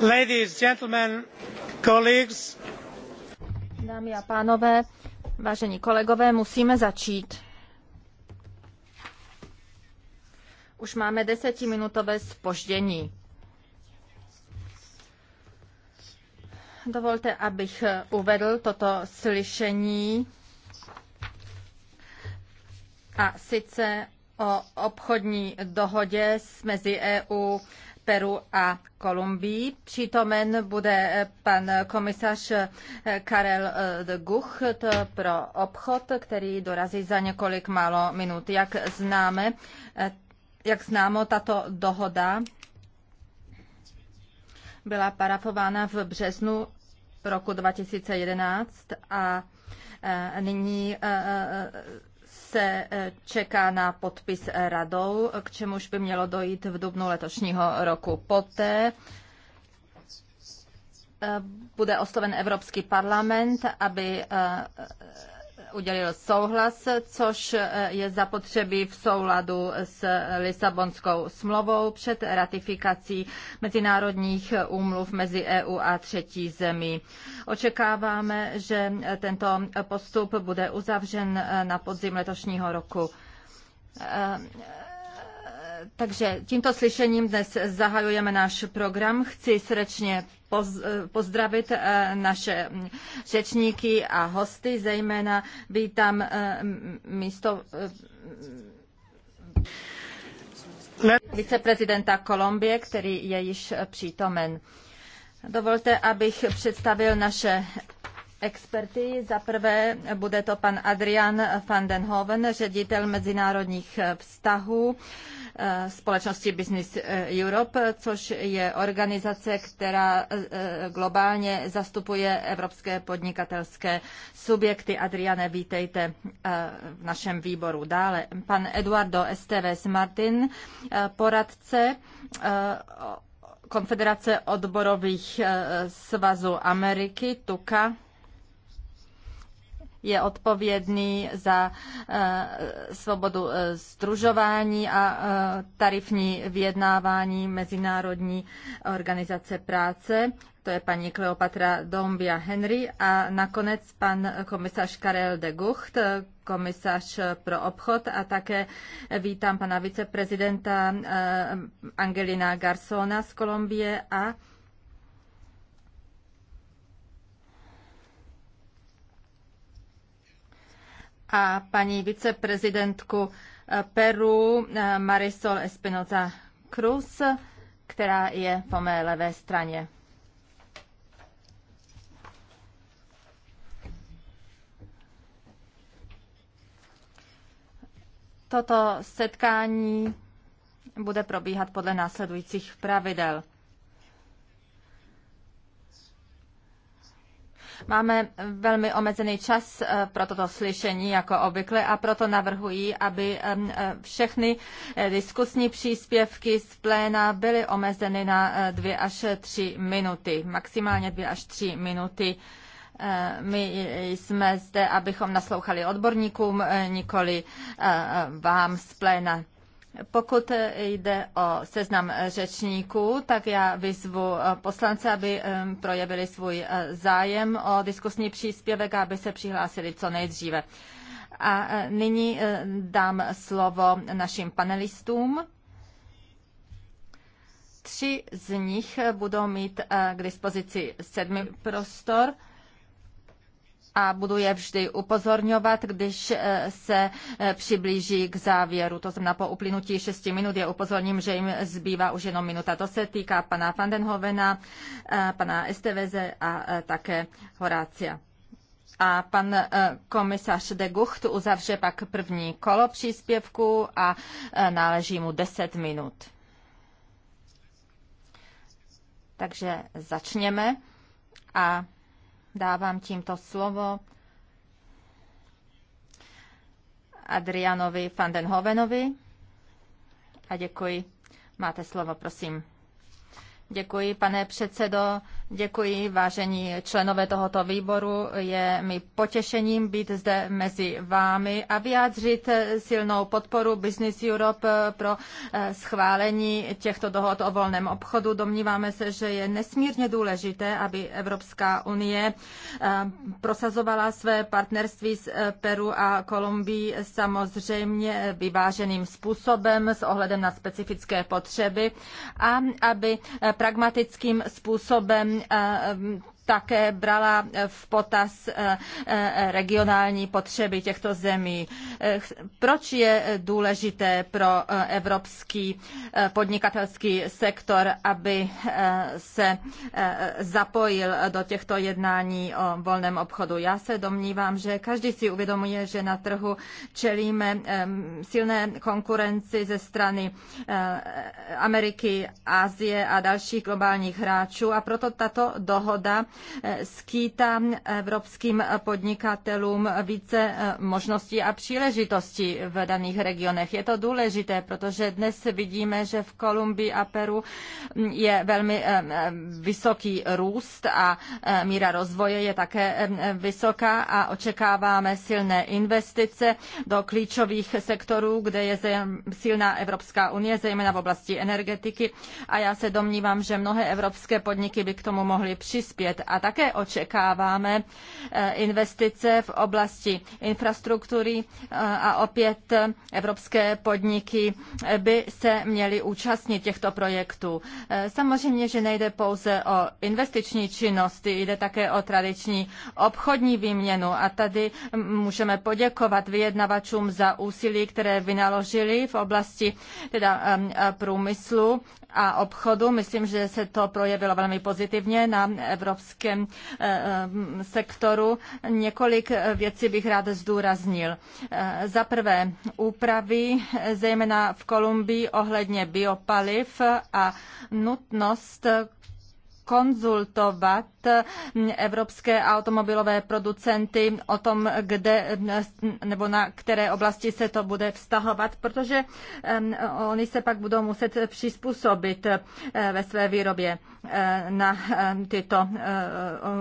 Ladies, gentlemen, colleagues. Dámy a pánové, vážení kolegové, musíme začít. Už máme desetiminutové spoždění. Dovolte, abych uvedl toto slyšení a sice o obchodní dohodě mezi EU, Peru a Kolumbií. Přítomen bude pan komisař Karel eh, de Gucht pro obchod, který dorazí za několik málo minut. Jak známe, eh, jak známo, tato dohoda byla parafována v březnu roku 2011 a eh, nyní se e, čeká na podpis radou, k čemuž by mělo dojít v dubnu letošního roku. Poté e, bude osloven Evropský parlament, aby e, udělil souhlas, což eh, je zapotřebí v souladu s Lisabonskou smlouvou před ratifikací mezinárodních úmluv mezi EU a třetí zemí. Očekáváme, že tento postup bude uzavřen eh, na podzim letošního roku eh, takže tímto slyšením dnes zahajujeme náš program. Chci srdečně pozdravit eh, naše řečníky a hosty, zejména vítám eh, místo eh, viceprezidenta Kolumbie, který je již přítomen. Dovolte, abych představil naše experty. Za prvé bude to pan Adrian van den Hoven, ředitel mezinárodních vztahů eh, společnosti Business eh, Europe, což je organizace, která eh, globálně zastupuje evropské podnikatelské subjekty. Adriane, vítejte v našem výboru. Dále pan Eduardo Esteves Martin, poradce Konfederace odborových svazů Ameriky, TUKA, je odpovědný za eh, svobodu eh, združování a eh, tarifní vyjednávání Mezinárodní organizace práce. To je paní Kleopatra Dombia Henry a nakonec pan komisař Karel de Gucht, komisař pro obchod a také vítám pana viceprezidenta Angelina Garsona z Kolumbie a a paní viceprezidentku eh, Peru eh, Marisol Espinoza Cruz, která je po mé levé straně. Toto setkání bude probíhat podle následujících pravidel. Máme velmi omezený čas eh, pro toto slyšení, jako obvykle, a proto navrhuji, aby eh, všechny eh, diskusní příspěvky z pléna byly omezeny na dvě až tři minuty, maximálně dvě až tři minuty. My jsme zde, abychom naslouchali odborníkům, nikoli vám z pléna. Pokud jde o seznam řečníků, tak já vyzvu poslance, aby projevili svůj eh, zájem o diskusní příspěvek a aby se přihlásili co nejdříve. A eh, nyní eh, dám slovo našim panelistům. Tři z nich budou mít k dispozici sedmi prostor a budu je vždy upozorňovat, když eh, se eh, přiblíží k závěru. To znamená, po uplynutí 6 minut je upozorním, že jim zbývá už jenom minuta. To se týká pana Vandenhovena, eh, pana Esteveze a také Horácia. A pan komisař de Gucht uzavře pak první kolo příspěvku a náleží mu 10 minut. Takže začněme a Dávám tímto slovo Adrianovi van den Hovenovi a děkuji. Máte slovo, prosím. Děkuji, pane předsedo. Děkuji, vážení členové tohoto výboru. Je mi potěšením být zde mezi vámi a vyjádřit silnou podporu Business Europe pro eh, schválení těchto dohod o volném obchodu. Domníváme se, že je nesmírně důležité, aby Evropská unie eh, prosazovala své partnerství s eh, Peru a Kolumbií samozřejmě vyváženým způsobem s ohledem na specifické potřeby a aby pragmatickým způsobem a, také brala eh, v potaz eh, eh, regionální potřeby těchto zemí. Proč je důležité pro evropský podnikatelský sektor, aby se zapojil do těchto jednání o volném obchodu? Já se domnívám, že každý si uvědomuje, že na trhu čelíme silné konkurenci ze strany Ameriky, Asie a dalších globálních hráčů a proto tato dohoda skýtá evropským podnikatelům více eh, možností a příležitostí v daných regionech. Je to důležité, protože dnes vidíme, že v Kolumbii a Peru mm, je velmi eh, eh, vysoký růst a míra rozvoje je také vysoká a očekáváme silné investice do klíčových sektorů, kde je silná Evropská unie, zejména v oblasti energetiky a já se domnívám, že mnohé evropské podniky by k tomu mohly přispět a také očekáváme eh, investice v oblasti infrastruktury eh, a opět eh, evropské podniky by se měly účastnit těchto projektů. Samozřejmě, že nejde pouze o investiční činnosti, jde také o tradiční obchodní výměnu a tady můžeme poděkovat vyjednavačům za úsilí, které vynaložili v oblasti teda, průmyslu a obchodu. Myslím, že se to projevilo velmi pozitivně na evropské energetickém eh, eh, sektoru. Několik eh, věcí bych rád zdůraznil. Za prvé, úpravy, zejména v Kolumbii ohledně biopaliv a nutnost konzultovat mm, evropské automobilové producenty o tom, kde mm, nebo na které oblasti se to bude vztahovat, protože mm, oni se pak budou muset přizpůsobit eh, ve své výrobě eh, na eh, tyto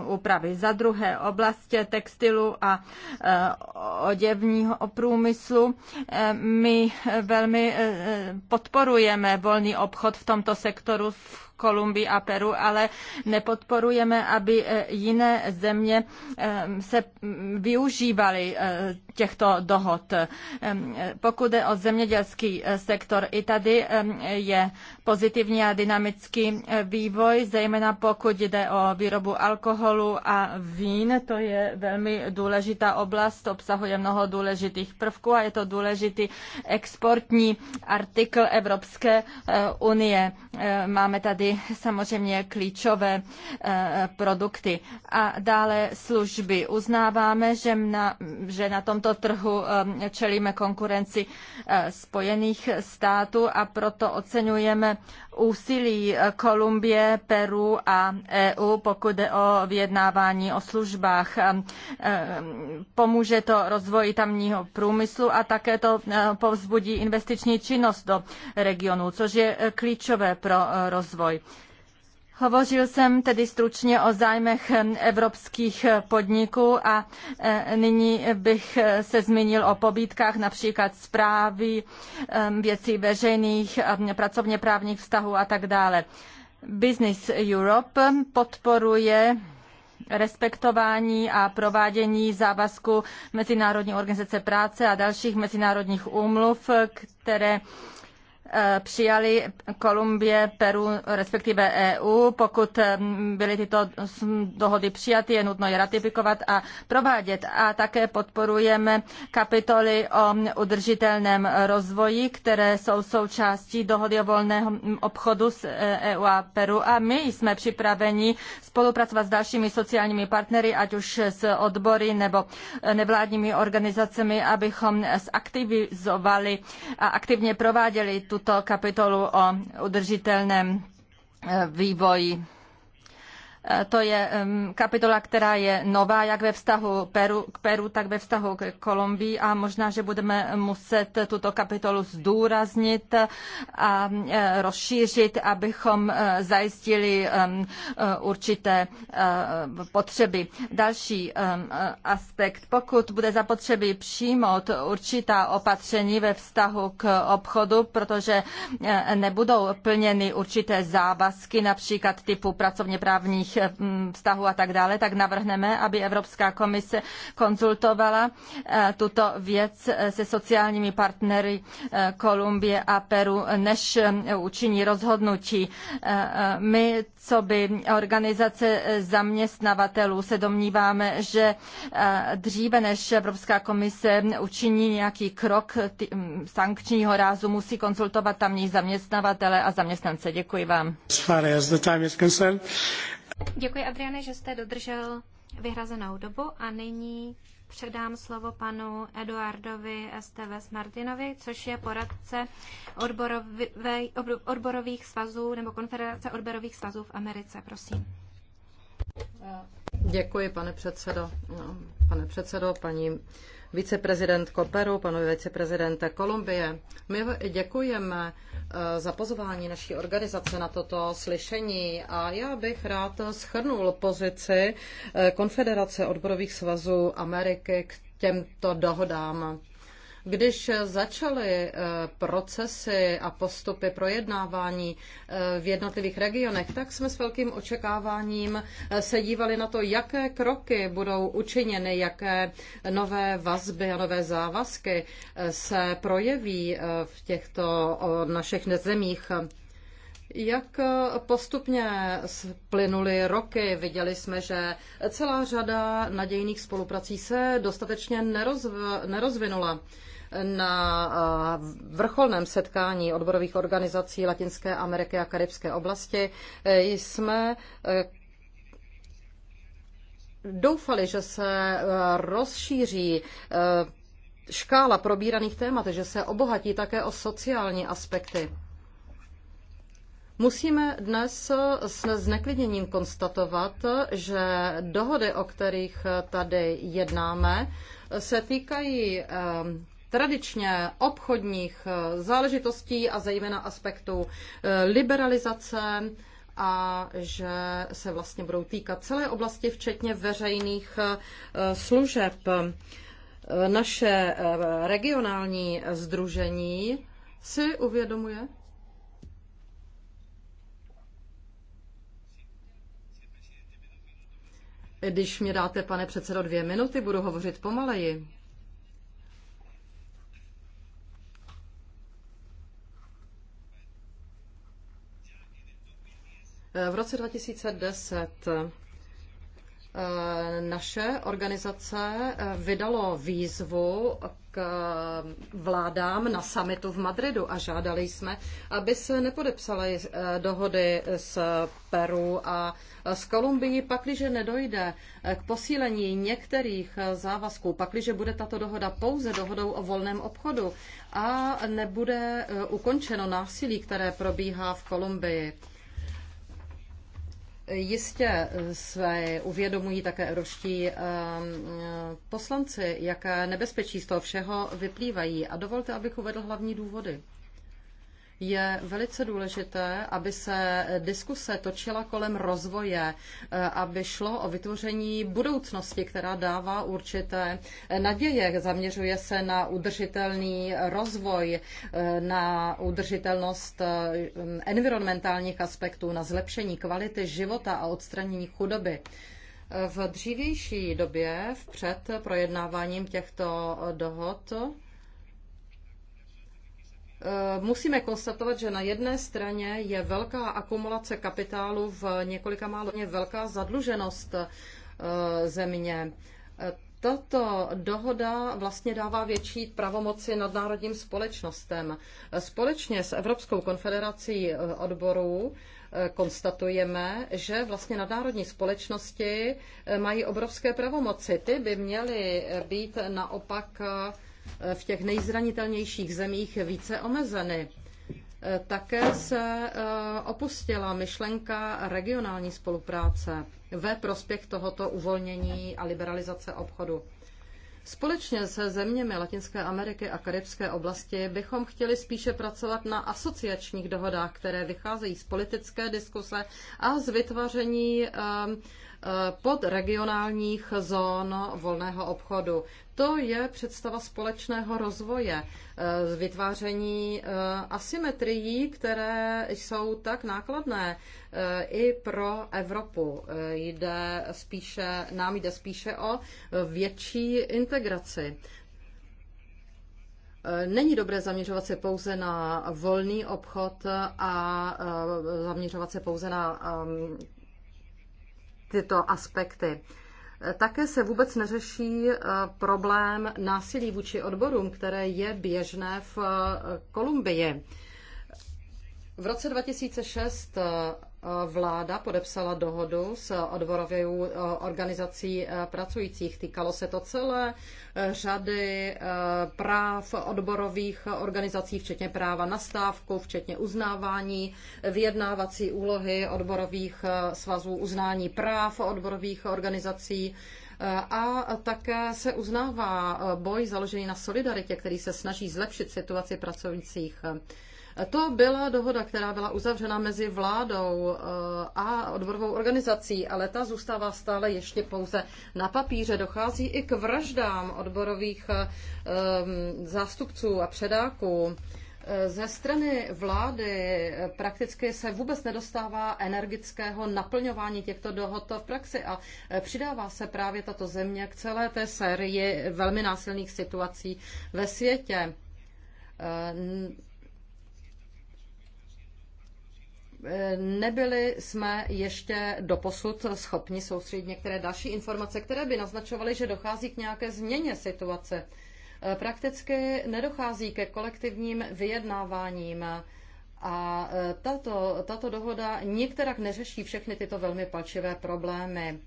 úpravy. Za druhé oblasti textilu a oděvního průmyslu. My velmi podporujeme volný obchod v tomto sektoru v Kolumbii a Peru, ale nepodporujeme, aby eh, jiné země eh, se mm, využívaly eh, těchto dohod. Pokud jde o zemědělský sektor, i tady je pozitivní a dynamický vývoj, zejména pokud jde o výrobu alkoholu a vín. To je velmi důležitá oblast, obsahuje mnoho důležitých prvků a je to důležitý exportní artikl Evropské unie. Máme tady samozřejmě klíčové eh, produkty. A dále služby. Uznáváme, že na, že na tomto trhu eh, čelíme konkurenci eh, Spojených států a proto oceňujeme úsilí Kolumbie, Peru a EU, pokud jde o vyjednávání o službách. Pomůže to rozvoji tamního průmyslu a také to povzbudí investiční činnost do regionu, což je klíčové pro rozvoj. Hovořil jsem tedy stručně o zájmech evropských podniků a e, nyní bych se zmínil o pobídkách například zprávy e, věcí veřejných, pracovně právních vztahů a tak dále. Business Europe podporuje respektování a provádění závazku Mezinárodní organizace práce a dalších mezinárodních úmluv, které přijali Kolumbie, Peru, respektive EU. Pokud eh, byly tyto dohody přijaty, je nutno je ratifikovat a provádět. A také podporujeme kapitoly o udržitelném rozvoji, které jsou součástí dohody o volném obchodu s EU eh, e a Peru. A my jsme připraveni spolupracovat s dalšími sociálními partnery, ať už s odbory nebo eh, nevládními organizacemi, abychom zaktivizovali a aktivně prováděli tuto tuto kapitolu o udržitelném eh, vývoji to je kapitola, která je nová jak ve vztahu Peru, k Peru, tak ve vztahu k Kolumbii a možná, že budeme muset tuto kapitolu zdůraznit a e, rozšířit, abychom e, zajistili e, určité potřeby. Další aspekt. Pokud bude zapotřebí přijmout určitá opatření ve vztahu k obchodu, protože nebudou plněny určité závazky, například typu pracovně právních obchodních eh, vztahů a tak dále, tak navrhneme, aby Evropská komise konzultovala eh, tuto věc eh, se sociálními partnery Kolumbie a Peru, než učiní rozhodnutí. My, co by organizace zaměstnavatelů, se domníváme, že dříve, než Evropská komise učiní nějaký krok sankčního rázu, musí konzultovat tamní zaměstnavatele a zaměstnance. Děkuji vám. Děkuji, Adriane, že jste dodržel vyhrazenou dobu a nyní předám slovo panu Eduardovi STV Martinovi, což je poradce odborový, odborových svazů nebo konfederace odborových svazů v Americe. Prosím. Děkuji, pane předsedo. No, pane předsedo, paní viceprezidentko Peru, panu viceprezidente Kolumbie. My děkujeme eh, za pozvání naší organizace na toto slyšení a já bych rád schrnul pozici eh, Konfederace odborových svazů Ameriky k těmto dohodám. Když začaly eh, procesy a postupy projednávání eh, v jednotlivých regionech, tak jsme s velkým očekáváním eh, se dívali na to, jaké kroky budou učiněny, jaké nové vazby a nové závazky se projeví v těchto našich zemích. Jak postupně splynuly roky, viděli jsme, že celá řada nadějných spoluprací se dostatečně nerozv, nerozvinula na vrcholném setkání odborových organizací Latinské Ameriky a Karibské oblasti e, jsme e, doufali, že se e, rozšíří škála probíraných témat, že se obohatí také o sociální aspekty. Musíme dnes s zneklidněním konstatovat, že dohody, o kterých tady jednáme, se týkají tradičně obchodních eh, záležitostí a zejména aspektů eh, liberalizace a že se vlastně budou týkat celé oblasti, včetně veřejných eh, služeb. Naše regionální združení si uvědomuje, Když mě dáte, pane předsedo, dvě minuty, budu hovořit pomaleji. V roce 2010 eh, naše organizace eh, vydalo výzvu k eh, vládám na summitu v Madridu a žádali jsme, aby se nepodepsaly dohody s Peru a s Kolumbií, pakliže nedojde k posílení některých závazků, pakliže bude tato dohoda pouze dohodou o volném obchodu a nebude ukončeno násilí, které probíhá v Kolumbii. Jistě své uvědomují také evropští ehm, poslanci, jaké nebezpečí z toho všeho vyplývají. A dovolte, abych uvedl hlavní důvody je velice důležité, aby se diskuse točila kolem rozvoje, eh, aby šlo o vytvoření budoucnosti, která dává určité naděje. Zaměřuje se na udržitelný rozvoj, eh, na udržitelnost eh, environmentálních aspektů, na zlepšení kvality života a odstranění chudoby. V dřívější době, před projednáváním těchto dohod, Eh, musíme konstatovat, že na jedné straně je velká akumulace kapitálu v několika málo velká zadluženost eh, země. Eh, tato dohoda vlastně dává větší pravomoci nadnárodním společnostem. Společně s Evropskou konfederací odborů konstatujeme, že vlastně nadnárodní společnosti mají obrovské pravomoci. Ty by měly být naopak v těch nejzranitelnějších zemích více omezeny. Eh, také se eh, opustila myšlenka regionální spolupráce ve prospěch tohoto uvolnění a liberalizace obchodu. Společně se zeměmi Latinské Ameriky a Karibské oblasti bychom chtěli spíše pracovat na asociačních dohodách, které vycházejí z politické diskuse a z vytvoření eh, podregionálních zón volného obchodu. To je představa společného rozvoje, eh, vytváření eh, asymetrií, které jsou tak nákladné eh, i pro Evropu. Jde spíše, nám jde spíše o větší integraci. Není dobré zaměřovat se pouze na volný obchod a zaměřovat se pouze na ehm, tyto aspekty. Také se vůbec neřeší eh, problém násilí vůči odborům, které je běžné v eh, Kolumbii. V roce 2006 vláda podepsala dohodu s odborovou eh, organizací eh, pracujících. Týkalo se to celé eh, řady práv odborových organizací, včetně práva na stávku, včetně uznávání vyjednávací úlohy odborových svazů, uznání práv odborových organizací. A také se uznává boj založený na solidaritě, který se snaží zlepšit situaci pracujících. To byla dohoda, která byla uzavřena mezi vládou eh, a odborovou organizací, ale ta zůstává stále ještě pouze na papíře. Dochází i k vraždám odborových eh, eh, zástupců a předáků. Ze strany vlády prakticky se vůbec nedostává energického naplňování těchto dohod v praxi a přidává se právě tato země k celé té sérii velmi násilných situací ve světě. E, nebyli jsme ještě doposud schopni soustředit některé další informace, které by naznačovaly, že dochází k nějaké změně situace. E, prakticky nedochází ke kolektivním vyjednáváním a e, tato, tato dohoda nikterak neřeší všechny tyto velmi palčivé problémy.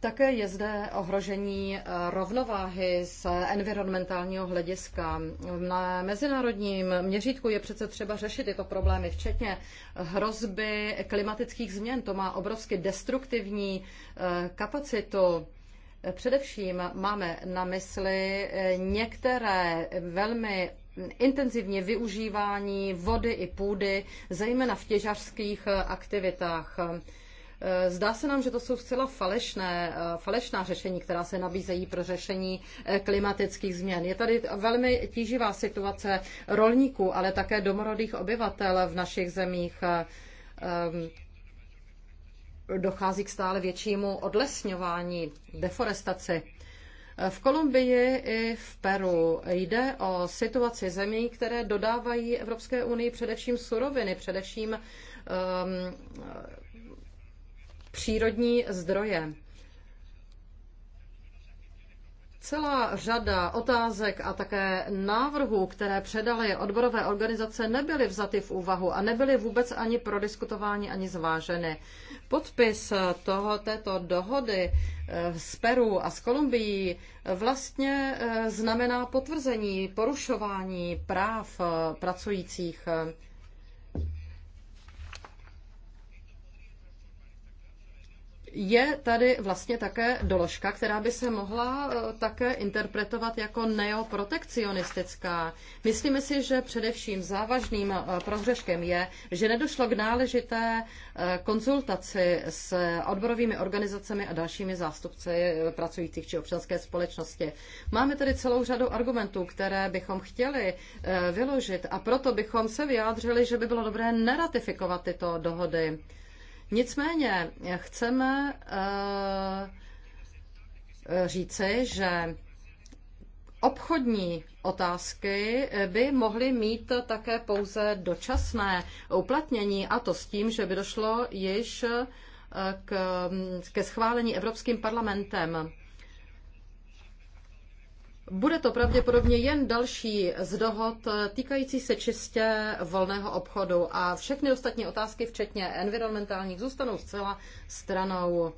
Také je zde ohrožení eh, rovnováhy z environmentálního hlediska. Na mezinárodním měřítku je přece třeba řešit tyto problémy, včetně hrozby klimatických změn. To má obrovsky destruktivní eh, kapacitu. Především máme na mysli eh, některé velmi intenzivně využívání vody i půdy, zejména v těžařských aktivitách. Eh, zdá se nám, že to jsou zcela falešné, eh, falešná řešení, která se nabízejí pro řešení eh, klimatických změn. Je tady velmi tíživá situace rolníků, ale také domorodých obyvatel v našich zemích. Dochází k stále většímu odlesňování, deforestaci. V Kolumbii i v Peru jde o situaci zemí, které dodávají Evropské unii především suroviny, především um, přírodní zdroje. Celá řada otázek a také návrhů, které předaly odborové organizace, nebyly vzaty v úvahu a nebyly vůbec ani prodiskutovány, ani zváženy. Podpis toho, této dohody eh, z Peru a z Kolumbií vlastně eh, znamená potvrzení porušování práv eh, pracujících je tady vlastně také doložka, která by se mohla eh, také interpretovat jako neoprotekcionistická. Myslíme si, že především závažným eh, prohřeškem je, že nedošlo k náležité eh, konzultaci s odborovými organizacemi a dalšími zástupci pracujících či občanské společnosti. Máme tady celou řadu argumentů, které bychom chtěli vyložit a proto bychom se vyjádřili, že by bylo dobré neratifikovat tyto dohody. Nicméně chceme eh, říci, že obchodní otázky by mohly mít také pouze dočasné uplatnění, a to s tím, že by došlo již eh, k, ke schválení Evropským parlamentem. Bude to pravděpodobně jen další z dohod týkající se čistě volného obchodu a všechny ostatní otázky, včetně environmentálních, zůstanou zcela stranou.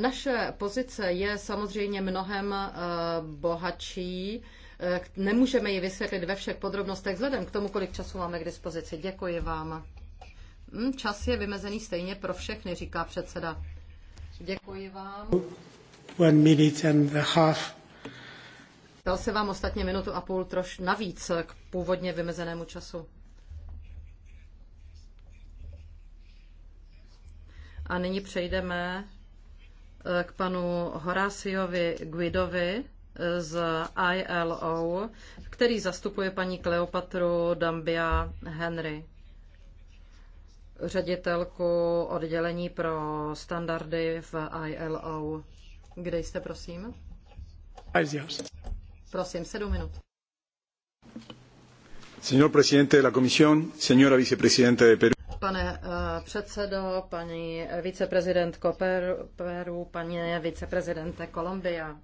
Naše pozice je samozřejmě mnohem eh, bohatší. Eh, nemůžeme ji vysvětlit ve všech podrobnostech vzhledem k tomu, kolik času máme k dispozici. Děkuji vám. Hm, čas je vymezený stejně pro všechny, říká předseda. Děkuji vám. One minute and a half. Dal se vám ostatně minutu a půl troš navíc k původně vymezenému času. A nyní přejdeme eh, k panu Horáciovi Guidovi eh, z ILO, který zastupuje paní Kleopatru Dambia Henry, ředitelku oddělení pro standardy v ILO. Kde jste, prosím? Prosím, sedm minut. Señor presidente de la Comisión, señora vicepresidente de Perú. Pane eh, předsedo, paní viceprezidentko Peru, paní viceprezidente Kolumbia,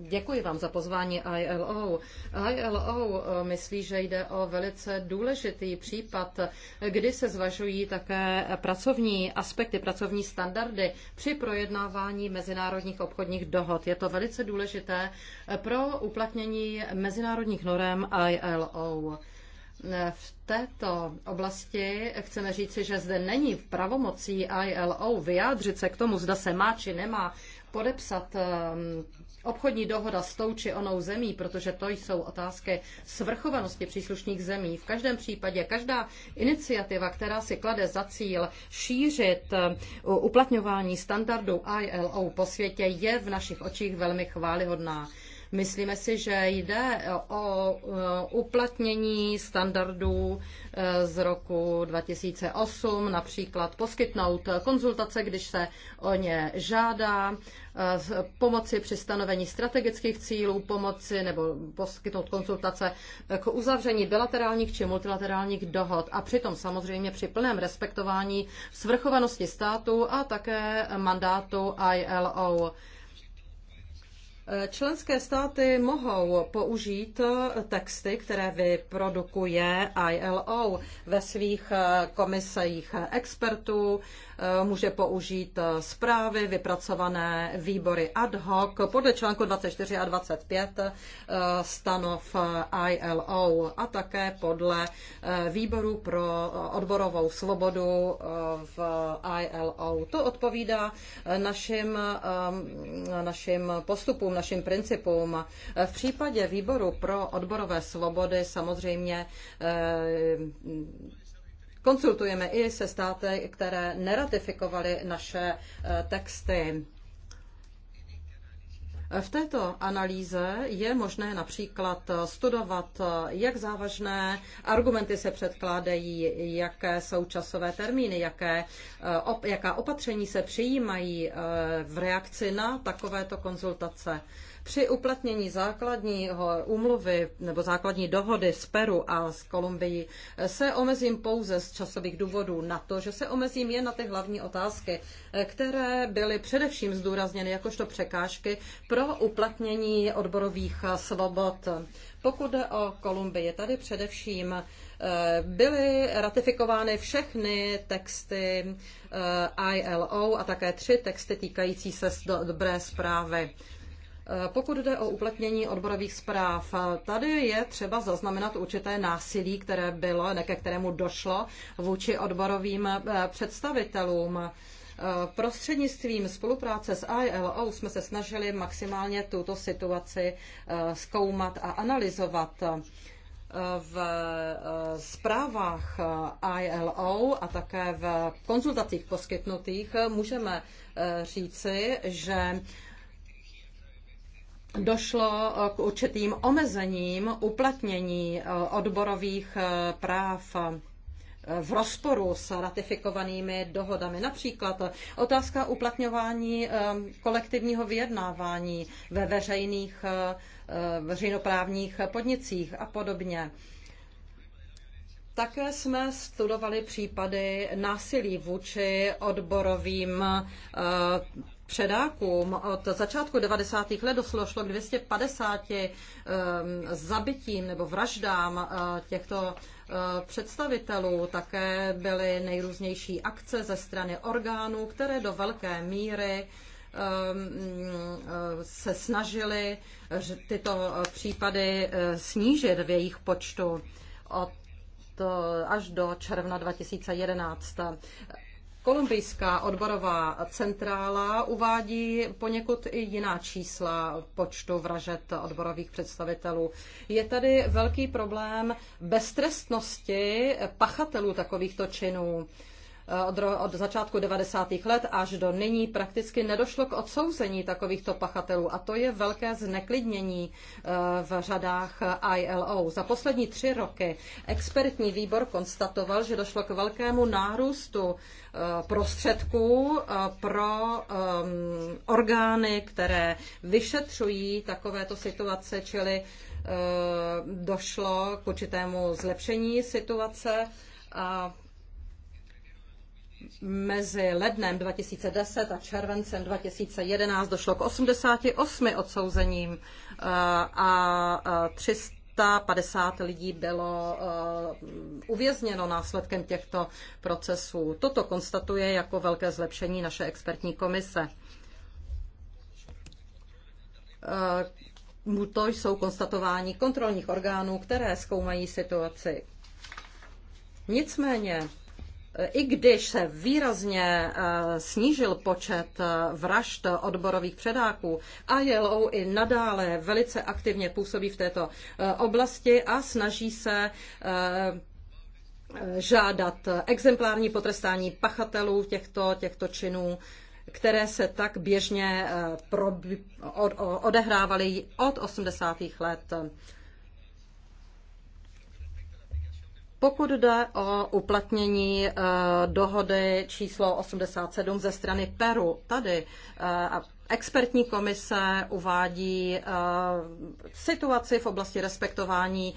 děkuji vám za pozvání ILO. ILO eh, myslí, že jde o velice důležitý případ, kdy se zvažují také pracovní aspekty, pracovní standardy při projednávání mezinárodních obchodních dohod. Je to velice důležité pro uplatnění mezinárodních norem ILO. V této oblasti chceme říci, že zde není v pravomocí ILO vyjádřit se k tomu, zda se má či nemá podepsat um, obchodní dohoda s tou či onou zemí, protože to jsou otázky svrchovanosti příslušných zemí. V každém případě každá iniciativa, která si klade za cíl šířit um, uplatňování standardů ILO po světě, je v našich očích velmi chválihodná. Myslíme si, že jde o uplatnění standardů e, z roku 2008, například poskytnout konzultace, když se o ně žádá, e, pomoci při stanovení strategických cílů, pomoci nebo poskytnout konzultace k uzavření bilaterálních či multilaterálních dohod a přitom samozřejmě při plném respektování svrchovanosti státu a také mandátu ILO. Členské státy mohou použít texty, které vyprodukuje ILO ve svých komisích expertů, Eh, může použít eh, zprávy vypracované výbory ad hoc podle článku 24 a 25 eh, stanov ILO a také podle výboru pro odborovou svobodu v ILO. To odpovídá našim, našim postupům, našim principům. V případě výboru pro odborové svobody samozřejmě Konsultujeme i se státy, které neratifikovaly naše eh, texty. V této analýze je možné například eh, studovat, eh, jak závažné argumenty se předkládají, jaké jsou časové termíny, jaké, jaká opatření se přijímají v reakci na takovéto konzultace. Při uplatnění základního umluvy nebo základní dohody s Peru a s Kolumbií se omezím pouze z časových důvodů na to, že se omezím jen na ty hlavní otázky, které byly především zdůrazněny jakožto překážky pro uplatnění odborových svobod. Pokud jde o Kolumbii, tady především eh, byly ratifikovány všechny texty eh, ILO a také tři texty týkající se dobré zprávy. Pokud jde o uplatnění odborových zpráv, tady je třeba zaznamenat určité násilí, které bylo, ke kterému došlo vůči odborovým eh, představitelům. Eh, prostřednictvím spolupráce s ILO jsme se snažili maximálně tuto situaci eh, zkoumat a analyzovat v zprávách ILO a také v konzultacích poskytnutých můžeme říci, že došlo eh, k určitým omezením uplatnění eh, odborových eh, práv v rozporu s ratifikovanými dohodami. Například otázka uplatňování kolektivního vyjednávání ve veřejných veřejnoprávních podnicích a podobně. Také jsme studovali případy násilí vůči odborovým předákům. Od začátku 90. let došlo k 250 ehm, zabitím nebo vraždám eh, těchto eh, představitelů. Také byly nejrůznější akce ze strany orgánů, které do velké míry ehm, eh, se snažili tyto případy snížit v jejich počtu od až do června 2011. Kolumbijská odborová centrála uvádí poněkud i jiná čísla počtu vražet odborových představitelů. Je tady velký problém beztrestnosti pachatelů takovýchto činů. Eh, od, od začátku 90. let až do nyní prakticky nedošlo k odsouzení takovýchto pachatelů a to je velké zneklidnění eh, v řadách ILO. Za poslední tři roky expertní výbor konstatoval, že došlo k velkému nárůstu eh, prostředků pro orgány, které vyšetřují takovéto situace, čili došlo k určitému zlepšení situace a mezi lednem 2010 a červencem 2011 došlo k 88 odsouzením eh, a 350 eh, lidí bylo eh, uvězněno následkem těchto procesů. Toto konstatuje jako velké zlepšení naše expertní komise. To jsou konstatování kontrolních orgánů, které zkoumají situaci. Nicméně i když se výrazně eh, snížil počet eh, vražd odborových předáků, ILO i nadále velice aktivně působí v této eh, oblasti a snaží se žádat exemplární potrestání pachatelů těchto, těchto činů, které se tak běžně odehrávaly od 80. let. Pokud jde o uplatnění eh, dohody číslo 87 ze strany Peru, tady eh, expertní komise uvádí eh, situaci v oblasti respektování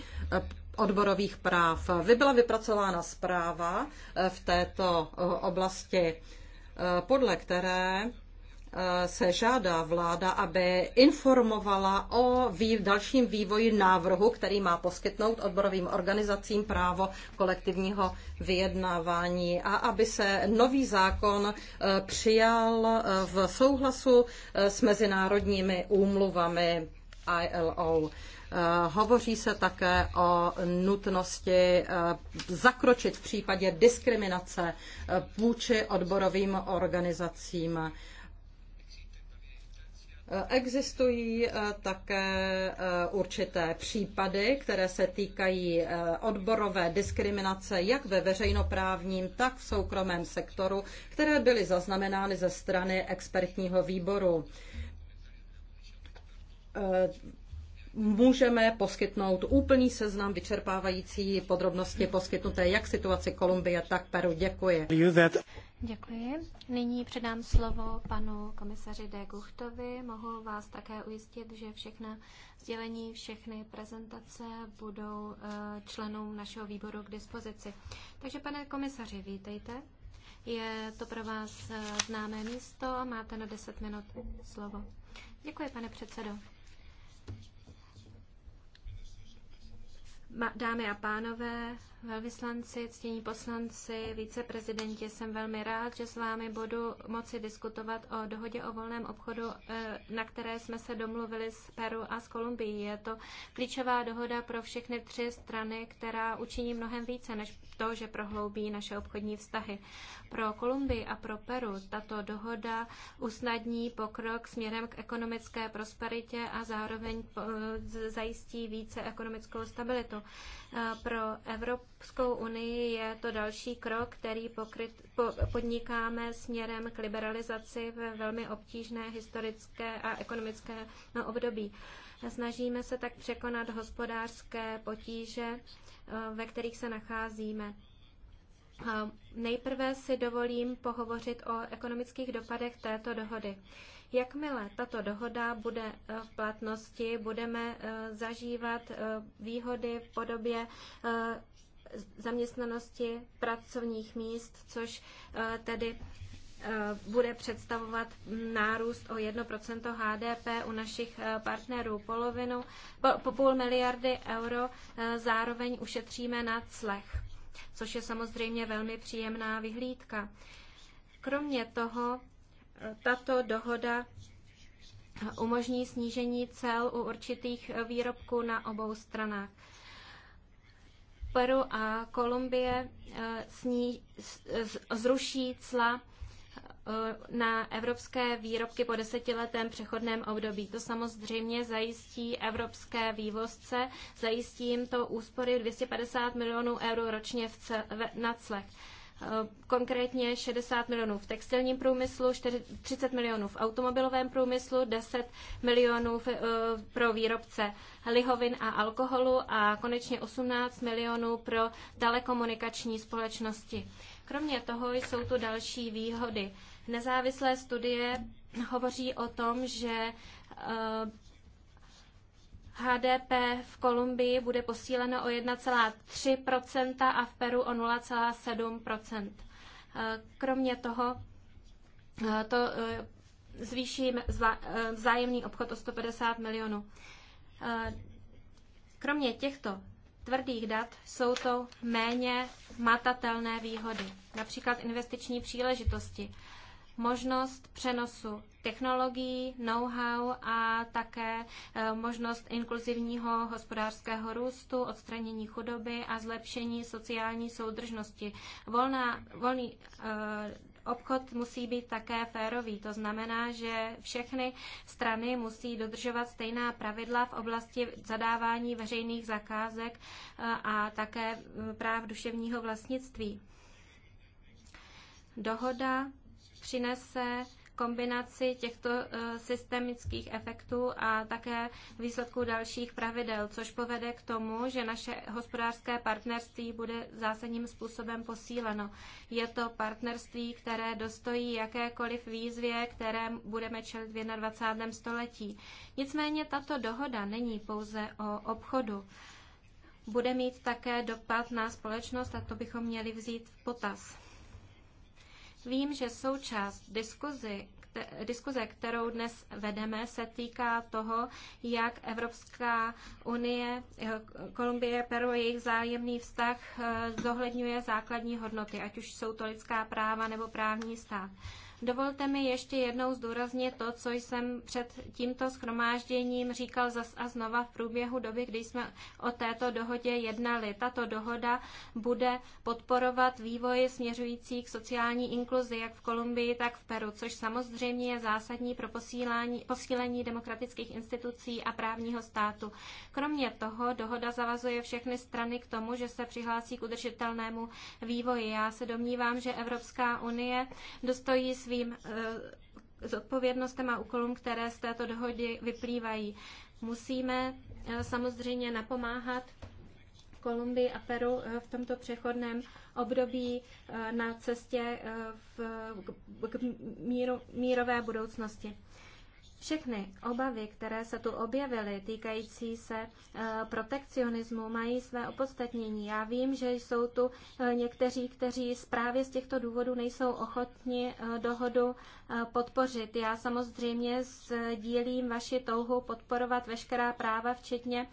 odborových práv. Byla vypracována zpráva v této oblasti, podle které se žádá vláda, aby informovala o dalším vývoji návrhu, který má poskytnout odborovým organizacím právo kolektivního vyjednávání a aby se nový zákon e, přijal e, v souhlasu e, s mezinárodními úmluvami ILO. Hovoří se také o nutnosti zakročit v případě diskriminace vůči odborovým organizacím. Existují eh, také eh, určité případy, které se týkají eh, odborové diskriminace jak ve veřejnoprávním, tak v soukromém sektoru, které byly zaznamenány ze strany expertního výboru. Můžeme poskytnout úplný seznam vyčerpávající podrobnosti poskytnuté jak situaci Kolumbie, tak Peru. Děkuji. Děkuji. Nyní předám slovo panu komisaři De Guchtovi. Mohu vás také ujistit, že všechna sdělení, všechny prezentace budou eh, členům našeho výboru k dispozici. Takže pane komisaři, vítejte. Je to pro vás eh, známé místo, máte na 10 minut slovo. Děkuji, pane předsedo. Dámy a pánové, velvyslanci, ctění poslanci, viceprezidenti, jsem velmi rád, že s vámi budu moci diskutovat o dohodě o volném obchodu, eh, na které jsme se domluvili s Peru a s Kolumbií. Je to klíčová dohoda pro všechny tři strany, která učiní mnohem více, než to, že prohloubí naše obchodní vztahy. Pro Kolumbii a pro Peru tato dohoda usnadní pokrok směrem k ekonomické prosperitě a zároveň eh, zajistí více ekonomickou stabilitu. Eh, pro Evropskou unii je to další krok, který pokryt, po, podnikáme směrem k liberalizaci ve velmi obtížné historické a ekonomické no, období. Snažíme se tak překonat hospodářské potíže ve kterých se nacházíme. Nejprve si dovolím pohovořit o ekonomických dopadech této dohody. Jakmile tato dohoda bude e, v platnosti, budeme e, zažívat e, výhody v podobě zaměstnanosti pracovních míst, což tedy Eh, bude představovat nárůst o 1% HDP u našich eh, partnerů polovinu, po, po půl miliardy euro, eh, zároveň ušetříme na clech, což je samozřejmě velmi příjemná vyhlídka. Kromě toho, tato dohoda umožní snížení cel u určitých výrobků na obou stranách. Peru a Kolumbie sní, zruší cla Eh, na evropské výrobky po desetiletém přechodném období. To samozřejmě zajistí evropské vývozce, zajistí jim to úspory 250 milionů euro ročně v cel, na clech eh, konkrétně 60 milionů v textilním průmyslu, 30 milionů v automobilovém průmyslu, 10 milionů eh, pro výrobce lihovin a alkoholu a konečně 18 milionů pro telekomunikační společnosti. Kromě toho jsou tu další výhody. Nezávislé studie hovoří o tom, že HDP eh, v Kolumbii bude posíleno o 1,3 a v Peru o 0,7 eh, Kromě toho eh, to zvýší vzájemný obchod o 150 milionů. Kromě těchto tvrdých dat jsou to méně matatelné výhody, například investiční příležitosti možnost přenosu technologií, know-how a také eh, možnost inkluzivního hospodářského růstu, odstranění chudoby a zlepšení sociální soudržnosti. Volná, volný eh, obchod musí být také férový. To znamená, že všechny strany musí dodržovat stejná pravidla v oblasti zadávání veřejných zakázek eh, a také práv duševního vlastnictví. Dohoda přinese kombinaci těchto eh, systemických efektů a také výsledků dalších pravidel, což povede k tomu, že naše hospodářské partnerství bude zásadním způsobem posíleno. Je to partnerství, které dostojí jakékoliv výzvě, které budeme čelit v 21. století. Nicméně tato dohoda není pouze o obchodu. Bude mít také dopad na společnost a to bychom měli vzít v potaz. Vím, že součást diskuzi, diskuze, kterou dnes vedeme, se týká toho, jak Evropská unie, eh, Kolumbie, Peru a jejich zájemný vztah eh, zohledňuje základní hodnoty, ať už jsou to lidská práva nebo právní stát. Dovolte mi ještě jednou zdůraznit to, co jsem před tímto schromážděním říkal zas a znova v průběhu doby, kdy jsme o této dohodě jednali. Tato dohoda bude podporovat vývoj směřující k sociální inkluzi jak v Kolumbii, tak v Peru, což samozřejmě je zásadní pro posílání, posílení demokratických institucí a právního státu. Kromě toho dohoda zavazuje všechny strany k tomu, že se přihlásí k udržitelnému vývoji. Já se domnívám, že Evropská unie dostojí svým svým eh, zodpovědnostem a úkolům, které z této dohody vyplývají. Musíme eh, samozřejmě napomáhat Kolumbii a Peru eh, v tomto přechodném období na cestě v, k míru, mírové budoucnosti. Všechny obavy, které se tu objevily, týkající se eh, protekcionismu, mají své opodstatnění. Já vím, že jsou tu eh, někteří, kteří právě z těchto důvodů nejsou ochotni eh, dohodu podpořit. Já samozřejmě sdílím vaši touhu podporovat veškerá práva, včetně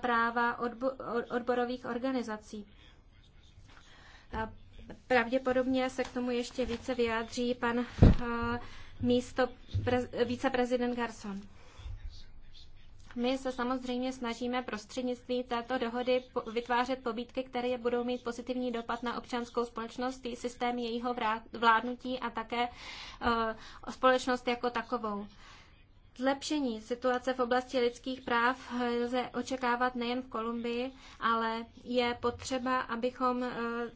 práva odborových organizací. Pravděpodobně se k tomu ještě více vyjádří pan místo pre, viceprezident Garson. My se samozřejmě snažíme prostřednictvím této dohody vytvářet pobídky, které budou mít pozitivní dopad na občanskou společnost, systém jejího vládnutí a také eh, společnost jako takovou. Zlepšení situace v oblasti lidských práv lze očekávat nejen v Kolumbii, ale je potřeba, abychom e,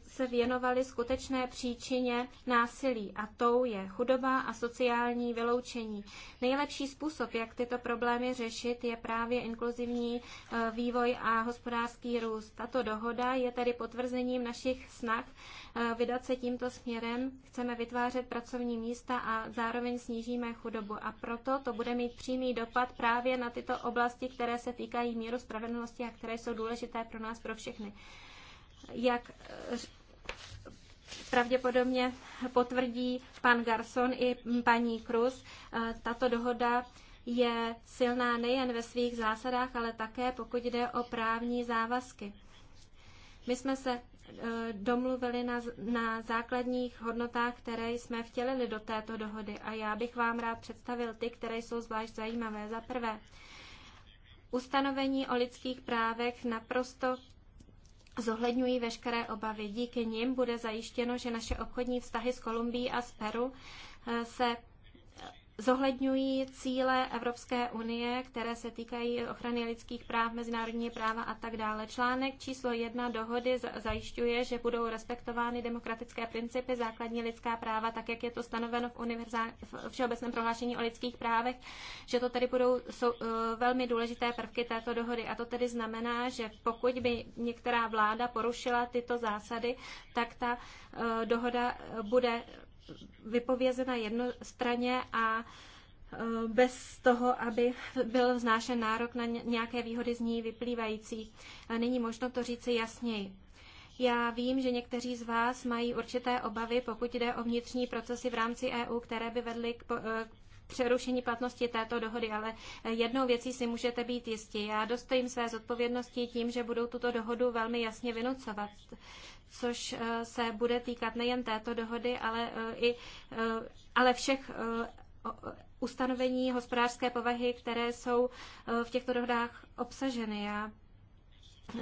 se věnovali skutečné příčině násilí a tou je chudoba a sociální vyloučení. Nejlepší způsob, jak tyto problémy řešit, je právě inkluzivní e, vývoj a hospodářský růst. Tato dohoda je tedy potvrzením našich snah e, vydat se tímto směrem. Chceme vytvářet pracovní místa a zároveň snížíme chudobu a proto to bude mít mít přímý dopad právě na tyto oblasti, které se týkají míru spravedlnosti a které jsou důležité pro nás, pro všechny. Jak eh, pravděpodobně potvrdí pan Garson i paní Cruz, eh, tato dohoda je silná nejen ve svých zásadách, ale také pokud jde o právní závazky. My jsme se domluvili na, na základních hodnotách, které jsme vtělili do této dohody. A já bych vám rád představil ty, které jsou zvlášť zajímavé. Za prvé, ustanovení o lidských právech naprosto zohledňují veškeré obavy. Díky nim bude zajištěno, že naše obchodní vztahy s Kolumbií a s Peru eh, se zohledňují cíle Evropské unie, které se týkají ochrany lidských práv, mezinárodní práva a tak dále. Článek číslo jedna dohody zajišťuje, že budou respektovány demokratické principy, základní lidská práva, tak jak je to stanoveno v, univerzál, v Všeobecném prohlášení o lidských právech, že to tedy budou jsou, uh, velmi důležité prvky této dohody. A to tedy znamená, že pokud by některá vláda porušila tyto zásady, tak ta uh, dohoda eh, bude vypovězena jednostranně a e, bez toho, aby byl vznášen nárok na nějaké výhody z ní vyplývající. Není možno to říci jasněji. Já vím, že někteří z vás mají určité obavy, pokud jde o vnitřní procesy v rámci EU, které by vedly k e, přerušení platnosti této dohody, ale jednou věcí si můžete být jistí. Já dostojím své zodpovědnosti tím, že budou tuto dohodu velmi jasně vynucovat což eh, se bude týkat nejen této dohody, ale eh, i eh, ale všech ustanovení hospodářské povahy, které jsou v těchto dohodách obsaženy. Já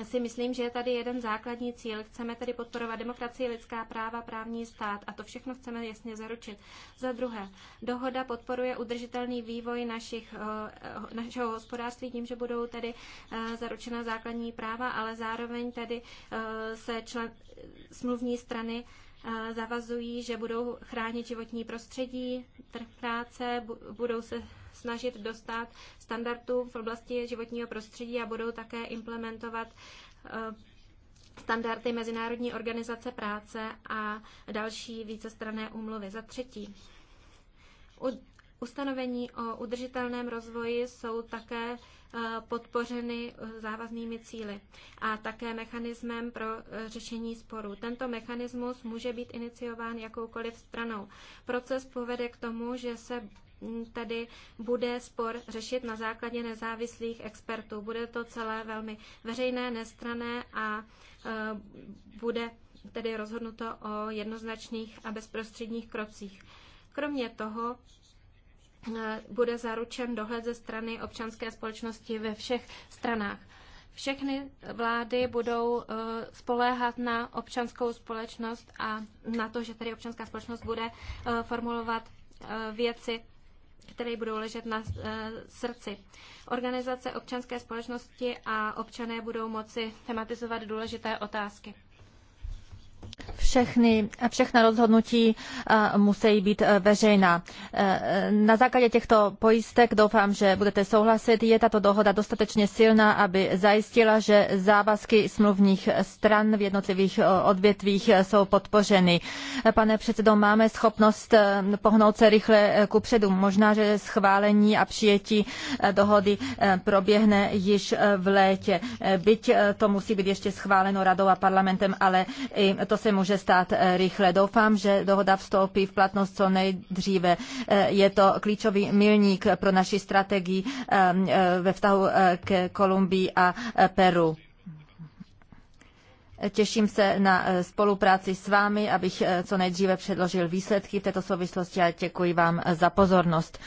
si myslím, že je tady jeden základní cíl. Chceme tedy podporovat demokracii, lidská práva, právní stát a to všechno chceme jasně zaručit. Za druhé, dohoda podporuje udržitelný vývoj našich, eh, eh, našeho hospodářství tím, že budou tedy eh, zaručena základní práva, ale zároveň tedy se člen, smluvní strany zavazují, že budou chránit životní prostředí, trh práce, budou se snažit dostat standardů v oblasti životního prostředí a budou také implementovat eh, standardy Mezinárodní organizace práce a další vícestranné úmluvy. Za třetí, ustanovení o udržitelném rozvoji jsou také eh, podpořeny eh, závaznými cíly a také mechanismem pro řešení sporů. Tento mechanismus může být iniciován jakoukoliv stranou. Proces povede k tomu, že se tady bude spor řešit na základě nezávislých expertů. Bude to celé velmi veřejné, nestrané a e, bude tedy rozhodnuto o jednoznačných a bezprostředních krocích. Kromě toho e, bude zaručen dohled ze strany občanské společnosti ve všech stranách. Všechny vlády budou e, spoléhat na občanskou společnost a na to, že tedy občanská společnost bude formulovat věci které budou ležet na eh, srdci. Organizace občanské společnosti a občané budou moci tematizovat důležité otázky všechny, všechna rozhodnutí eh, musí být eh, veřejná. Eh, na základě těchto pojistek doufám, že budete souhlasit. Je tato dohoda dostatečně silná, aby zajistila, že závazky smluvních stran v jednotlivých odvětvích jsou podpořeny. Pane předsedo, máme schopnost pohnout se rychle ku předu. Možná, že schválení a přijetí dohody proběhne již v létě. Byť to musí být ještě schváleno radou a parlamentem, ale i to to se může stát eh, rychle. Doufám, že dohoda vstoupí v platnost co nejdříve. Eh, je to klíčový milník pro naši strategii eh, ve vztahu k Kolumbii a Peru. Těším se na spolupráci s vámi, abych co nejdříve předložil výsledky v této souvislosti a děkuji vám za pozornost.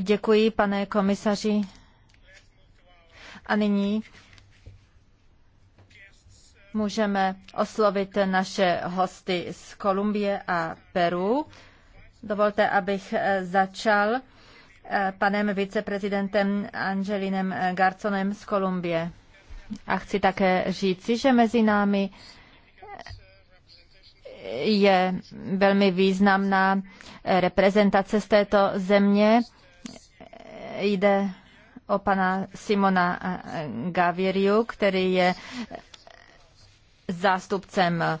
Děkuji, pane komisaři. A nyní můžeme oslovit naše hosty z Kolumbie a Peru. Dovolte, abych eh, začal eh, panem viceprezidentem Angelinem Garconem z Kolumbie. A chci také říci, že mezi námi eh, je velmi významná reprezentace z této země. Jde o pana Simona Gavieriu, který je zástupcem eh,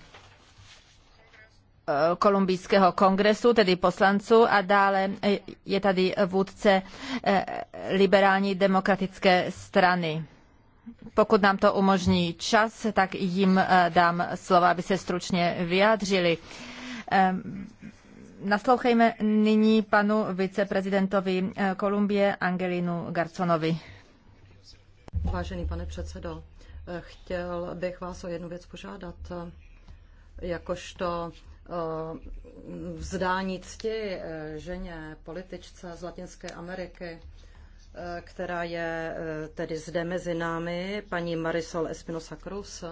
kolumbijského kongresu, tedy poslanců, a dále eh, je tady vůdce eh, liberální demokratické strany. Pokud nám to umožní čas, tak jim dám slova, aby se stručně vyjádřili. Ehm, naslouchejme nyní panu viceprezidentovi Kolumbie Angelinu Garconovi. Vážený pane předsedo, Chtěl bych vás o jednu věc požádat. Jakožto eh, vzdání cti eh, ženě, političce z Latinské Ameriky, eh, která je tedy zde mezi námi, paní Marisol Espinosa Cruz,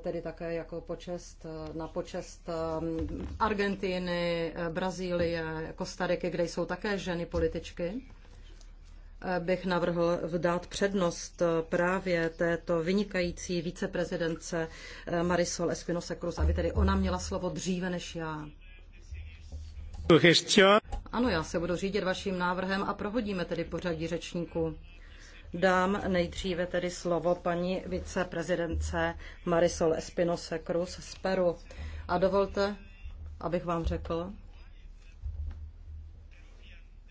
tedy také jako počest, na počest Argentiny, Brazílie, Kostariky, kde jsou také ženy političky bych navrhl vdát přednost eh, právě této vynikající viceprezidence eh, Marisol Espinosa Cruz, aby tedy ona měla slovo dříve než já. Ano, já se budu řídit vaším návrhem a prohodíme tedy pořadí řečníků. Dám nejdříve tedy slovo paní viceprezidence Marisol Espinosa Cruz z Peru. A dovolte, abych vám řekl,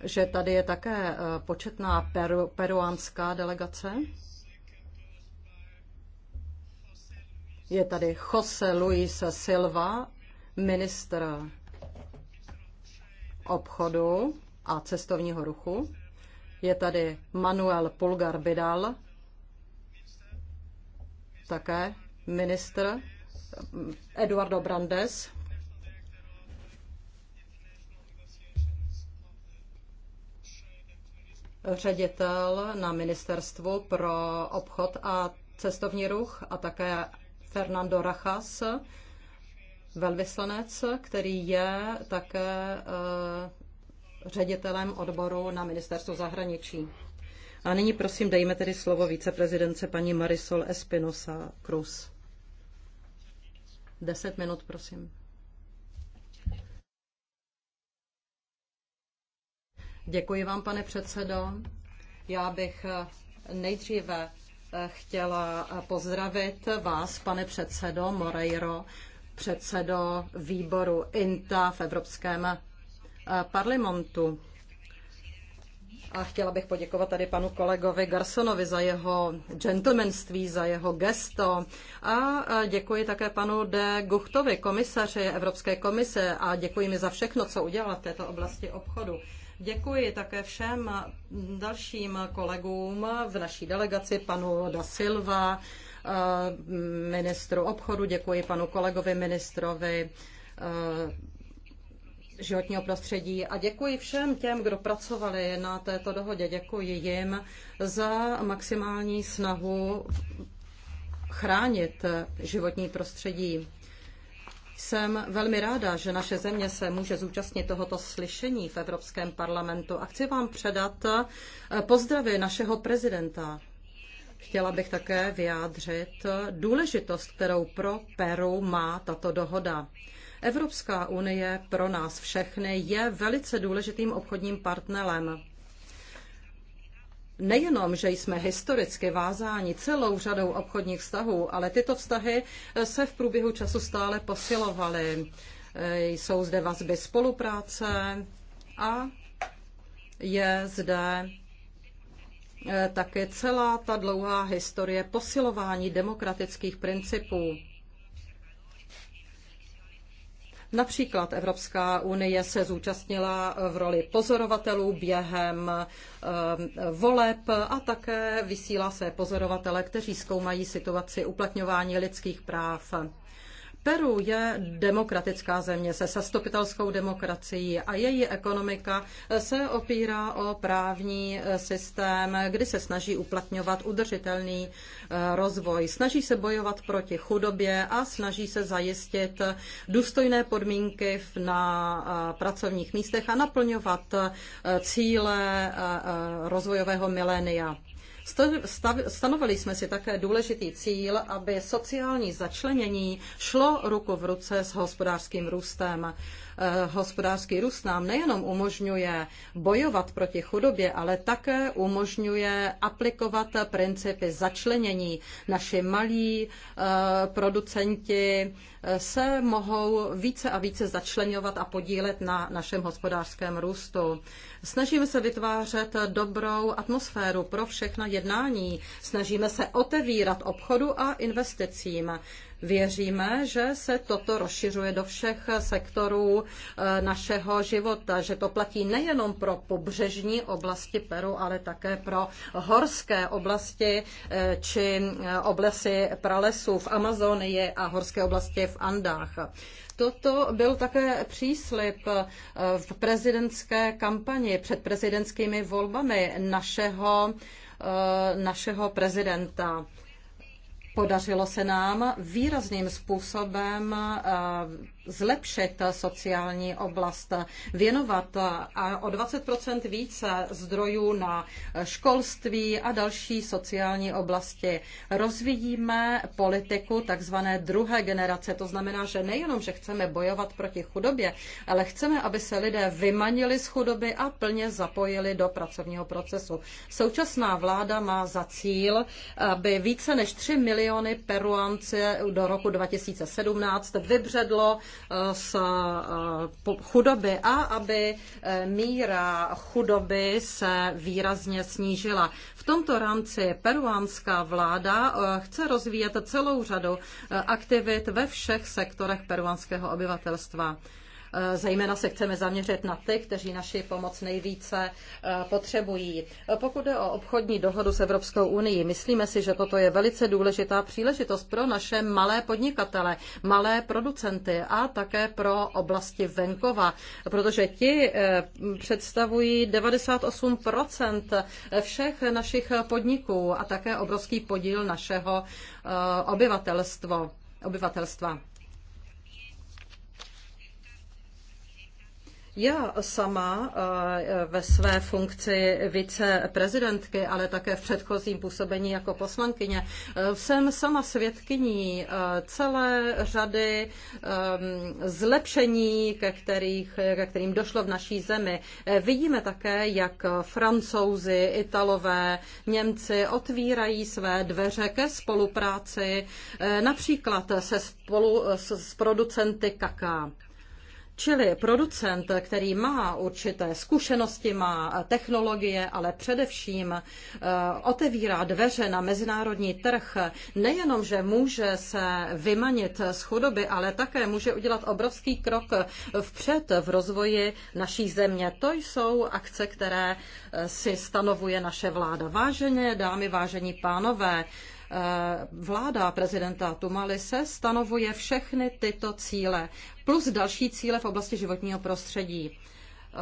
že tady je také eh, početná peru, peruánská delegace. Je tady Jose Luis Silva, ministr obchodu a cestovního ruchu. Je tady Manuel Pulgar Bidal, také ministr eh, Eduardo Brandes, ředitel na ministerstvu pro obchod a cestovní ruch a také Fernando Rachas, velvyslanec, který je také eh, ředitelem odboru na ministerstvu zahraničí. A nyní prosím dejme tedy slovo viceprezidence paní Marisol Espinosa Cruz. Deset minut, prosím. Děkuji vám, pane předsedo. Já bych nejdříve eh, chtěla pozdravit vás, pane předsedo Moreiro, předsedo výboru INTA v Evropském eh, parlamentu. A chtěla bych poděkovat tady panu kolegovi Garsonovi za jeho gentlemanství, za jeho gesto. A eh, děkuji také panu de Guchtovi, komisaři Evropské komise, a děkuji mi za všechno, co udělal v této oblasti obchodu. Děkuji také všem dalším kolegům v naší delegaci, panu Da Silva, eh, ministru obchodu, děkuji panu kolegovi ministrovi eh, životního prostředí a děkuji všem těm, kdo pracovali na této dohodě. Děkuji jim za maximální snahu chránit životní prostředí. Jsem velmi ráda, že naše země se může zúčastnit tohoto slyšení v Evropském parlamentu a chci vám předat eh, pozdravy našeho prezidenta. Chtěla bych také vyjádřit eh, důležitost, kterou pro Peru má tato dohoda. Evropská unie pro nás všechny je velice důležitým obchodním partnerem. Nejenom, že jsme historicky vázáni celou řadou obchodních vztahů, ale tyto vztahy eh, se v průběhu času stále posilovaly. Eh, jsou zde vazby spolupráce a je zde eh, také celá ta dlouhá historie posilování demokratických principů. Například Evropská unie se zúčastnila v roli pozorovatelů během eh, voleb a také vysílá se pozorovatele, kteří zkoumají situaci uplatňování lidských práv. Peru je demokratická země se zastupitelskou demokracií a její ekonomika se opírá o právní systém, kdy se snaží uplatňovat udržitelný eh, rozvoj. Snaží se bojovat proti chudobě a snaží se zajistit důstojné podmínky na eh, pracovních místech a naplňovat eh, cíle rozvojového milénia. Stanovili jsme si také důležitý cíl, aby sociální začlenění šlo ruku v ruce s hospodářským růstem. Eh, hospodářský růst nám nejenom umožňuje bojovat proti chudobě, ale také umožňuje aplikovat principy začlenění. Naši malí eh, producenti eh, se mohou více a více začlenovat a podílet na našem hospodářském růstu. Snažíme se vytvářet dobrou atmosféru pro všechna jednání. Snažíme se otevírat obchodu a investicím. Věříme, že se toto rozšiřuje do všech sektorů eh, našeho života, že to platí nejenom pro pobřežní oblasti Peru, ale také pro horské oblasti eh, či eh, oblasti pralesů v Amazonii a horské oblasti v Andách. Toto byl také příslip v prezidentské kampani před prezidentskými volbami našeho, našeho prezidenta. Podařilo se nám výrazným způsobem eh, zlepšit sociální oblast, věnovat o 20 více zdrojů na školství a další sociální oblasti. Rozvíjíme politiku takzvané druhé generace. To znamená, že nejenom, že chceme bojovat proti chudobě, ale chceme, aby se lidé vymanili z chudoby a plně zapojili do pracovního procesu. Současná vláda má za cíl, aby více než 3 miliony Peruánci do roku 2017 vybředlo z eh, chudoby a aby eh, míra chudoby se výrazně snížila. V tomto rámci peruánská vláda eh, chce rozvíjet celou řadu aktivit ve všech sektorech peruánského obyvatelstva. Eh, zejména se chceme zaměřit na ty, kteří naši pomoc nejvíce eh, potřebují. Eh, pokud jde o obchodní dohodu s Evropskou unii, myslíme si, že toto je velice důležitá příležitost pro naše malé podnikatele, malé producenty a také pro oblasti venkova, protože ti představují 98 všech našich podniků a také obrovský podíl našeho obyvatelstva. Já sama eh, ve své funkci viceprezidentky, ale také v předchozím působení jako poslankyně, eh, jsem sama svědkyní eh, celé řady zlepšení, ke, kterých, ke kterým došlo v naší zemi. Vidíme také, jak francouzi, italové, Němci otvírají své dveře ke spolupráci, například se spolu s producenty kaká. Čili producent, který má určité zkušenosti, má technologie, ale především eh, otevírá dveře na mezinárodní trh, nejenom, že může se vymanit z chudoby, ale také může udělat obrovský krok vpřed v rozvoji naší země. To jsou akce, které eh, si stanovuje naše vláda. Vážené dámy, vážení pánové, Eh, vláda prezidenta se stanovuje všechny tyto cíle, plus další cíle v oblasti životního prostředí. Eh,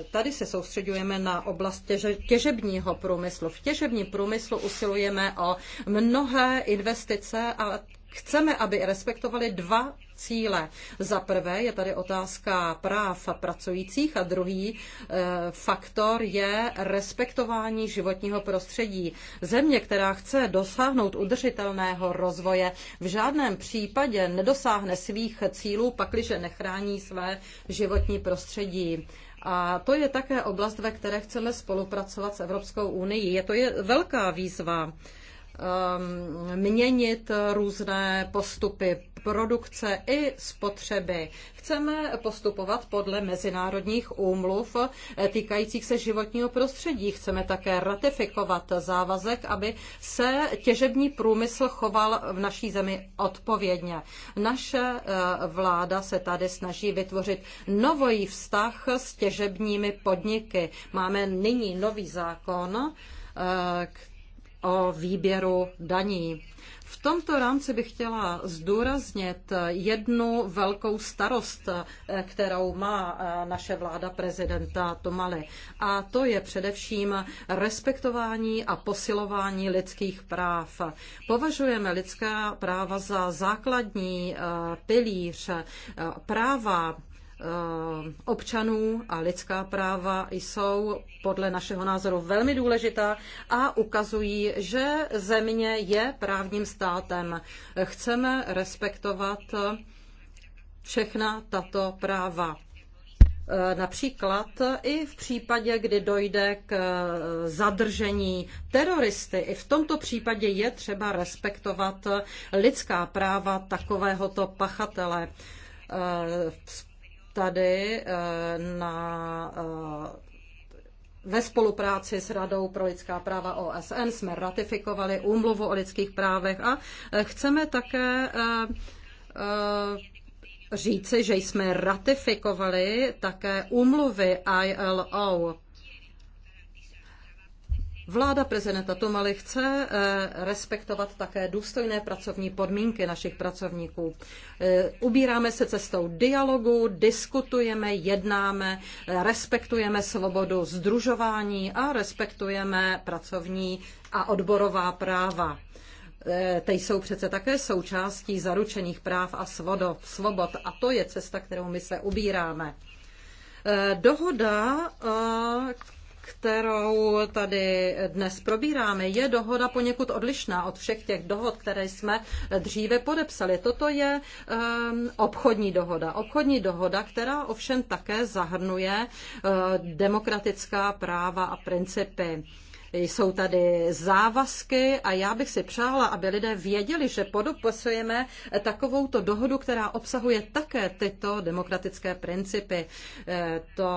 eh, tady se soustředujeme na oblast těžebního průmyslu. V těžebním průmyslu usilujeme o mnohé investice a Chceme, aby respektovali dva cíle. Za prvé je tady otázka práv pracujících a druhý eh, faktor je respektování životního prostředí. Země, která chce dosáhnout udržitelného rozvoje, v žádném případě nedosáhne svých cílů, pakliže nechrání své životní prostředí. A to je také oblast, ve které chceme spolupracovat s Evropskou unii. Je to je velká výzva. Um, měnit různé postupy produkce i spotřeby. Chceme postupovat podle mezinárodních úmluv týkajících se životního prostředí. Chceme také ratifikovat závazek, aby se těžební průmysl choval v naší zemi odpovědně. Naše eh, vláda se tady snaží vytvořit nový vztah s těžebními podniky. Máme nyní nový zákon, který eh, o výběru daní. V tomto rámci bych chtěla zdůraznit jednu velkou starost, eh, kterou má eh, naše vláda prezidenta Tomaly. A to je především respektování a posilování lidských práv. Považujeme lidská práva za základní eh, pilíř práva Eh, občanů a lidská práva jsou podle našeho názoru velmi důležitá a ukazují, že země je právním státem. Chceme respektovat všechna tato práva. Eh, například i v případě, kdy dojde k eh, zadržení teroristy, i v tomto případě je třeba respektovat lidská práva takovéhoto pachatele tady eh, na, eh, ve spolupráci s Radou pro lidská práva OSN jsme ratifikovali úmluvu o lidských právech a eh, chceme také říci, že jsme ratifikovali také úmluvy ILO Vláda prezidenta Tomaly chce eh, respektovat také důstojné pracovní podmínky našich pracovníků. Eh, ubíráme se cestou dialogu, diskutujeme, jednáme, eh, respektujeme svobodu združování a respektujeme pracovní a odborová práva. Te jsou přece také součástí zaručených práv a svobod a to je cesta, kterou my se ubíráme. Dohoda, kterou tady dnes probíráme, je dohoda poněkud odlišná od všech těch dohod, které jsme dříve podepsali. Toto je um, obchodní dohoda. Obchodní dohoda, která ovšem také zahrnuje uh, demokratická práva a principy. Jsou tady závazky a já bych si přála, aby lidé věděli, že podopasujeme takovouto dohodu, která obsahuje také tyto demokratické principy. Eh, to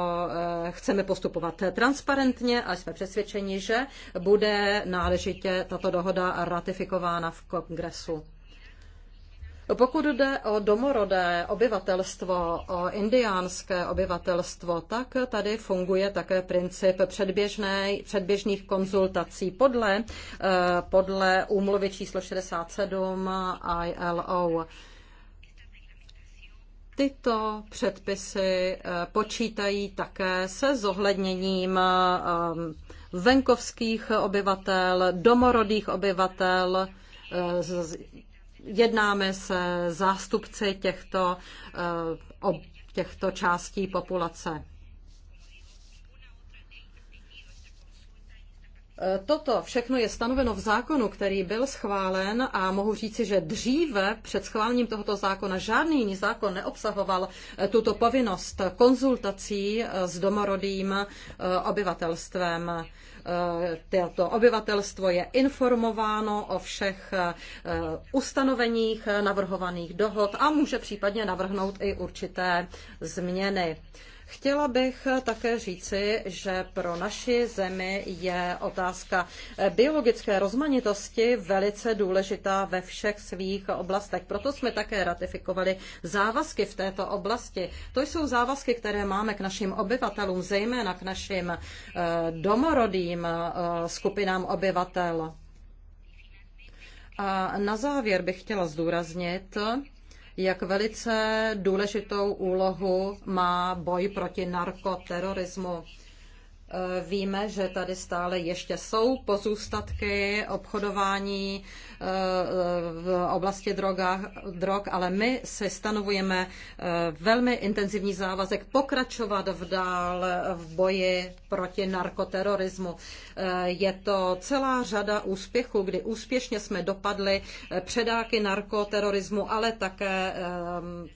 eh, chceme postupovat transparentně a jsme přesvědčeni, že bude náležitě tato dohoda ratifikována v kongresu. Pokud jde o domorodé obyvatelstvo, o indiánské obyvatelstvo, tak tady funguje také princip předběžné, předběžných konzultací podle, eh, podle úmluvy číslo 67 ILO. Tyto předpisy eh, počítají také se zohledněním eh, venkovských obyvatel, domorodých obyvatel, Jednáme se zástupci těchto, eh, těchto částí populace. Eh, toto všechno je stanoveno v zákonu, který byl schválen a mohu říci, že dříve před schválením tohoto zákona žádný jiný zákon neobsahoval eh, tuto povinnost konzultací s domorodým obyvatelstvem. Eh, toto obyvatelstvo je informováno o všech eh, ustanoveních navrhovaných dohod a může případně navrhnout i určité změny. Chtěla bych také říci, že pro naši zemi je otázka eh, biologické rozmanitosti velice důležitá ve všech svých oblastech. Proto jsme také ratifikovali závazky v této oblasti. To jsou závazky, které máme k našim obyvatelům, zejména k našim eh, domorodým eh, skupinám obyvatel. A na závěr bych chtěla zdůraznit, jak velice důležitou úlohu má boj proti narkoterorismu. Eh, víme, že tady stále ještě jsou pozůstatky obchodování eh, v oblasti drogách, drog, ale my si stanovujeme eh, velmi intenzivní závazek pokračovat v dál v boji proti narkoterorismu. Je to celá řada úspěchů, kdy úspěšně jsme dopadli předáky narkoterorismu, ale také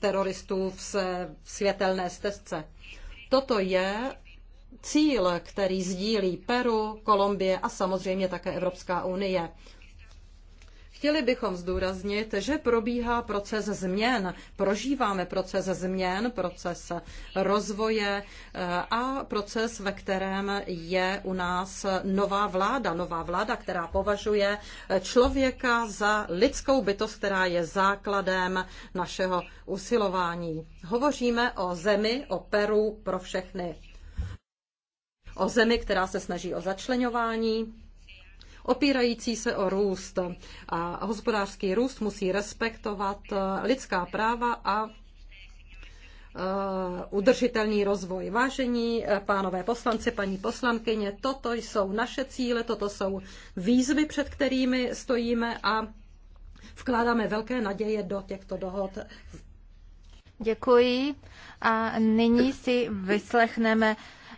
teroristů v světelné stezce. Toto je cíl, který sdílí Peru, Kolumbie a samozřejmě také Evropská unie. Chtěli bychom zdůraznit, že probíhá proces změn. Prožíváme proces změn, proces rozvoje eh, a proces, ve kterém je u nás nová vláda. Nová vláda, která považuje člověka za lidskou bytost, která je základem našeho usilování. Hovoříme o zemi, o Peru pro všechny o zemi, která se snaží o začlenování, opírající se o růst. A hospodářský růst musí respektovat eh, lidská práva a eh, udržitelný rozvoj. Vážení eh, pánové poslanci, paní poslankyně, toto jsou naše cíle, toto jsou výzvy, před kterými stojíme a vkládáme velké naděje do těchto dohod. Děkuji a nyní si vyslechneme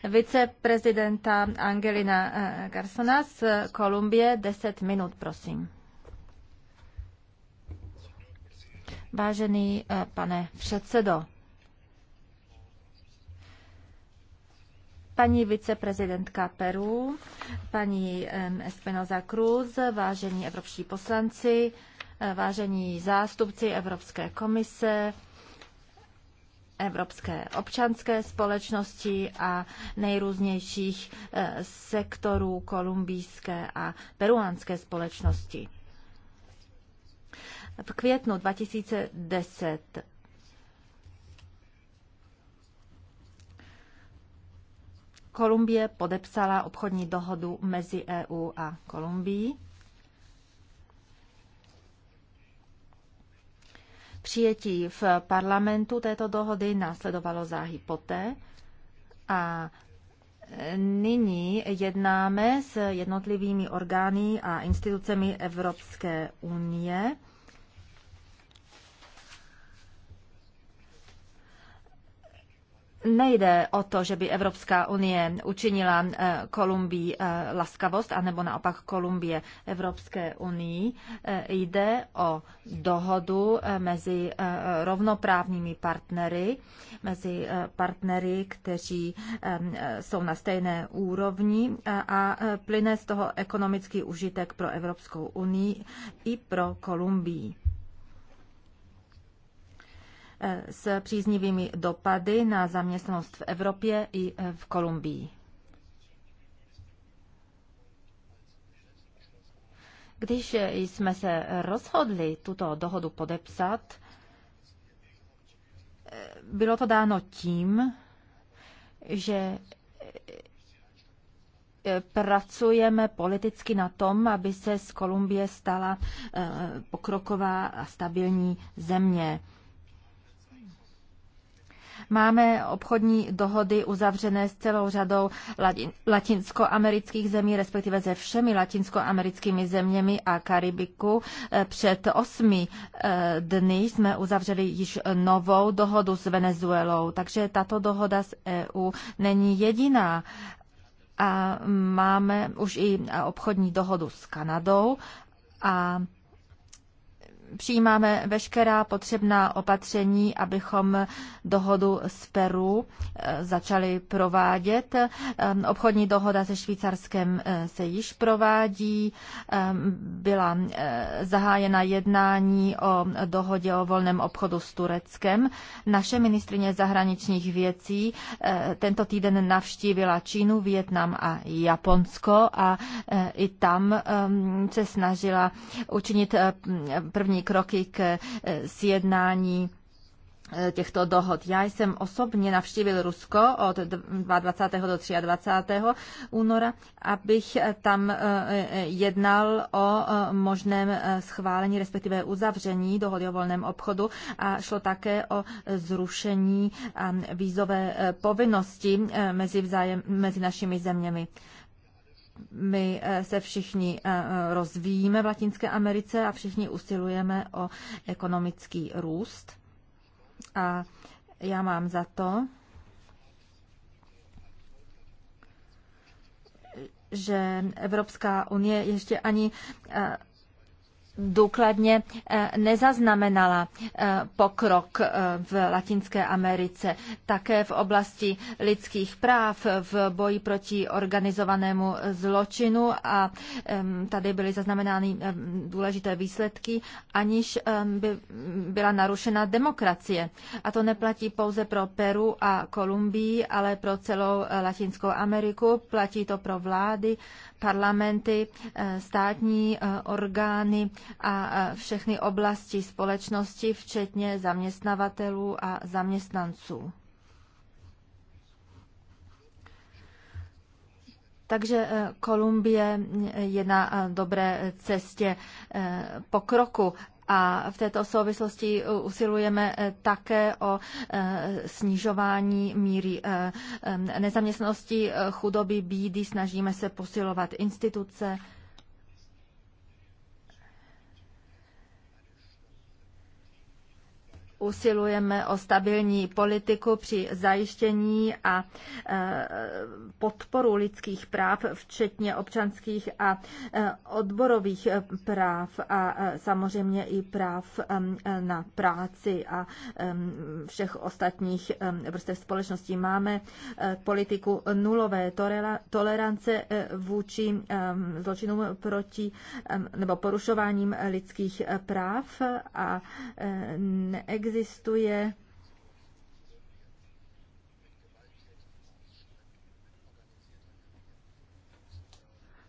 viceprezidenta Angelina Garsona eh, z Kolumbie. 10 minut, prosím. Vážený eh, pane předsedo, paní viceprezidentka Peru, paní eh, Espinoza Cruz, vážení evropští poslanci, vážení zástupci Evropské komise, evropské občanské společnosti a nejrůznějších eh, sektorů kolumbijské a peruánské společnosti. V květnu 2010 Kolumbie podepsala obchodní dohodu mezi EU a Kolumbií. Přijetí v parlamentu této dohody následovalo záhy poté a Nyní jednáme s jednotlivými orgány a institucemi Evropské unie nejde o to, že by Evropská unie učinila eh, Kolumbii eh, laskavost, anebo naopak Kolumbie Evropské unii. Eh, jde o dohodu mezi rovnoprávnými partnery, mezi partnery, kteří jsou na stejné úrovni a plyne z toho ekonomický užitek pro Evropskou unii i pro Kolumbii s příznivými dopady na zaměstnanost v Evropě i v Kolumbii. Když jsme se rozhodli tuto dohodu podepsat, bylo to dáno tím, že pracujeme politicky na tom, aby se z Kolumbie stala eh, pokroková a stabilní země. Máme obchodní dohody uzavřené s celou řadou latinskoamerických zemí, respektive se všemi latinskoamerickými zeměmi a Karibiku. Eh, před osmi eh, dny jsme uzavřeli již novou dohodu s Venezuelou, takže tato dohoda s EU není jediná a máme už i obchodní dohodu s Kanadou a přijímáme veškerá potřebná opatření, abychom dohodu z Peru eh, začali provádět. Obchodní dohoda se Švýcarskem eh, se již provádí. Byla eh, zahájena jednání o dohodě o volném obchodu s Tureckem. Naše ministrině zahraničních věcí tento týden navštívila Čínu, Vietnam a Japonsko a i tam se snažila učinit první první kroky k eh, sjednání eh, těchto dohod. Já jsem osobně navštívil Rusko od 22. do 23. února, abych eh, tam jednal o možném schválení, respektive uzavření dohody o volném obchodu a šlo také o zrušení vízové povinnosti mezi, vzájem, mezi našimi zeměmi my eh, se všichni eh, eh, rozvíjíme v Latinské Americe a všichni usilujeme o ekonomický růst. A já mám za to, že Evropská unie ještě ani důkladně eh, nezaznamenala eh, pokrok eh, v Latinské Americe. Také v oblasti lidských práv, v boji proti organizovanému zločinu a tady byly zaznamenány důležité výsledky, aniž by byla narušena demokracie. A to neplatí pouze pro Peru a Kolumbii, ale pro celou Latinskou Ameriku. Platí to pro vlády, parlamenty, e, státní e, orgány a e, všechny oblasti společnosti, včetně zaměstnavatelů a zaměstnanců. Takže Kolumbie je na dobré cestě pokroku a v této souvislosti e, usilujeme e, také o e, snižování míry nezaměstnosti, chudoby, bídy. Snažíme se posilovat instituce, usilujeme o stabilní politiku při zajištění a e, podporu lidských práv, včetně občanských a e, odborových e, práv a samozřejmě i práv na práci a všech ostatních vrstev společnosti. Máme politiku nulové tolerance vůči zločinům proti nebo porušováním lidských práv a neexistuje existuje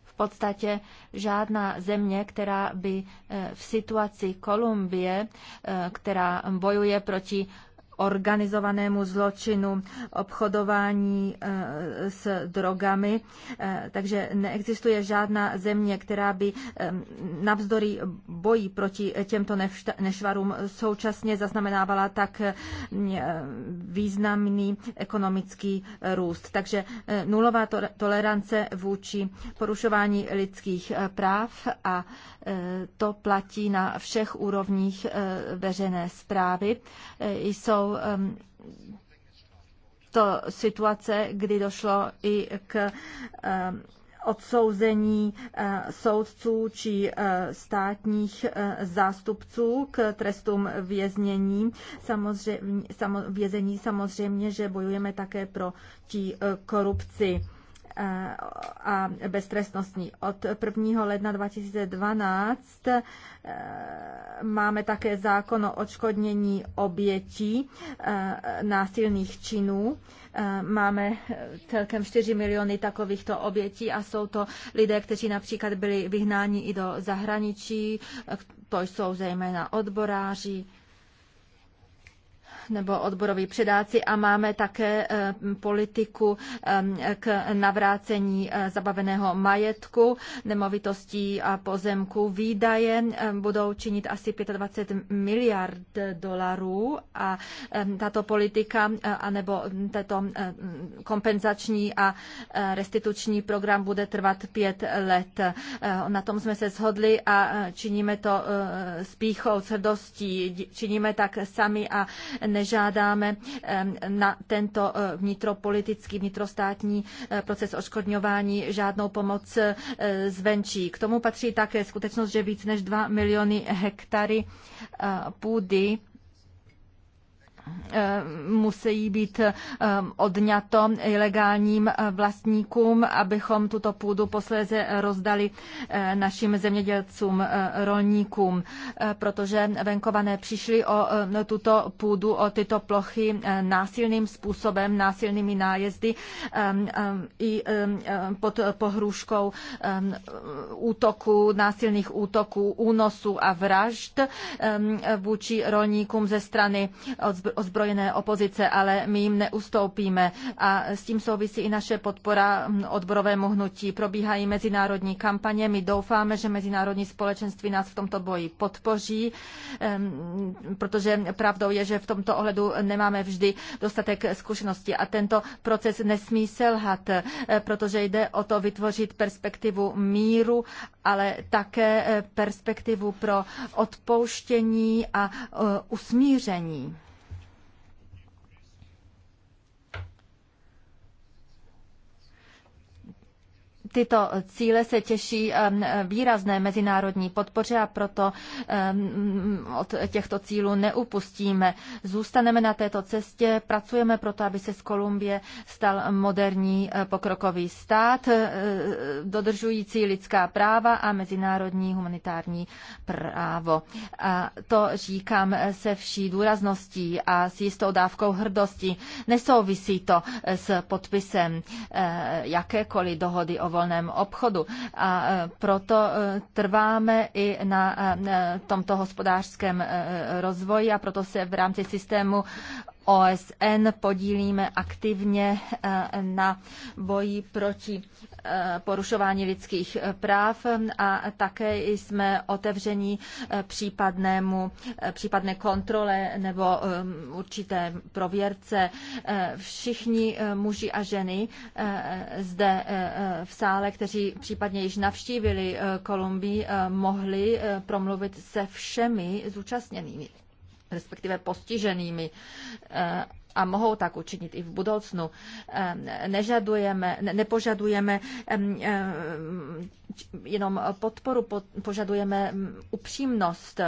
v podstatě žádná země, která by eh, v situaci Kolumbie, eh, která bojuje proti organizovanému zločinu, obchodování e, s drogami. E, takže neexistuje žádná země, která by e, navzdory boji proti těmto nešvarům současně zaznamenávala tak významný ekonomický růst. Takže nulová tolerance vůči porušování lidských práv a to platí na všech úrovních eh, veřejné zprávy. Eh, jsou ehm, to situace, kdy došlo i k ehm, odsouzení eh, soudců či státních zástupců k trestům věznění. Samozřejmě, vězení samozřejmě, že bojujeme také proti korupci a beztrestnostní. Od 1. ledna 2012 eh, máme také zákon o odškodnění obětí eh, násilných činů. Eh, máme celkem 4 miliony takovýchto obětí a jsou to lidé, kteří například byli vyhnáni i do zahraničí, to jsou zejména odboráři, nebo odboroví předáci a máme také eh, politiku k navrácení eh, zabaveného majetku, nemovitostí a pozemku. Výdaje budou činit asi 25 miliard dolarů a tato politika eh, anebo tato kompenzační a restituční program bude trvat pět let. Na tom jsme se shodli a činíme to s píchou, s hrdostí. Činíme tak sami a ne nežádáme na tento eh, vnitropolitický, vnitrostátní eh, proces oškodňování žádnou pomoc eh, zvenčí. K tomu patří také skutečnost, že víc než 2 miliony hektary půdy musí být um, odňato ilegálním uh, vlastníkům, abychom tuto půdu posléze rozdali uh, našim zemědělcům, uh, rolníkům, protože venkované přišli o tuto půdu, o tyto plochy násilným způsobem, násilnými nájezdy um, um, i pod pohrůžkou útoků, násilných útoků, únosů a vražd vůči rolníkům ze strany ozbrojené opozice, ale my jim neustoupíme a s tím souvisí i naše podpora hm, odborovému hnutí. Probíhají mezinárodní kampaně, my doufáme, že mezinárodní společenství nás v tomto boji podpoří, ehm, protože pravdou je, že v tomto ohledu nemáme vždy dostatek zkušeností a tento proces nesmí selhat, eh, protože jde o to vytvořit perspektivu míru, ale také eh, perspektivu pro odpouštění a eh, usmíření. Tyto cíle se těší výrazné mezinárodní podpoře a proto od těchto cílů neupustíme. Zůstaneme na této cestě, pracujeme proto, aby se z Kolumbie stal moderní eh, pokrokový stát, eh, dodržující lidská práva a mezinárodní humanitární právo. A to říkám eh, se vší důrazností a s jistou dávkou hrdosti. Nesouvisí to s podpisem jakékoliv dohody o volnosti volném obchodu. A e, proto e, trváme i na e, tomto hospodářském rozvoji a proto se v rámci systému OSN podílíme aktivně eh, na boji proti eh, porušování lidských eh, práv a také jsme otevření případnému, případné kontrole nebo určité prověrce. Všichni muži a ženy zde v sále, kteří případně již navštívili Kolumbii, mohli promluvit se všemi zúčastněnými respektive postiženými eh, a mohou tak učinit i v budoucnu. Eh, nežadujeme, nepožadujeme eh, jenom podporu, požadujeme mm, upřímnost.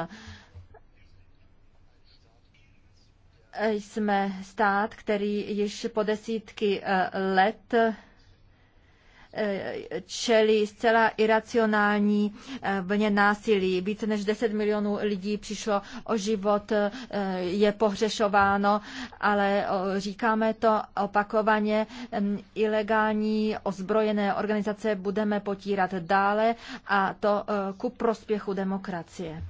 Jsme stát, který již po desítky let čelí zcela iracionální eh, vlně násilí. Více než 10 milionů lidí přišlo o život, eh, je pohřešováno, ale říkáme to opakovaně, mm, ilegální ozbrojené organizace budeme potírat dále a to eh, ku prospěchu demokracie.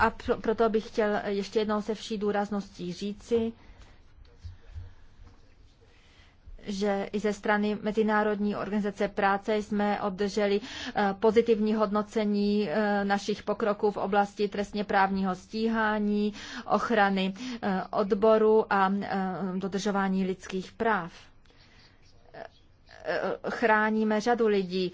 A proto bych chtěl ještě jednou se vší důrazností říci, že i ze strany Mezinárodní organizace práce jsme obdrželi eh, pozitivní hodnocení eh, našich pokroků v oblasti trestně právního stíhání, ochrany eh, odboru a dodržování lidských práv chráníme řadu lidí,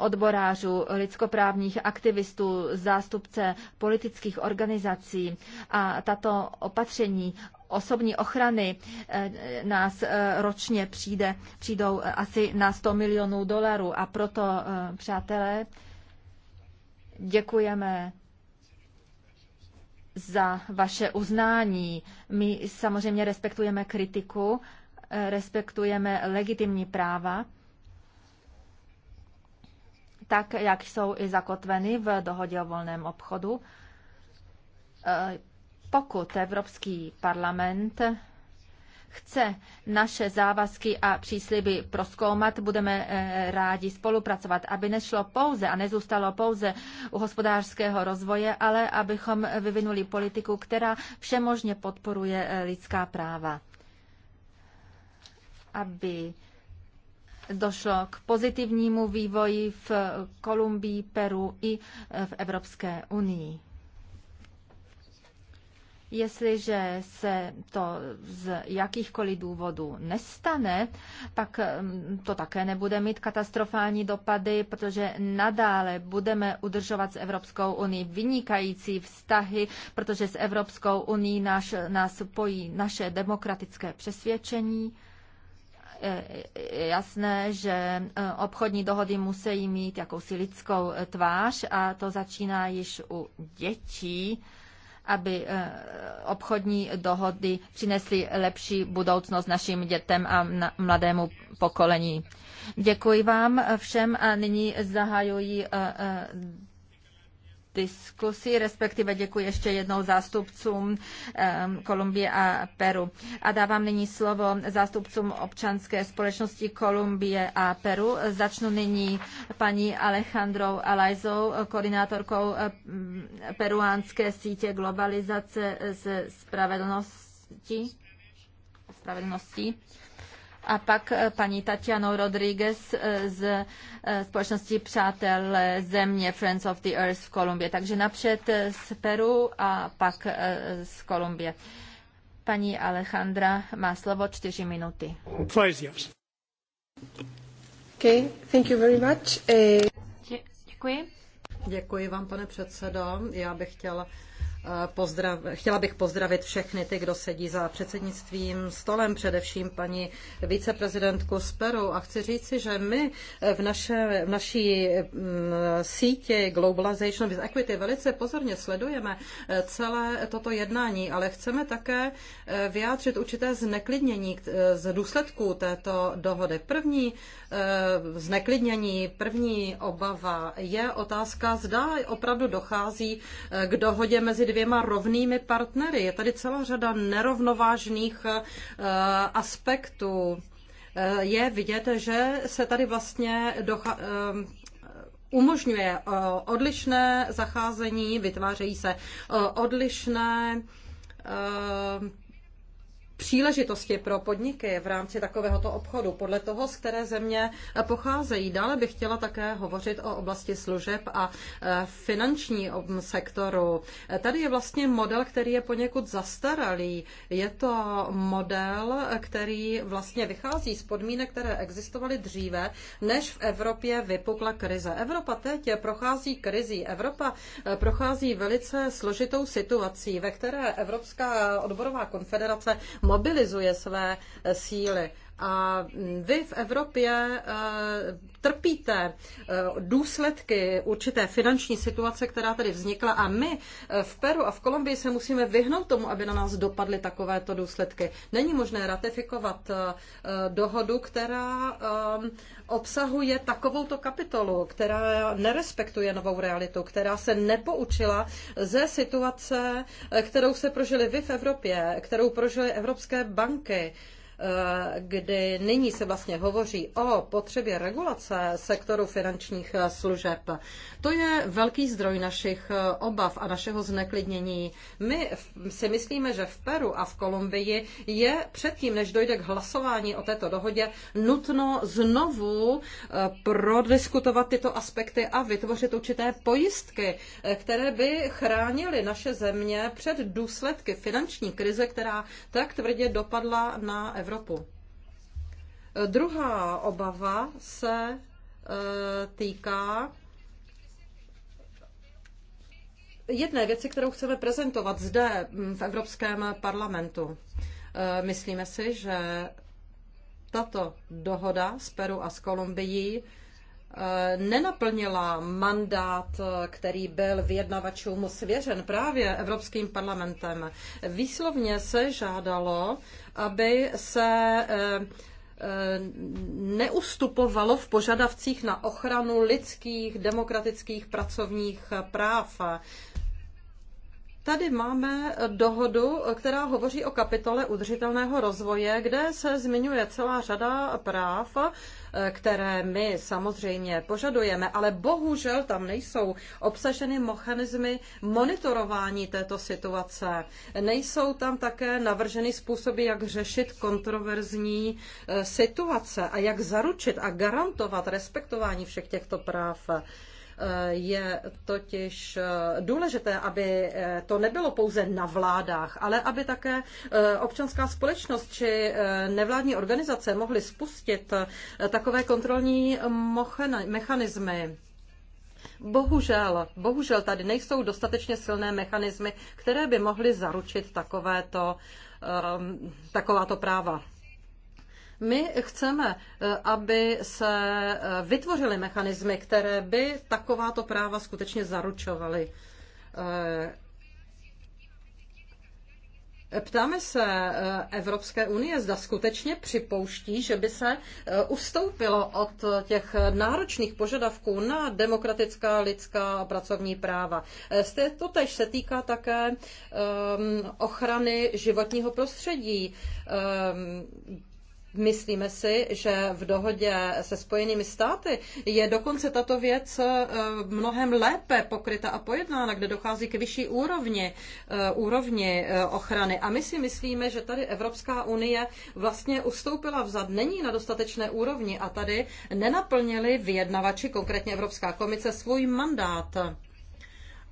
odborářů, lidskoprávních aktivistů, zástupce politických organizací a tato opatření osobní ochrany eh, nás eh, ročně přijde, přijdou eh, asi na 100 milionů dolarů. A proto, přátelé, děkujeme za vaše uznání. My samozřejmě respektujeme kritiku, respektujeme legitimní práva, tak jak jsou i zakotveny v dohodě o volném obchodu pokud Evropský parlament chce naše závazky a přísliby proskoumat, budeme eh, rádi spolupracovat, aby nešlo pouze a nezůstalo pouze u hospodářského rozvoje, ale abychom vyvinuli politiku, která všemožně podporuje eh, lidská práva. Aby došlo k pozitivnímu vývoji v Kolumbii, Peru i eh, v Evropské unii. Jestliže se to z jakýchkoliv důvodů nestane, pak mm, to také nebude mít katastrofální dopady, protože nadále budeme udržovat s Evropskou unii vynikající vztahy, protože s Evropskou unii nás, nás pojí naše demokratické přesvědčení. Je e, jasné, že e, obchodní dohody musí mít jakousi lidskou tvář a to začíná již u dětí aby eh, obchodní dohody přinesly lepší budoucnost našim dětem a mladému pokolení. Děkuji vám všem a nyní zahajuji eh, eh, diskusi, respektive děkuji ještě jednou zástupcům Kolumbie a Peru. A dávám nyní slovo zástupcům občanské společnosti Kolumbie a Peru. Začnu nyní paní Alejandrou Alajzou, koordinátorkou peruánské sítě globalizace ze spravedlnosti. spravedlnosti. A pak eh, paní Tatiano Rodriguez eh, z eh, společnosti Přátel země Friends of the Earth v Kolumbii. Takže napřed z Peru a pak z Kolumbie. Paní Alejandra má slovo čtyři minuty. Okay, thank you very much. Děkuji. Děkuji vám, pane předsedo. Já bych chtěla Pozdrav, chtěla bych pozdravit všechny ty, kdo sedí za předsednictvím stolem, především paní viceprezidentku z A chci říci, že my v, naše, v naší mm, síti Globalization with Equity velice pozorně sledujeme eh, celé toto jednání, ale chceme také eh, vyjádřit určité zneklidnění eh, z důsledků této dohody. První zneklidnění, první obava je otázka, zda opravdu dochází k dohodě mezi dvěma rovnými partnery. Je tady celá řada nerovnovážných eh, aspektů. Eh, je vidět, že se tady vlastně docha- eh, umožňuje odlišné zacházení, vytvářejí se odlišné příležitosti pro podniky v rámci takovéhoto obchodu, podle toho, z které země pocházejí. Dále bych chtěla také hovořit o oblasti služeb a e, finanční e, sektoru. Tady je vlastně model, který je poněkud zastaralý. Je to model, který vlastně vychází z podmínek, které existovaly dříve, než v Evropě vypukla krize. Evropa teď prochází krizí. Evropa e, prochází velice složitou situací, ve které Evropská odborová konfederace mobilizuje své eh, síly. A vy v Evropě eh, trpíte eh, důsledky určité finanční situace, která tady vznikla a my eh, v Peru a v Kolumbii se musíme vyhnout tomu, aby na nás dopadly takovéto důsledky. Není možné ratifikovat dohodu, která obsahuje takovouto kapitolu, která nerespektuje novou realitu, která se nepoučila ze situace, kterou se prožili vy v Evropě, kterou prožily evropské banky Eh, kdy nyní se vlastně hovoří o potřebě regulace sektoru finančních eh, služeb. To je velký zdroj našich eh, obav a našeho zneklidnění. My si myslíme, že v Peru a v Kolumbii je předtím, než dojde k hlasování o této dohodě, nutno znovu prodiskutovat tyto aspekty a vytvořit určité pojistky, které by chránily naše země před důsledky finanční krize, která tak tvrdě dopadla na Evropu stropu. Eh, druhá obava se eh, týká eh, jedné věci, kterou chceme prezentovat zde mm, v Evropském parlamentu. Myslíme si, že tato dohoda s Peru a s Kolumbií Eh, nenaplnila mandát, eh, který byl vyjednavačům svěřen právě Evropským parlamentem. Výslovně se žádalo, aby se eh, neustupovalo v požadavcích na ochranu lidských, demokratických, pracovních práv. Tady máme dohodu, která hovoří o kapitole udržitelného rozvoje, kde se zmiňuje celá řada práv, které my samozřejmě požadujeme, ale bohužel tam nejsou obsaženy mechanismy monitorování této situace. Nejsou tam také navrženy způsoby, jak řešit kontroverzní eh, situace a jak zaručit a garantovat respektování všech těchto práv. Je totiž eh, důležité, aby eh, to nebylo pouze na vládách, ale aby také eh, občanská společnost či nevládní organizace mohly spustit takové kontrolní mechanismy. Bohužel, bohužel tady nejsou dostatečně silné mechanismy, které by mohly zaručit takovéto, takováto práva. My chceme, eh, aby se eh, vytvořily mechanismy, které by takováto práva skutečně zaručovaly. Eh, ptáme se Evropské unie, zda skutečně připouští, že by se ustoupilo od těch náročných požadavků na demokratická, lidská a pracovní práva. To tež se týká také ehm, ochrany životního prostředí. Ehm, Myslíme si, že v dohodě se Spojenými státy je dokonce tato věc eh, mnohem lépe pokryta a pojednána, kde dochází k vyšší úrovni, eh, úrovni eh, ochrany. A my si myslíme, že tady Evropská unie vlastně ustoupila vzad, není na dostatečné úrovni a tady nenaplnili vyjednavači, konkrétně Evropská komise, svůj mandát.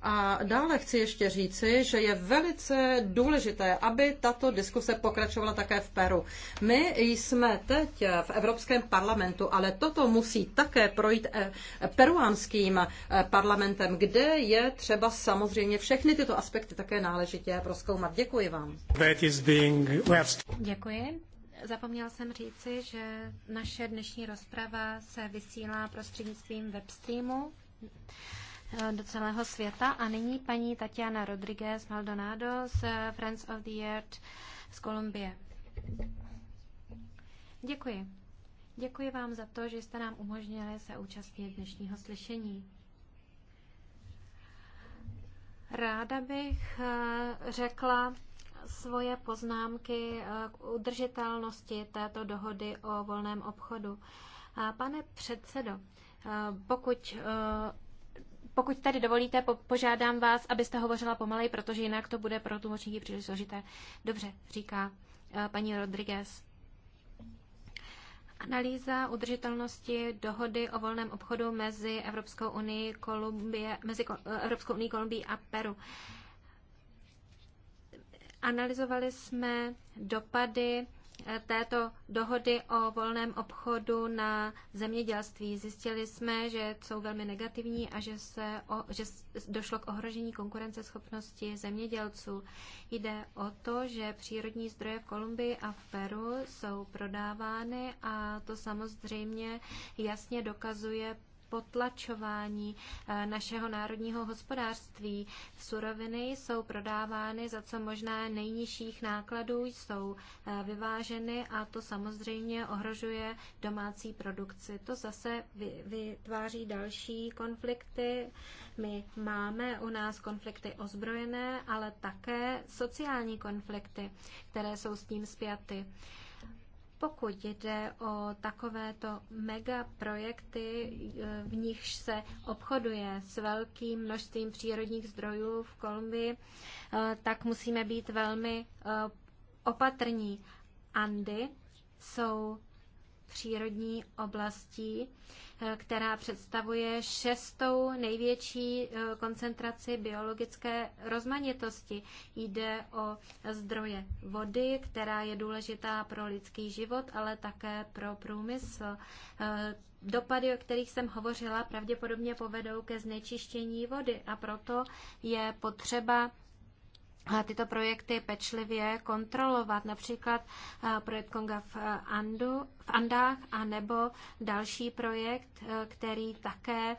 A dále chci ještě říci, že je velice důležité, aby tato diskuse pokračovala také v Peru. My jsme teď v Evropském parlamentu, ale toto musí také projít eh, peruánským eh, parlamentem, kde je třeba samozřejmě všechny tyto aspekty také náležitě proskoumat. Děkuji vám. Děkuji. Zapomněl jsem říci, že naše dnešní rozprava se vysílá prostřednictvím webstreamu. Eh, do celého světa. A nyní paní Tatiana Rodriguez Maldonado z Friends of the Earth z Kolumbie. Děkuji. Děkuji vám za to, že jste nám umožnili se účastnit dnešního slyšení. Ráda bych eh, řekla svoje poznámky eh, k udržitelnosti této dohody o volném obchodu. Pane předsedo, pokud pokud tady dovolíte, po, požádám vás, abyste hovořila pomalej, protože jinak to bude pro tlumočníky příliš složité. Dobře, říká eh, paní Rodriguez. Analýza udržitelnosti dohody o volném obchodu mezi Evropskou unii, Kolumbie, mezi eh, Evropskou unii, Kolumbií a Peru. Analyzovali jsme dopady této dohody o volném obchodu na zemědělství. Zjistili jsme, že jsou velmi negativní a že, se o, že došlo k ohrožení konkurenceschopnosti zemědělců. Jde o to, že přírodní zdroje v Kolumbii a v Peru jsou prodávány a to samozřejmě jasně dokazuje potlačování eh, našeho národního hospodářství. Suroviny jsou prodávány za co možná nejnižších nákladů, jsou eh, vyváženy a to samozřejmě ohrožuje domácí produkci. To zase vytváří další konflikty. My máme u nás konflikty ozbrojené, ale také sociální konflikty, které jsou s tím spjaty. Pokud jde o takovéto megaprojekty, eh, v nichž se obchoduje s velkým množstvím přírodních zdrojů v Kolumbii, eh, tak musíme být velmi eh, opatrní. Andy jsou přírodní oblastí, eh, která představuje šestou největší eh, koncentraci biologické rozmanitosti. Jde o zdroje vody, která je důležitá pro lidský život, ale také pro průmysl. Eh, dopady, o kterých jsem hovořila, pravděpodobně povedou ke znečištění vody a proto je potřeba tyto projekty pečlivě kontrolovat, například eh, projekt Konga v, eh, Andu, v Andách a nebo další projekt, eh, který také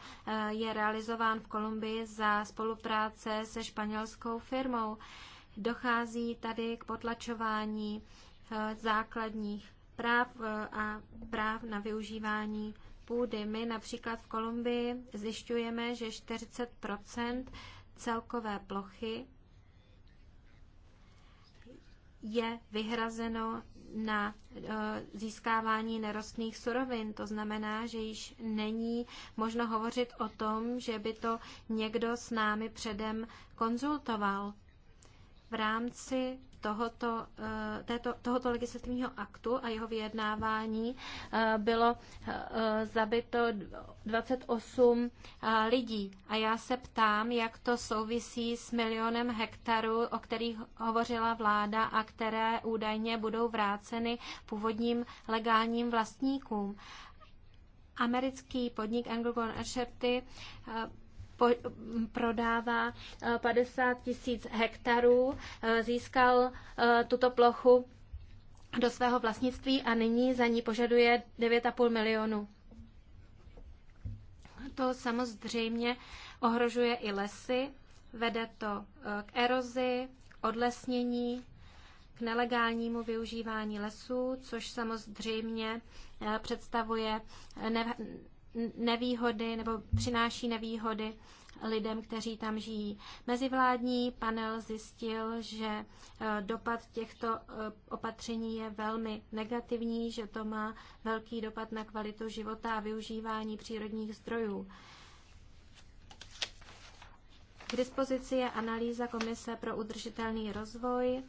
je realizován v Kolumbii za spolupráce se španělskou firmou. Dochází tady k potlačování základních práv a práv na využívání půdy. My například v Kolumbii zjišťujeme, že 40 celkové plochy je vyhrazeno na eh, získávání nerostných surovin. To znamená, že již není možno hovořit o tom, že by to někdo s námi předem konzultoval. V rámci tohoto, eh, této, tohoto legislativního aktu a jeho vyjednávání eh, bylo eh, zabito 28 lidí. A já se ptám, jak to souvisí s milionem hektarů, o kterých hovořila vláda a které údajně budou vráceny původním legálním vlastníkům. Americký podnik anglo gon po, prodává 50 eh, tisíc hektarů, eh, získal eh, tuto plochu do svého vlastnictví a nyní za ní požaduje 9,5 milionu. To samozřejmě ohrožuje i lesy, vede to k erozi, odlesnění, k nelegálnímu využívání lesů, což samozřejmě představuje nevýhody nebo přináší nevýhody lidem, kteří tam žijí. Mezivládní panel zjistil, že eh, dopad těchto eh, opatření je velmi negativní, že to má velký dopad na kvalitu života a využívání přírodních zdrojů. K dispozici je analýza Komise pro udržitelný rozvoj.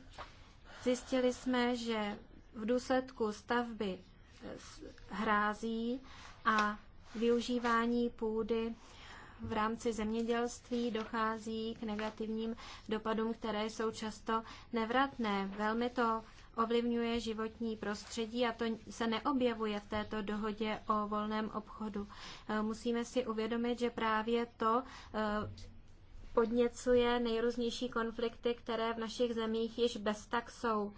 Zjistili jsme, že v důsledku stavby eh, hrází a využívání půdy v rámci zemědělství dochází k negativním dopadům, které jsou často nevratné. Velmi to ovlivňuje životní prostředí a to se neobjevuje v této dohodě o volném obchodu. Eh, musíme si uvědomit, že právě to eh, podněcuje nejrůznější konflikty, které v našich zemích již bez tak jsou.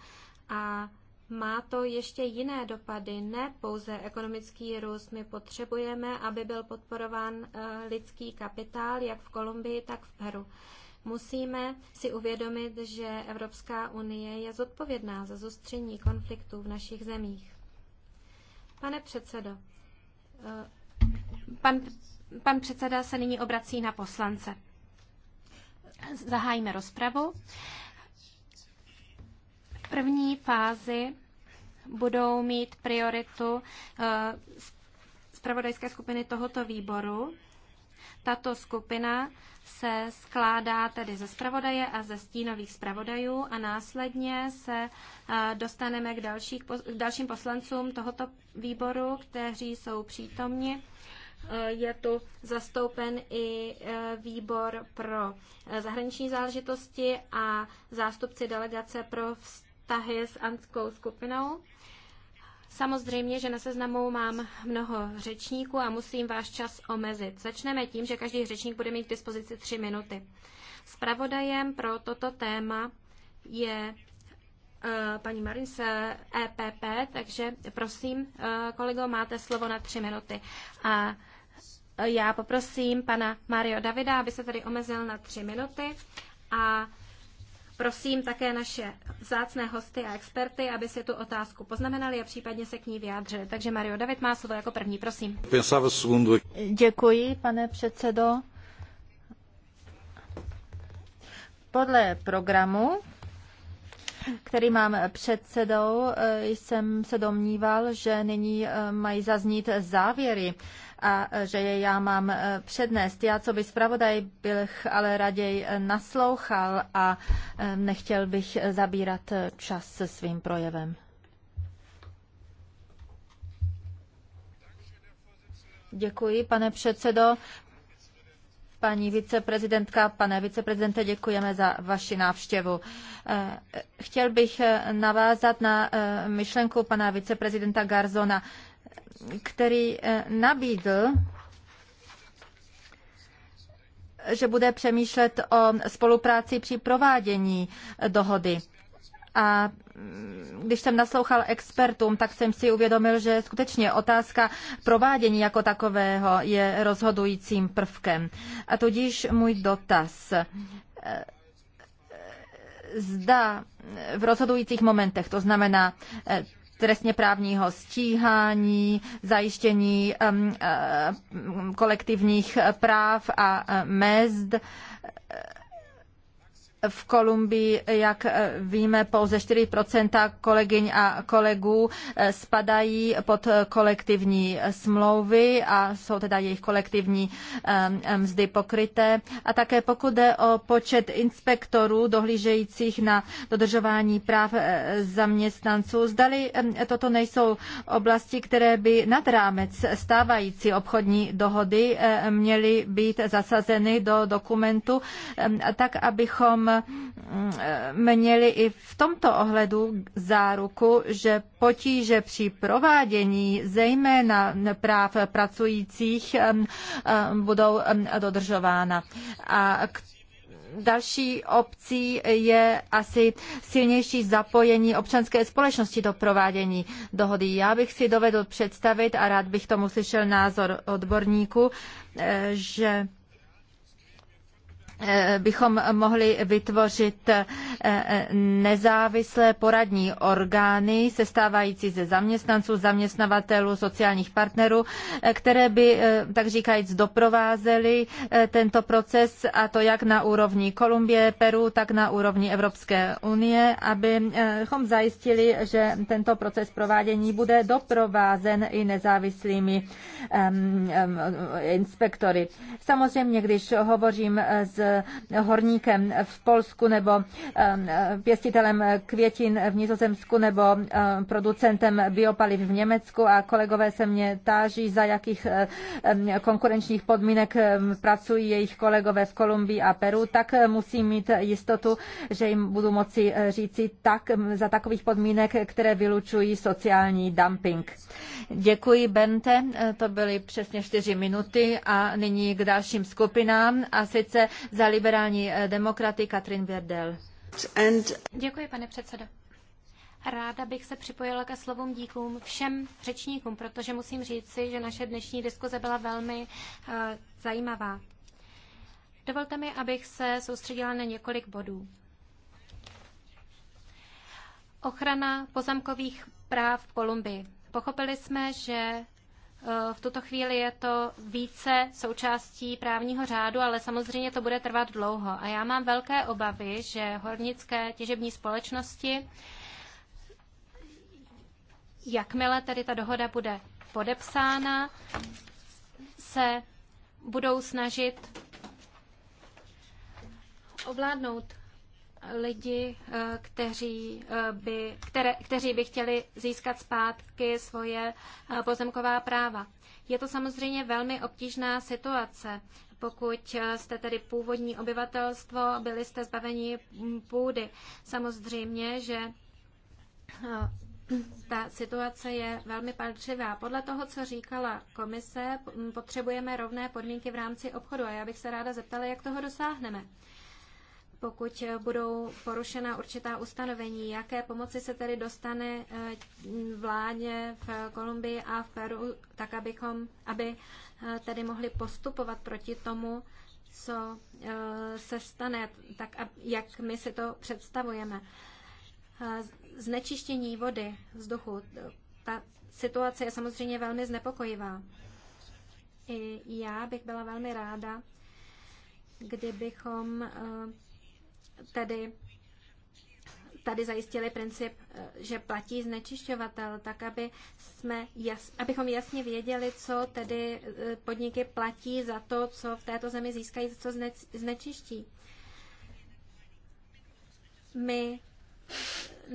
A má to ještě jiné dopady, ne pouze ekonomický růst. My potřebujeme, aby byl podporován eh, lidský kapitál jak v Kolumbii, tak v Peru. Musíme si uvědomit, že Evropská unie je zodpovědná za zostření konfliktů v našich zemích. Pane předsedo, eh, pan, pan předseda se nyní obrací na poslance. Zahájíme rozpravu první fázi budou mít prioritu eh, zpravodajské skupiny tohoto výboru. Tato skupina se skládá tedy ze zpravodaje a ze stínových zpravodajů a následně se eh, dostaneme k, dalším poslancům tohoto výboru, kteří jsou přítomni. Eh, je tu zastoupen i výbor pro zahraniční záležitosti a zástupci delegace pro vztah vztahy s antskou skupinou. Samozřejmě, že na seznamu mám mnoho řečníků a musím váš čas omezit. Začneme tím, že každý řečník bude mít k dispozici tři minuty. Spravodajem pro toto téma je uh, paní Marin z EPP, eh, e takže prosím, uh, kolego, máte slovo na tři minuty. A já poprosím pana Mario Davida, aby se tady omezil na tři minuty a Prosím také naše vzácné hosty a experty, aby si tu otázku poznamenali a případně se k ní vyjádřili. Takže Mario David má slovo jako první, prosím. Děkuji, pane předsedo. Podle programu, který mám před sebou, eh, jsem se domníval, že nyní eh, mají zaznít závěry a e, že je já mám e, přednést. Já, co by zpravodaj, bych ale raději e, naslouchal a nechtěl bych zabírat čas se svým projevem. Děkuji, pane předsedo. Paní viceprezidentka, pane viceprezidente, děkujeme za vaši návštěvu. Chtěl bych navázat na myšlenku pana viceprezidenta Garzona který eh, nabídl, že bude přemýšlet o spolupráci při provádění eh, dohody. A mm, když jsem naslouchal expertům, tak jsem si uvědomil, že skutečně otázka provádění jako takového je rozhodujícím prvkem. A tudíž můj dotaz. Eh, zda v rozhodujících momentech, to znamená trestně právního stíhání, zajištění um, uh, kolektivních práv a uh, mezd v Kolumbii, jak eh, víme, pouze 4 kolegyň a kolegů eh, spadají pod eh, kolektivní smlouvy a jsou teda jejich kolektivní mzdy pokryté. A také pokud jde o počet inspektorů dohlížejících na dodržování práv zaměstnanců, zdali toto nejsou oblasti, které by nad rámec stávající obchodní dohody měly být zasazeny do dokumentu, tak abychom Mm, měli i v tomto ohledu záruku, že potíže při provádění zejména práv pracujících mm, mm, budou dodržována. A k další opcí je asi silnější zapojení občanské společnosti do provádění dohody. Já bych si dovedl představit a rád bych tomu slyšel názor odborníku, eh, že Eh, bychom mohli vytvořit eh, nezávislé poradní orgány, sestávající ze zaměstnanců, zaměstnavatelů, sociálních partnerů, eh, které by, tak říkajíc, doprovázely tento proces, a to jak na úrovni Kolumbie, Peru, tak na úrovni Evropské unie, abychom zajistili, že tento proces provádění bude doprovázen i nezávislými inspektory. Samozřejmě, když hovořím s Eh, horníkem v Polsku nebo eh, pěstitelem květin v Nizozemsku nebo eh, producentem biopaliv v Německu a kolegové se mě táží, za jakých konkurenčních podmínek pracují jejich kolegové v Kolumbii a Peru, tak musím mít jistotu, že jim budu moci říci tak za takových podmínek, které vylučují sociální dumping. Děkuji, Bente. To byly přesně čtyři minuty a nyní k dalším skupinám a sice za liberální eh, demokraty Katrin Berdel. Děkuji, pane předsedo. Ráda bych se připojila ke slovům díkům všem řečníkům, protože musím říci, že naše dnešní diskuze byla velmi uh, zajímavá. Dovolte mi, abych se soustředila na několik bodů. Ochrana pozemkových práv v Kolumbii. Pochopili jsme, že Eh, v tuto chvíli je to více součástí právního řádu, ale samozřejmě to bude trvat dlouho. A já mám velké obavy, že hornické těžební společnosti, jakmile tedy ta dohoda bude podepsána, se budou snažit ovládnout lidi, eh, kteří eh, by, které, kteří by chtěli získat zpátky svoje eh, pozemková práva. Je to samozřejmě velmi obtížná situace. Pokud jste tedy původní obyvatelstvo, byli jste zbaveni mm, půdy. Samozřejmě, že ta situace je velmi palčivá. Podle toho, co říkala komise, potřebujeme rovné podmínky v rámci obchodu a já bych se ráda zeptala, jak toho dosáhneme pokud budou porušena určitá ustanovení, jaké pomoci se tedy dostane eh, vládě v Kolumbii a v Peru, tak abychom, aby eh, tedy mohli postupovat proti tomu, co eh, se stane, tak jak my si to představujeme. Znečištění vody, vzduchu, ta situace je samozřejmě velmi znepokojivá. I já bych byla velmi ráda, kdybychom tedy tady zajistili princip, eh, že platí znečišťovatel, tak aby jsme jas, abychom jasně věděli, co tedy eh, podniky platí za to, co v této zemi získají, co znečiští. My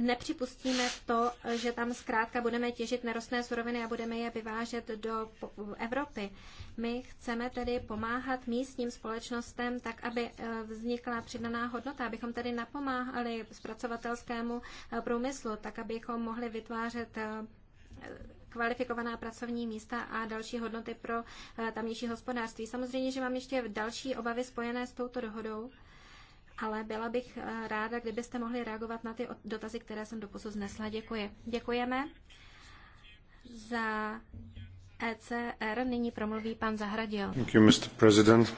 nepřipustíme to, že tam zkrátka budeme těžit nerostné suroviny a budeme je vyvážet do Evropy. My chceme tedy pomáhat místním společnostem tak, aby eh, vznikla přidaná hodnota, abychom tedy napomáhali zpracovatelskému eh, průmyslu, tak, abychom mohli vytvářet eh, kvalifikovaná pracovní místa a další hodnoty pro tamnější hospodářství. Samozřejmě, že mám ještě další obavy spojené s touto dohodou ale byla bych eh, ráda, kdybyste mohli reagovat na ty dotazy, které jsem doposud znesla. Děkuji. Děkujeme za ECR. Nyní promluví pan Zahradil. Thank you, Mr. President.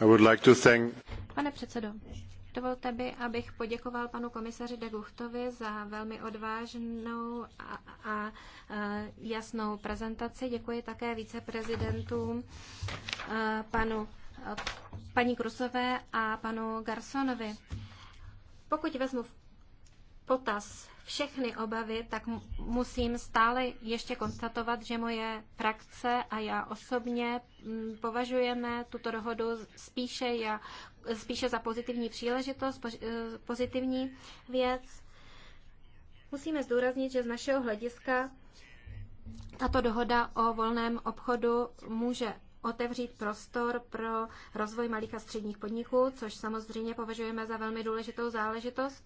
I would like to thank... Pane předsedo, Dovolte mi, abych poděkoval panu komisaři de Guchtovi za velmi odvážnou a, a jasnou prezentaci. Děkuji také viceprezidentům, eh, panu paní Krusové a panu Garsonovi. Pokud vezmu v potaz všechny obavy, tak musím stále ještě konstatovat, že moje frakce a já osobně mm, považujeme tuto dohodu spíše, já, spíše za pozitivní příležitost, eh, pozitivní věc. Musíme zdůraznit, že z našeho hlediska tato dohoda o volném obchodu může otevřít prostor pro rozvoj malých a středních podniků, což samozřejmě považujeme za velmi důležitou záležitost.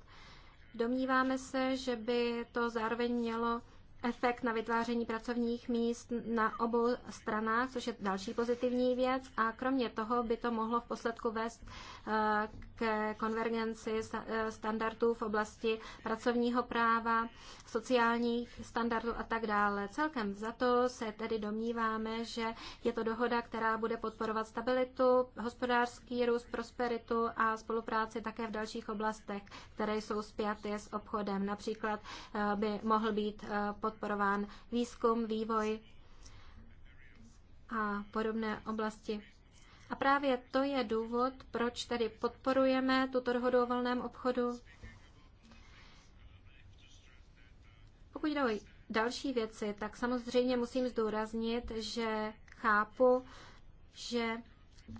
Domníváme se, že by to zároveň mělo efekt na vytváření pracovních míst na obou stranách, což je další pozitivní věc. A kromě toho by to mohlo v posledku vést eh, ke konvergenci eh, standardů v oblasti pracovního práva, sociálních standardů a tak dále. Celkem za to se tedy domníváme, že je to dohoda, která bude podporovat stabilitu, hospodářský růst, prosperitu a spolupráci také v dalších oblastech, které jsou zpěty s obchodem. Například eh, by mohl být eh, podporován výzkum, vývoj a podobné oblasti. A právě to je důvod, proč tedy podporujeme tuto dohodu o volném obchodu. Pokud jde o další věci, tak samozřejmě musím zdůraznit, že chápu, že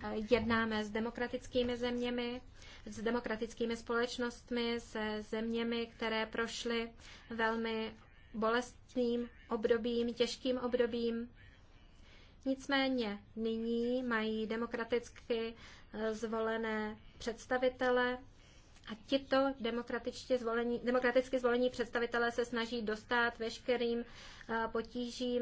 eh, jednáme s demokratickými zeměmi, s demokratickými společnostmi, se zeměmi, které prošly velmi bolestným obdobím, těžkým obdobím. Nicméně nyní mají demokraticky eh, zvolené představitele a tito demokraticky zvolení, demokraticky zvolení představitelé se snaží dostat veškerým eh, potížím,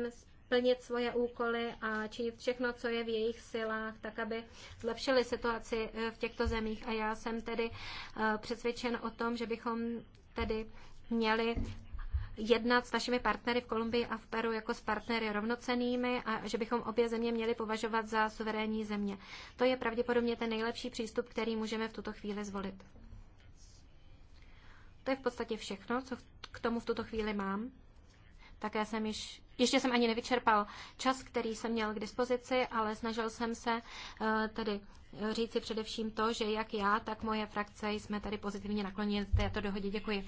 plnit svoje úkoly a činit všechno, co je v jejich silách, tak aby zlepšili situaci eh, v těchto zemích. A já jsem tedy přesvědčen o tom, že bychom tedy měli jednat s našimi partnery v Kolumbii a v Peru jako s partnery rovnocenými a že bychom obě země měli považovat za suverénní země. To je pravděpodobně ten nejlepší přístup, který můžeme v tuto chvíli zvolit. To je v podstatě všechno, co k tomu v tuto chvíli mám. Také jsem již, ještě jsem ani nevyčerpal čas, který jsem měl k dispozici, ale snažil jsem se eh, tady eh, říci především to, že jak já, tak moje frakce jsme tady pozitivně nakloněni této dohodě. Děkuji.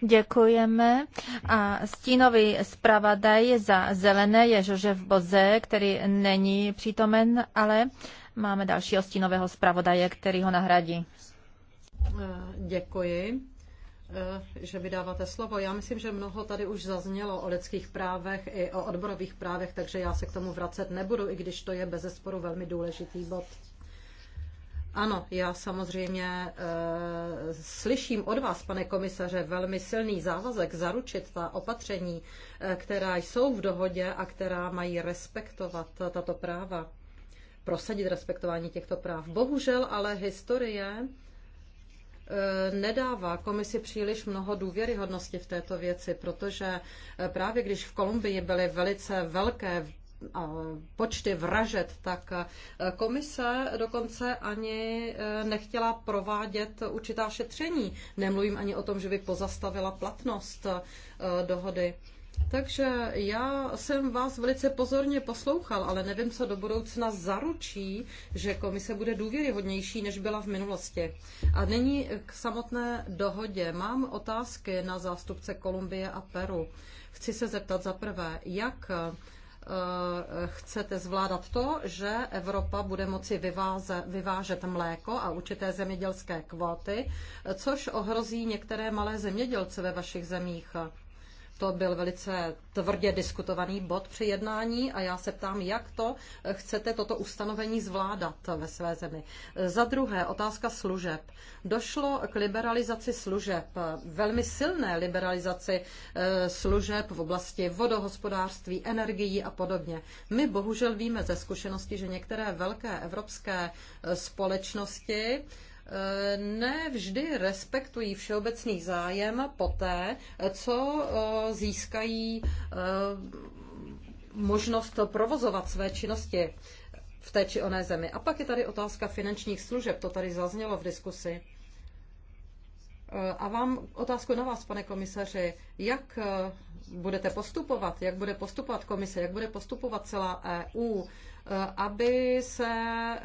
Děkujeme. A stínový zpravodaj za zelené je v Boze, který není přítomen, ale máme dalšího stínového zpravodaje, který ho nahradí. Eh, děkuji. Eh, že mi dáváte slovo. Já myslím, že mnoho tady už zaznělo o lidských právech i o odborových právech, takže já se k tomu vracet nebudu, i když to je bez zesporu velmi důležitý bod. Ano, já samozřejmě e, slyším od vás, pane komisaře, velmi silný závazek zaručit ta opatření, e, která jsou v dohodě a která mají respektovat tato práva, prosadit respektování těchto práv. Bohužel ale historie Eh, nedává komisi příliš mnoho důvěryhodnosti v této věci, protože eh, právě když v Kolumbii byly velice velké eh, počty vražet, tak komise dokonce ani nechtěla provádět určitá šetření. Nemluvím ani o tom, že by pozastavila platnost dohody. Takže já jsem vás velice pozorně poslouchal, ale nevím, co do budoucna zaručí, že komise bude důvěryhodnější, než byla v minulosti. A nyní k samotné dohodě. Mám otázky na zástupce Kolumbie a Peru. Chci se zeptat za prvé, jak eh, chcete zvládat to, že Evropa bude moci vyváze, vyvážet mléko a určité zemědělské kvóty, což ohrozí některé malé zemědělce ve vašich zemích. To byl velice tvrdě diskutovaný bod při jednání a já se ptám, jak to chcete toto ustanovení zvládat ve své zemi. Za druhé, otázka služeb. Došlo k liberalizaci služeb, velmi silné liberalizaci eh, služeb v oblasti vodohospodářství, energií a podobně. My bohužel víme ze zkušenosti, že některé velké evropské eh, společnosti, ne vždy respektují všeobecný zájem poté, co e, získají e, možnost provozovat své činnosti v té či oné zemi. A pak je tady otázka finančních služeb, to tady zaznělo v diskusi. E, a vám otázku na vás, pane komisaři, jak budete postupovat, jak bude postupovat komise, jak bude postupovat celá EU Eh, aby se eh,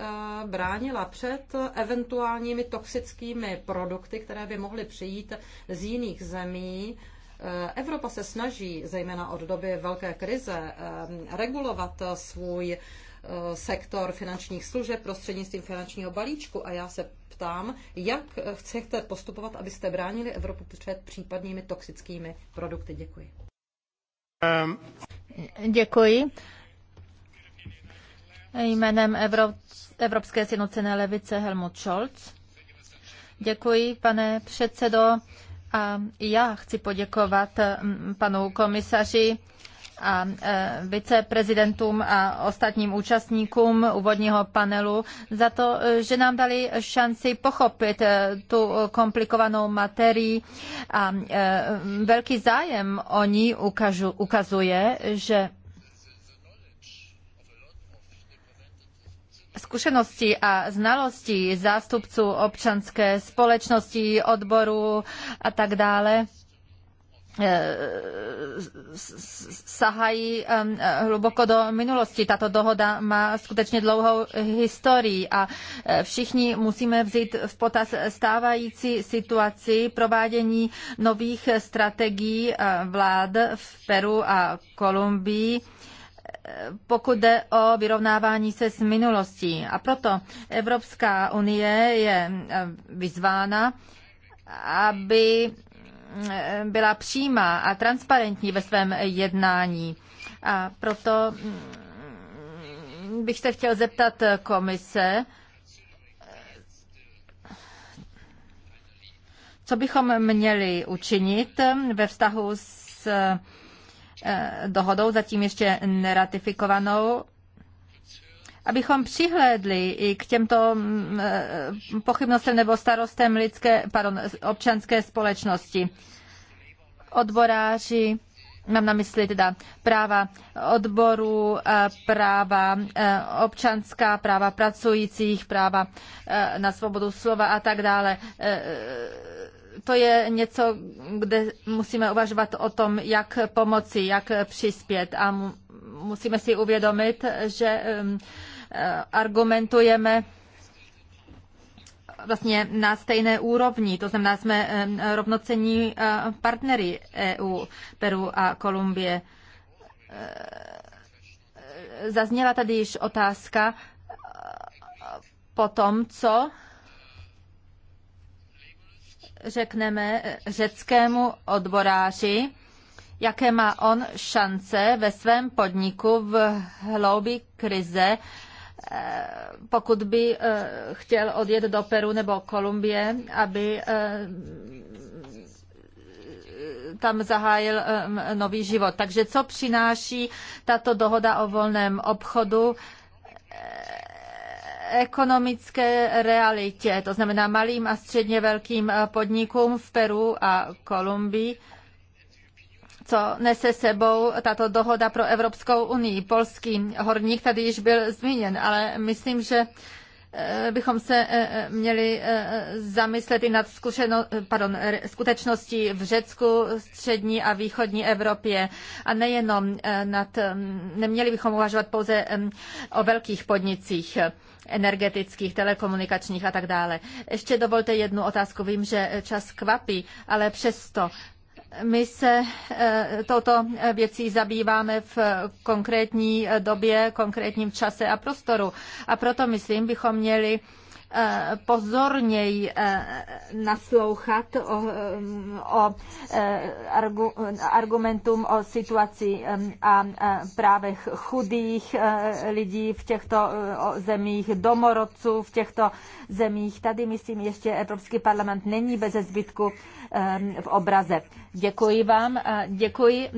bránila před eventuálními toxickými produkty, které by mohly přijít z jiných zemí. Eh, Evropa se snaží, zejména od doby velké krize, regulovat svůj sektor finančních služeb prostřednictvím finančního balíčku a já se ptám, jak chcete postupovat, abyste bránili Evropu před případnými toxickými produkty. Děkuji. Děkuji. Jménem Evropské sjednocené levice Helmut Scholz. Děkuji, pane předsedo. A já chci poděkovat mm, panu komisaři a e, viceprezidentům a ostatním účastníkům úvodního panelu za to, e, že nám dali šanci pochopit e, tu komplikovanou materii a velký zájem o ní ukazuje, že skúsenosti a znalosti zástupců občanské společnosti, odboru a tak dále eh, sahají eh, hluboko do minulosti. Tato dohoda má skutečně dlouhou historii a eh, všichni musíme vzít v potaz stávající situaci provádění nových strategií vlád v Peru a Kolumbii pokud jde o vyrovnávání se s minulostí. A proto Evropská unie je eh, vyzvána, aby eh, byla přímá a transparentní ve svém jednání. A proto mm, bych se chtěl zeptat komise, co bychom měli učinit ve vztahu s Eh, dohodou, zatím ještě neratifikovanou, abychom přihlédli i k těmto mm, eh, pochybnostem nebo starostem lidské, pardon, občanské společnosti. Odboráři, mám na mysli teda práva odborů, eh, práva občanská, práva pracujících, práva na svobodu slova a tak dále to je něco, kde musíme uvažovat o tom, jak pomoci, jak přispět. A musíme si uvědomit, že um, eh, argumentujeme vlastně na stejné úrovni, to znamená, jsme eh, rovnocení eh, partnery EU, Peru a Kolumbie. Zazněla tady již otázka po tom, co řekneme řeckému odboráři, jaké má on šance ve svém podniku v hloubi krize, eh, pokud by eh, chtěl odjet do Peru nebo Kolumbie, aby eh, tam zahájil nový život. Takže co přináší tato dohoda o volném obchodu ekonomické realitě, to znamená malým a středně velkým eh, podnikům v Peru a Kolumbii, co nese sebou tato dohoda pro Evropskou unii. Polský horník tady již byl zmíněn, ale myslím, že eh, bychom se eh, měli zamyslet i nad zkušeno, pardon, skutečností v Řecku, střední a východní Evropě a nejenom nad, mm, neměli bychom uvažovat pouze mm, o velkých podnicích energetických, telekomunikačních a tak dále. Ještě dovolte jednu otázku. Vím, že čas kvapí, ale přesto my se e, touto věcí zabýváme v konkrétní době, konkrétním čase a prostoru. A proto, myslím, bychom měli pozorněji eh, naslouchat o, eh, o eh, argumentům o situaci a právech chudých lidí v těchto zemích, domorodců v těchto zemích. Tady, myslím, ještě Evropský parlament není bez zbytku v obraze. Děkuji vám, děkuji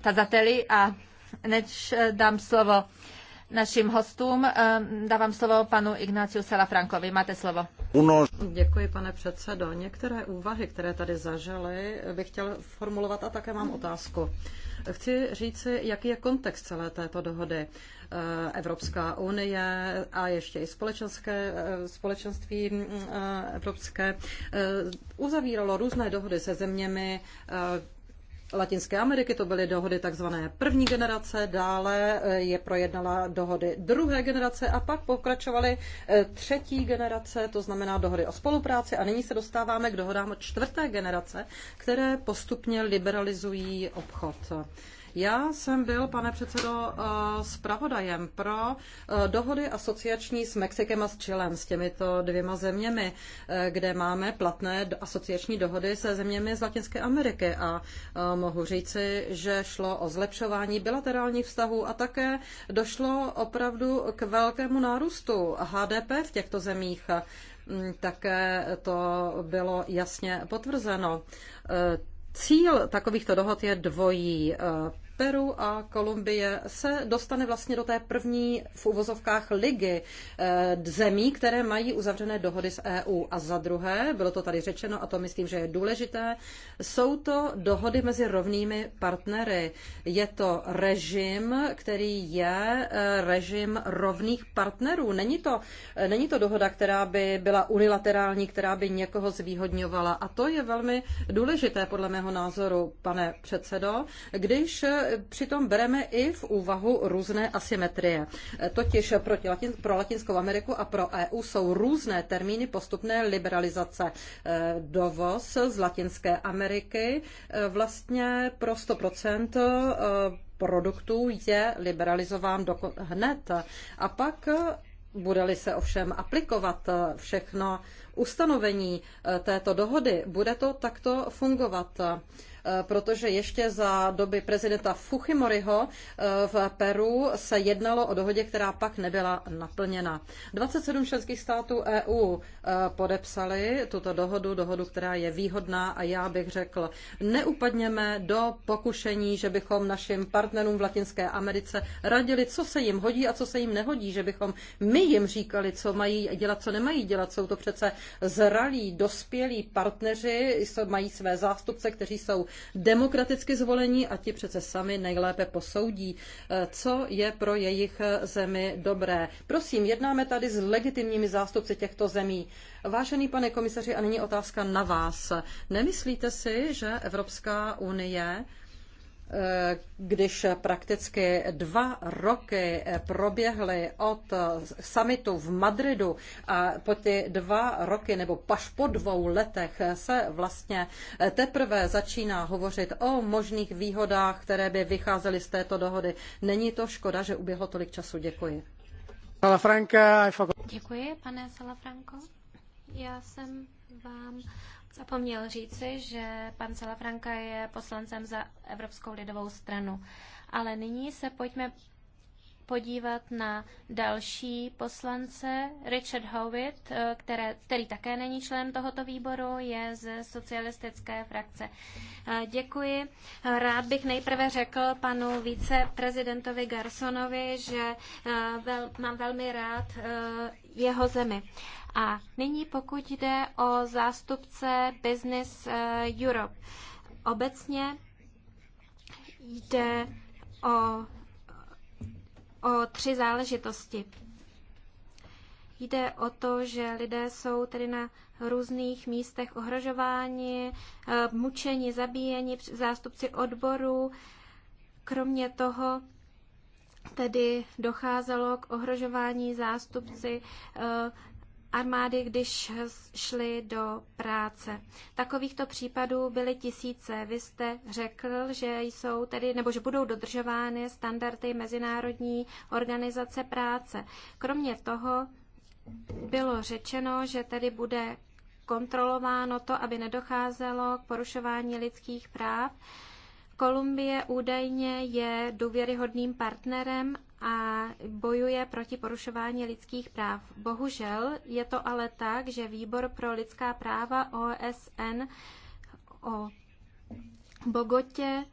tazateli a než dám slovo Naším hostům. Eh, dávám slovo panu Ignáciu Salafrankovi. Máte slovo. Děkuji, pane předsedo. Některé úvahy, které tady zažily, bych chtěl formulovat a také mám otázku. Chci říci, jaký je kontext celé této dohody. Eh, Evropská unie a ještě i společenské, eh, společenství mm, evropské uzavíralo různé dohody se zeměmi Latinské Ameriky, to byly dohody takzvané první generace, dále eh, je projednala dohody druhé generace a pak pokračovaly eh, třetí generace, to znamená dohody o spolupráci a nyní se dostáváme k dohodám čtvrté generace, které postupně liberalizují obchod. Já jsem byl, pane předsedo, eh, zpravodajem pro eh, dohody asociační s Mexikem a s Chilem, s těmito dvěma zeměmi, eh, kde máme platné asociační dohody se zeměmi z Latinské Ameriky. A mohu říci, že šlo o zlepšování bilaterálních vztahů a také došlo opravdu k velkému nárůstu HDP v těchto zemích také to bylo jasně potvrzeno. Cíl takovýchto dohod je dvojí eh, Peru a Kolumbie se dostane vlastně do té první v uvozovkách ligy eh, zemí, které mají uzavřené dohody s EU. A za druhé, bylo to tady řečeno a to myslím, že je důležité, jsou to dohody mezi rovnými partnery. Je to režim, který je eh, režim rovných partnerů. Není to, eh, není to dohoda, která by byla unilaterální, která by někoho zvýhodňovala. A to je velmi důležité podle mého názoru, pane předsedo, když přitom bereme i v úvahu různé asymetrie. Totiž proti Latin, pro Latinskou Ameriku a pro EU jsou různé termíny postupné liberalizace. E, dovoz z Latinské Ameriky e, vlastně pro 100% e, produktů je liberalizován hned. A pak bude-li se ovšem aplikovat všechno ustanovení této dohody, bude to takto fungovat. Eh, protože ještě za doby prezidenta Fuchimoriho eh, v Peru se jednalo o dohodě, která pak nebyla naplněna. 27 členských států EU eh, podepsali tuto dohodu, dohodu, která je výhodná a já bych řekl, neupadněme do pokušení, že bychom našim partnerům v Latinské Americe radili, co se jim hodí a co se jim nehodí, že bychom my jim říkali, co mají dělat, co nemají dělat. Jsou to přece zralí, dospělí partneři, mají své zástupce, kteří jsou demokraticky zvolení a ti přece sami nejlépe posoudí, eh, co je pro jejich eh, zemi dobré. Prosím, jednáme tady s legitimními zástupci těchto zemí. Vážený pane komisaři, a nyní otázka na vás. Nemyslíte si, že Evropská unie když prakticky dva roky proběhly od samitu v Madridu a po ty dva roky nebo až po dvou letech se vlastně teprve začíná hovořit o možných výhodách, které by vycházely z této dohody. Není to škoda, že uběhlo tolik času. Děkuji. Děkuji, pane Salafranco. Já jsem vám Zapomněl říci, že pan Salafranka je poslancem za Evropskou lidovou stranu. Ale nyní se pojďme podívat na další poslance. Richard Howitt, eh, které, který také není člen tohoto výboru, je z socialistické frakce. Eh, děkuji. Eh, rád bych nejprve řekl panu viceprezidentovi Garsonovi, že vel, mám velmi rád jeho zemi. A nyní pokud jde o zástupce Business eh, Europe. Obecně jde o, o tři záležitosti. Jde o to, že lidé jsou tedy na různých místech ohrožováni, eh, mučeni, zabíjeni, zástupci odborů. Kromě toho tedy docházelo k ohrožování zástupci eh, armády, když šli do práce. Takovýchto případů byly tisíce. Vy jste řekl, že jsou tedy, nebo že budou dodržovány standardy Mezinárodní organizace práce. Kromě toho bylo řečeno, že tedy bude kontrolováno to, aby nedocházelo k porušování lidských práv. Kolumbie údajně je důvěryhodným partnerem a bojuje proti porušování lidských práv. Bohužel je to ale tak, že Výbor pro lidská práva OSN o Bogotě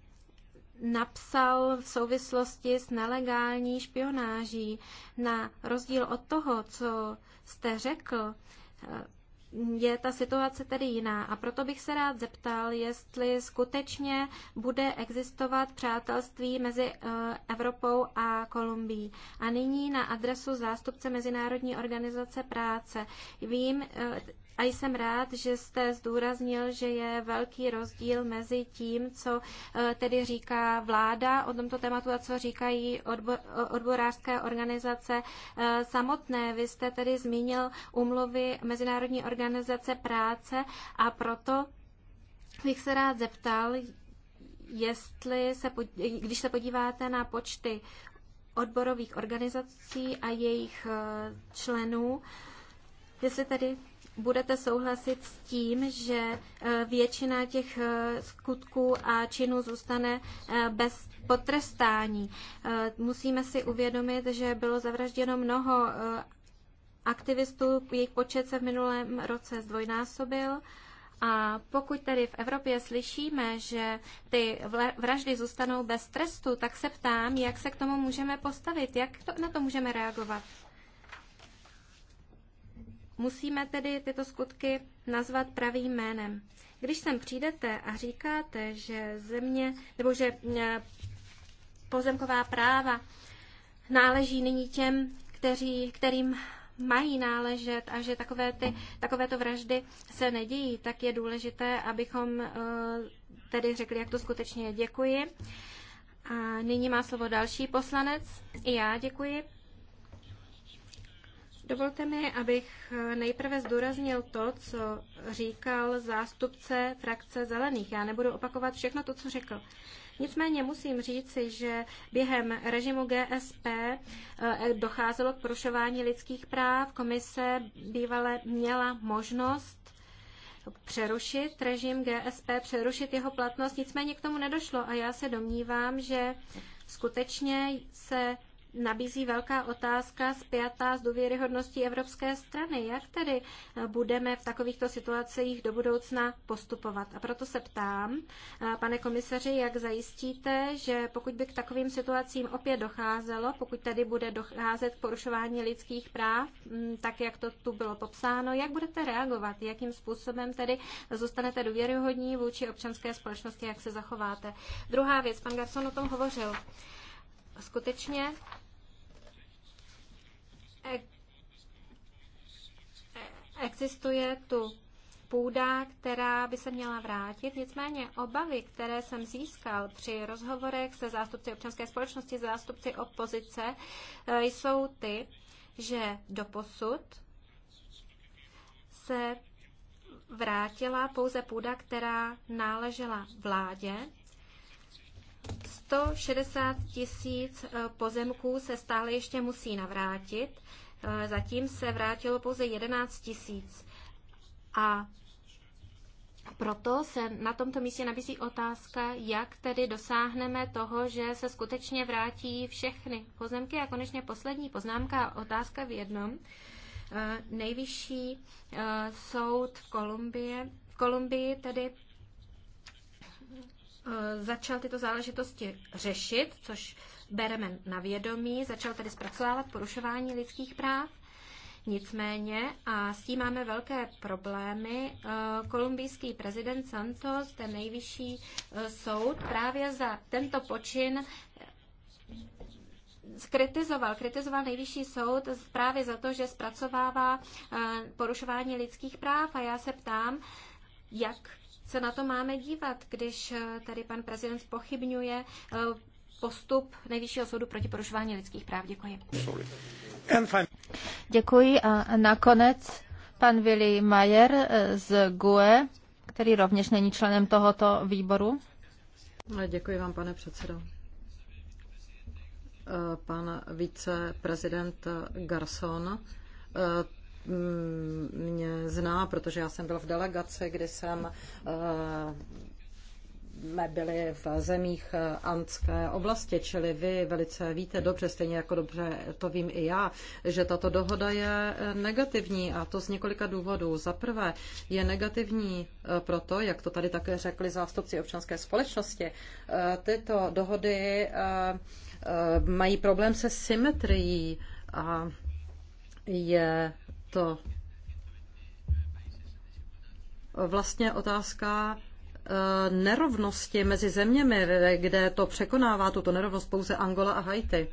napsal v souvislosti s nelegální špionáží. Na rozdíl od toho, co jste řekl, je ta situace tedy jiná. A proto bych se rád zeptal, jestli skutečně bude existovat přátelství mezi eh, Evropou a Kolumbií. A nyní na adresu zástupce Mezinárodní organizace práce. Vím, eh, a jsem rád, že jste zdůraznil, že je velký rozdíl mezi tím, co eh, tedy říká vláda o tomto tématu a co říkají odborářské organizace eh, samotné. Vy jste tedy zmínil umluvy Mezinárodní organizace práce a proto bych se rád zeptal, jestli se, když se podíváte na počty odborových organizací a jejich eh, členů, jestli tedy budete souhlasit s tím, že eh, většina těch eh, skutků a činů zůstane eh, bez potrestání. Musíme si uvědomit, že bylo zavražděno mnoho aktivistů, jejich počet se v minulém roce zdvojnásobil. A pokud tedy v Evropě slyšíme, že ty vraždy zůstanou bez trestu, tak se ptám, jak se k tomu můžeme postavit, jak to, na to můžeme reagovat. Musíme tedy tyto skutky nazvat pravým jménem. Když sem přijdete a říkáte, že země, nebo že e, pozemková práva náleží nyní těm, kteří, kterým mají náležet a že takové ty, takovéto vraždy se nedějí, tak je důležité, abychom e, tedy řekli, jak to skutečně je. Děkuji. A nyní má slovo další poslanec. I já děkuji. Dovolte mi, abych eh, nejprve zdůraznil to, co říkal zástupce frakce Zelených. Já nebudu opakovat všechno to, co řekl. Nicméně musím říci, že během režimu GSP eh, docházelo k porušování lidských práv. Komise bývale měla možnost přerušit režim GSP, přerušit jeho platnost, nicméně k tomu nedošlo a já se domnívám, že skutečně se nabízí velká otázka spjatá s důvěryhodností Evropské strany. Jak tedy eh, budeme v takovýchto situacích do budoucna postupovat? A proto se ptám, eh, pane komisaři, jak zajistíte, že pokud by k takovým situacím opět docházelo, pokud tedy bude docházet k porušování lidských práv, mm, tak jak to tu bylo popsáno, jak budete reagovat, jakým způsobem tedy zůstanete důvěryhodní vůči občanské společnosti, jak se zachováte. Druhá věc, pan Garson o tom hovořil skutečně E, existuje tu půda, která by se měla vrátit. Nicméně obavy, které jsem získal při rozhovorech se zástupci občanské společnosti, zástupci opozice, e, jsou ty, že do posud se vrátila pouze půda, která náležela vládě 160 tisíc eh, pozemků se stále ještě musí navrátit. Eh, zatím se vrátilo pouze 11 tisíc. A proto se na tomto místě nabízí otázka, jak tedy dosáhneme toho, že se skutečně vrátí všechny pozemky. A konečně poslední poznámka a otázka v jednom. Eh, nejvyšší soud v Kolumbii, v Kolumbii tedy Eh, začal tyto záležitosti řešit, což bereme na vědomí, začal tedy zpracovávat porušování lidských práv. Nicméně, a s tím máme velké problémy, eh, kolumbijský prezident Santos, ten nejvyšší eh, soud, právě za tento počin kritizoval, kritizoval nejvyšší soud právě za to, že zpracovává porušování lidských práv a já se ptám, jak se na to máme dívat, když eh, tady pan prezident pochybňuje eh, postup Nejvyššího soudu proti porušování lidských práv. Děkuji. Děkuji a nakonec pan Willy Mayer eh, z GUE, který rovněž není členem tohoto výboru. Děkuji vám, pane předsedo. Pan viceprezident Garson Mm, mě zná, protože já jsem byl v delegaci, kdy jsem eh, jsme byli v zemích eh, Andské oblasti, čili vy velice víte dobře, stejně jako dobře to vím i já, že tato dohoda je eh, negativní a to z několika důvodů. Za prvé je negativní proto, jak to tady také řekli zástupci občanské společnosti, tyto dohody mají problém se symetrií a je to vlastně otázka eh, nerovnosti mezi zeměmi, kde to překonává tuto nerovnost pouze Angola a Haiti.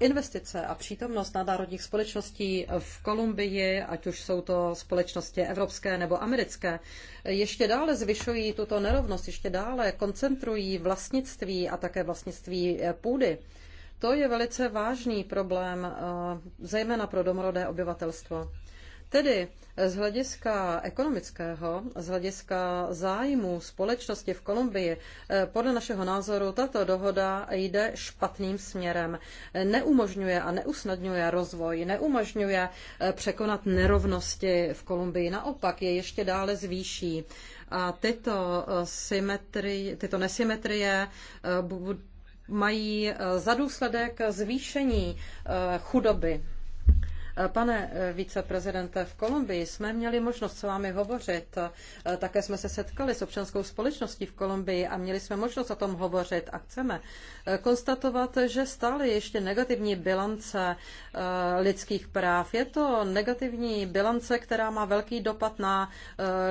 Investice a přítomnost národních společností v Kolumbii, ať už jsou to společnosti evropské nebo americké, ještě dále zvyšují tuto nerovnost, ještě dále koncentrují vlastnictví a také vlastnictví půdy. To je velice vážný problém, eh, zejména pro domorodé obyvatelstvo. Tedy z hlediska ekonomického, z hlediska zájmu společnosti v Kolumbii, eh, podle našeho názoru tato dohoda jde špatným směrem. Neumožňuje a neusnadňuje rozvoj, neumožňuje eh, překonat nerovnosti v Kolumbii, naopak je ještě dále zvýší. A tyto, tyto nesymetrie mají eh, za důsledek zvýšení eh, chudoby. Pane eh, viceprezidente, v Kolumbii jsme měli možnost s vámi hovořit. Eh, také jsme se setkali s občanskou společností v Kolumbii a měli jsme možnost o tom hovořit a chceme eh, konstatovat, že stále ještě negativní bilance lidských práv. Je to negativní bilance, která má velký dopad na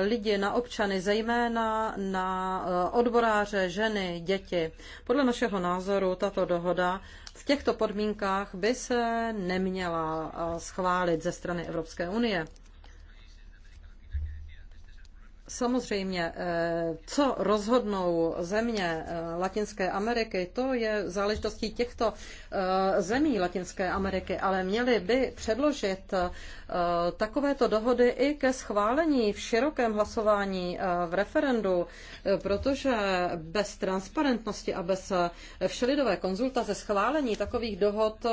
lidi, na občany, zejména na odboráře, ženy, děti. Podle našeho názoru tato dohoda v těchto podmínkách by se neměla eh, schválit ze strany Evropské unie. Samozřejmě, eh, co rozhodnou země eh, Latinské Ameriky, to je záležitostí těchto eh, zemí Latinské Ameriky, ale měli by předložit takovéto dohody i ke schválení v širokém hlasování v referendu, protože bez transparentnosti a bez všelidové konzultace schválení takových dohod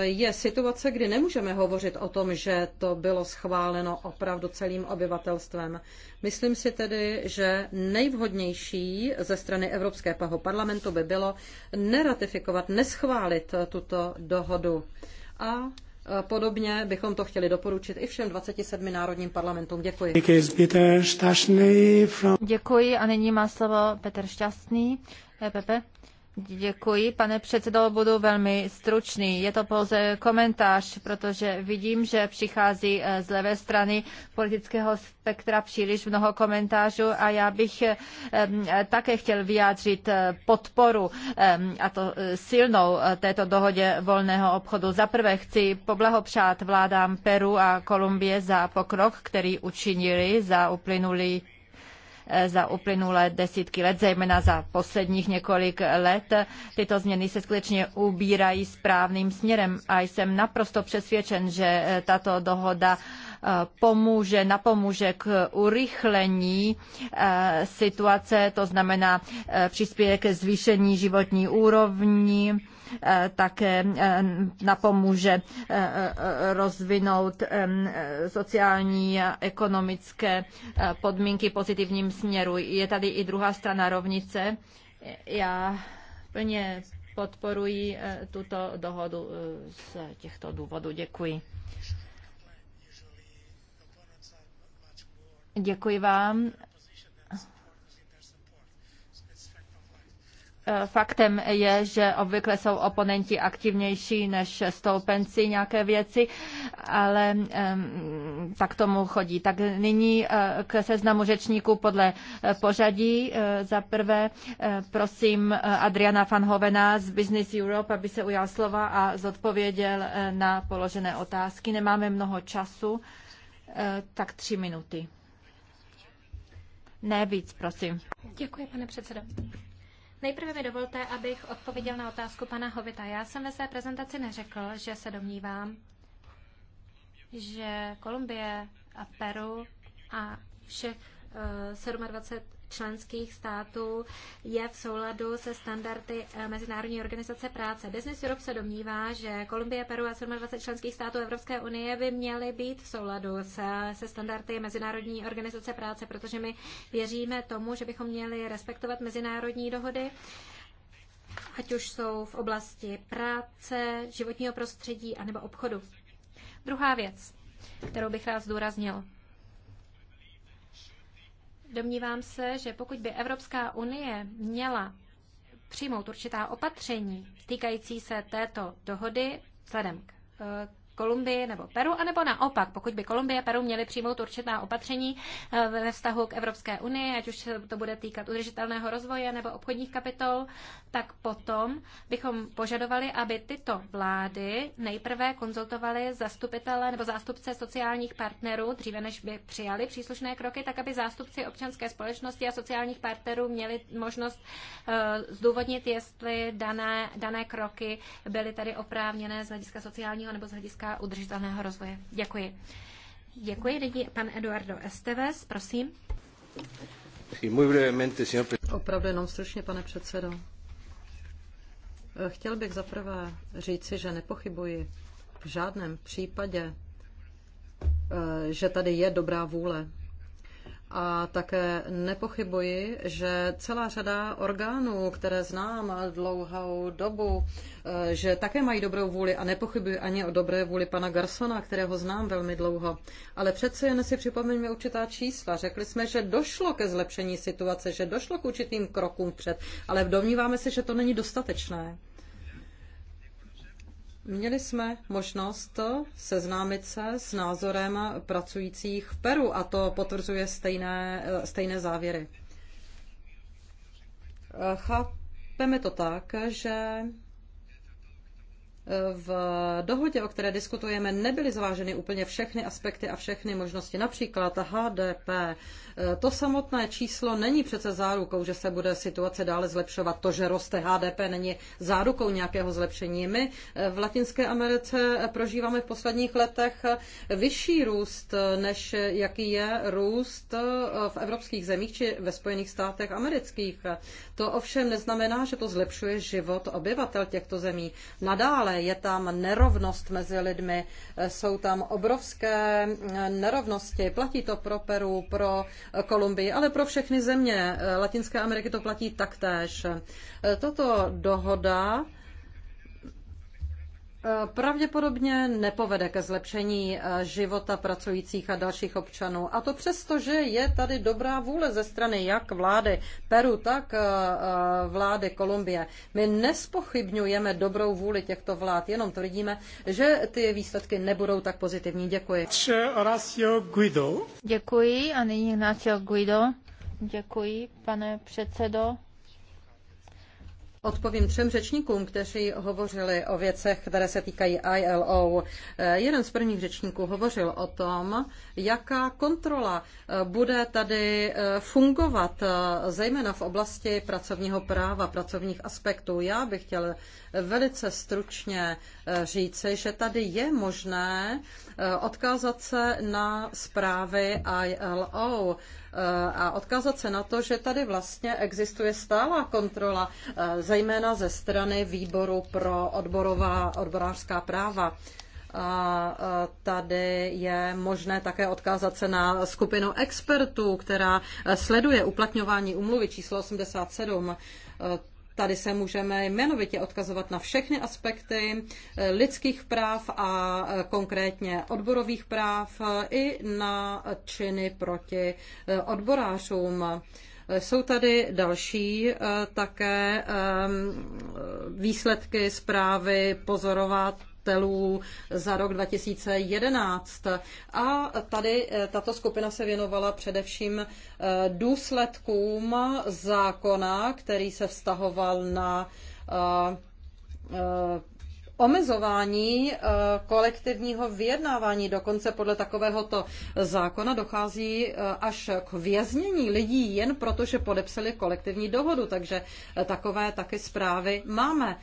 je situace, kdy nemůžeme hovořit o tom, že to bylo schváleno opravdu celým obyvatelstvem. Myslím si tedy, že nejvhodnější ze strany Evropského parlamentu by bylo neratifikovat, neschválit tuto dohodu. A e, Podobně bychom to chtěli doporučit i všem 27 národním parlamentům. Děkuji. Děkuji a nyní má slovo Petr Šťastný, EPP. Děkuji, pane předsedo, budu velmi stručný. Je to pouze komentář, protože vidím, že přichází eh, z levé strany politického spektra příliš mnoho komentářů a já bych eh, eh, také chtěl vyjádřit podporu, a to silnou, této dohodě volného obchodu. Za prvé chci poblahopřát vládám Peru a Kolumbie za pokrok, který učinili za uplynulý Eh, za uplynulé desítky let, zejména za posledních několik let. Tyto změny se skutečně ubírají správným směrem a jsem naprosto přesvědčen, že eh, tato dohoda eh, pomůže, napomůže k urychlení situace, to znamená přispěje ke zvýšení životní úrovni Eh, také eh, napomůže eh, rozvinout sociální a ekonomické podmínky pozitivním směru. Je tady i druhá strana rovnice. Já plně podporuji tuto dohodu z těchto důvodů. Děkuji. Děkuji vám. Eh, faktem je, že obvykle jsou oponenti aktivnější než stoupenci nějaké věci, ale tak tomu chodí. Tak nyní eh, k seznamu řečníků podle eh, pořadí. Za prvé prosím Adriana Fanhovena z Business Europe, aby se ujal slova a zodpověděl na položené otázky. Nemáme mnoho času, tak tři minuty. Ne víc, prosím. Děkuji, pane předsedo. Nejprve mi dovolte, abych odpověděl na otázku pana Hovita. Já jsem ve své prezentaci neřekl, že se domnívám, že Kolumbie a Peru a všech 27 eh, členských států je v souladu se standardy eh, Mezinárodní organizace práce. Business Europe se domnívá, že Kolumbie, Peru a 27 členských států Evropské unie by měly být v souladu se, eh, se standardy Mezinárodní organizace práce, protože my věříme tomu, že bychom měli respektovat mezinárodní dohody ať už jsou v oblasti práce, životního prostředí anebo obchodu. Druhá věc, kterou bych rád zdůraznil. Domnívám se, že pokud by Evropská unie měla přijmout určitá opatření týkající se této dohody, vzhledem k eh, Kolumbii nebo Peru, anebo naopak, pokud by Kolumbie a Peru měly přijmout určitá opatření eh, ve vztahu k Evropské unii, ať už se to bude týkat udržitelného rozvoje nebo obchodních kapitol, tak potom bychom požadovali, aby tyto vlády nejprve konzultovaly zastupitele nebo zástupce sociálních partnerů, dříve než by přijali příslušné kroky, tak aby zástupci občanské společnosti a sociálních partnerů měli možnost eh, zdůvodnit, jestli dané, dané kroky byly tady oprávněné z hlediska sociálního nebo z hlediska udržitelného rozvoje. Děkuji. Děkuji, lidi. Pan Eduardo Esteves, prosím. Opravdu jenom stručně, pane předsedo. Chtěl bych zaprvé říci, že nepochybuji v žádném případě, eh, že tady je dobrá vůle a také nepochybuji, že celá řada orgánů, které znám dlouhou dobu, eh, že také mají dobrou vůli a nepochybuji ani o dobré vůli pana Garsona, kterého znám velmi dlouho. Ale přece jen si připomeňme určitá čísla. Řekli jsme, že došlo ke zlepšení situace, že došlo k určitým krokům před, ale domníváme se, že to není dostatečné. Měli jsme možnost seznámit se s názorem pracujících v Peru a to potvrzuje stejné, stejné závěry. Chápeme to tak, že v dohodě, o které diskutujeme, nebyly zváženy úplně všechny aspekty a všechny možnosti, například HDP. To samotné číslo není přece zárukou, že se bude situace dále zlepšovat. To, že roste HDP, není zárukou nějakého zlepšení. My v Latinské Americe prožíváme v posledních letech vyšší růst, než jaký je růst v evropských zemích či ve Spojených státech amerických. To ovšem neznamená, že to zlepšuje život obyvatel těchto zemí. Nadále je tam nerovnost mezi lidmi, eh, jsou tam obrovské eh, nerovnosti. Platí to pro Peru, pro Kolumbii, ale pro všechny země eh, Latinské Ameriky to platí taktéž. Toto dohoda pravděpodobně nepovede ke zlepšení eh, života pracujících a dalších občanů. A to přesto, že je tady dobrá vůle ze strany jak vlády Peru, tak eh, eh, vlády Kolumbie. My nespochybňujeme dobrou vůli těchto vlád, jenom tvrdíme, že ty výsledky nebudou tak pozitivní. Děkuji. Děkuji a nyní Ignacio Guido. Děkuji, pane předsedo. Odpovím třem řečníkům, kteří hovořili o věcech, které se týkají ILO. Eh, jeden z prvních řečníků hovořil o tom, jaká kontrola eh, bude tady eh, fungovat, zejména v oblasti pracovního práva, pracovních aspektů. Já bych chtěl velice stručně říci, že tady je možné odkázat se na zprávy ILO Eh, a odkázat se na to, že tady vlastně existuje stálá kontrola, eh, zejména ze strany výboru pro odborová, odborářská práva. A eh, tady je možné také odkázat se na skupinu expertů, která sleduje uplatňování umluvy číslo 87. Tady se můžeme jmenovitě odkazovat na všechny aspekty eh, lidských práv a eh, konkrétně odborových práv eh, i na činy proti odborářům. Jsou tady další také výsledky zprávy pozorovat podnikatelů za rok 2011. A tady eh, tato skupina se věnovala především eh, důsledkům zákona, který se vztahoval na eh, omezování eh, kolektivního vyjednávání. Dokonce podle takovéhoto zákona dochází eh, až k věznění lidí jen proto, že podepsali kolektivní dohodu. Takže eh, takové taky zprávy máme.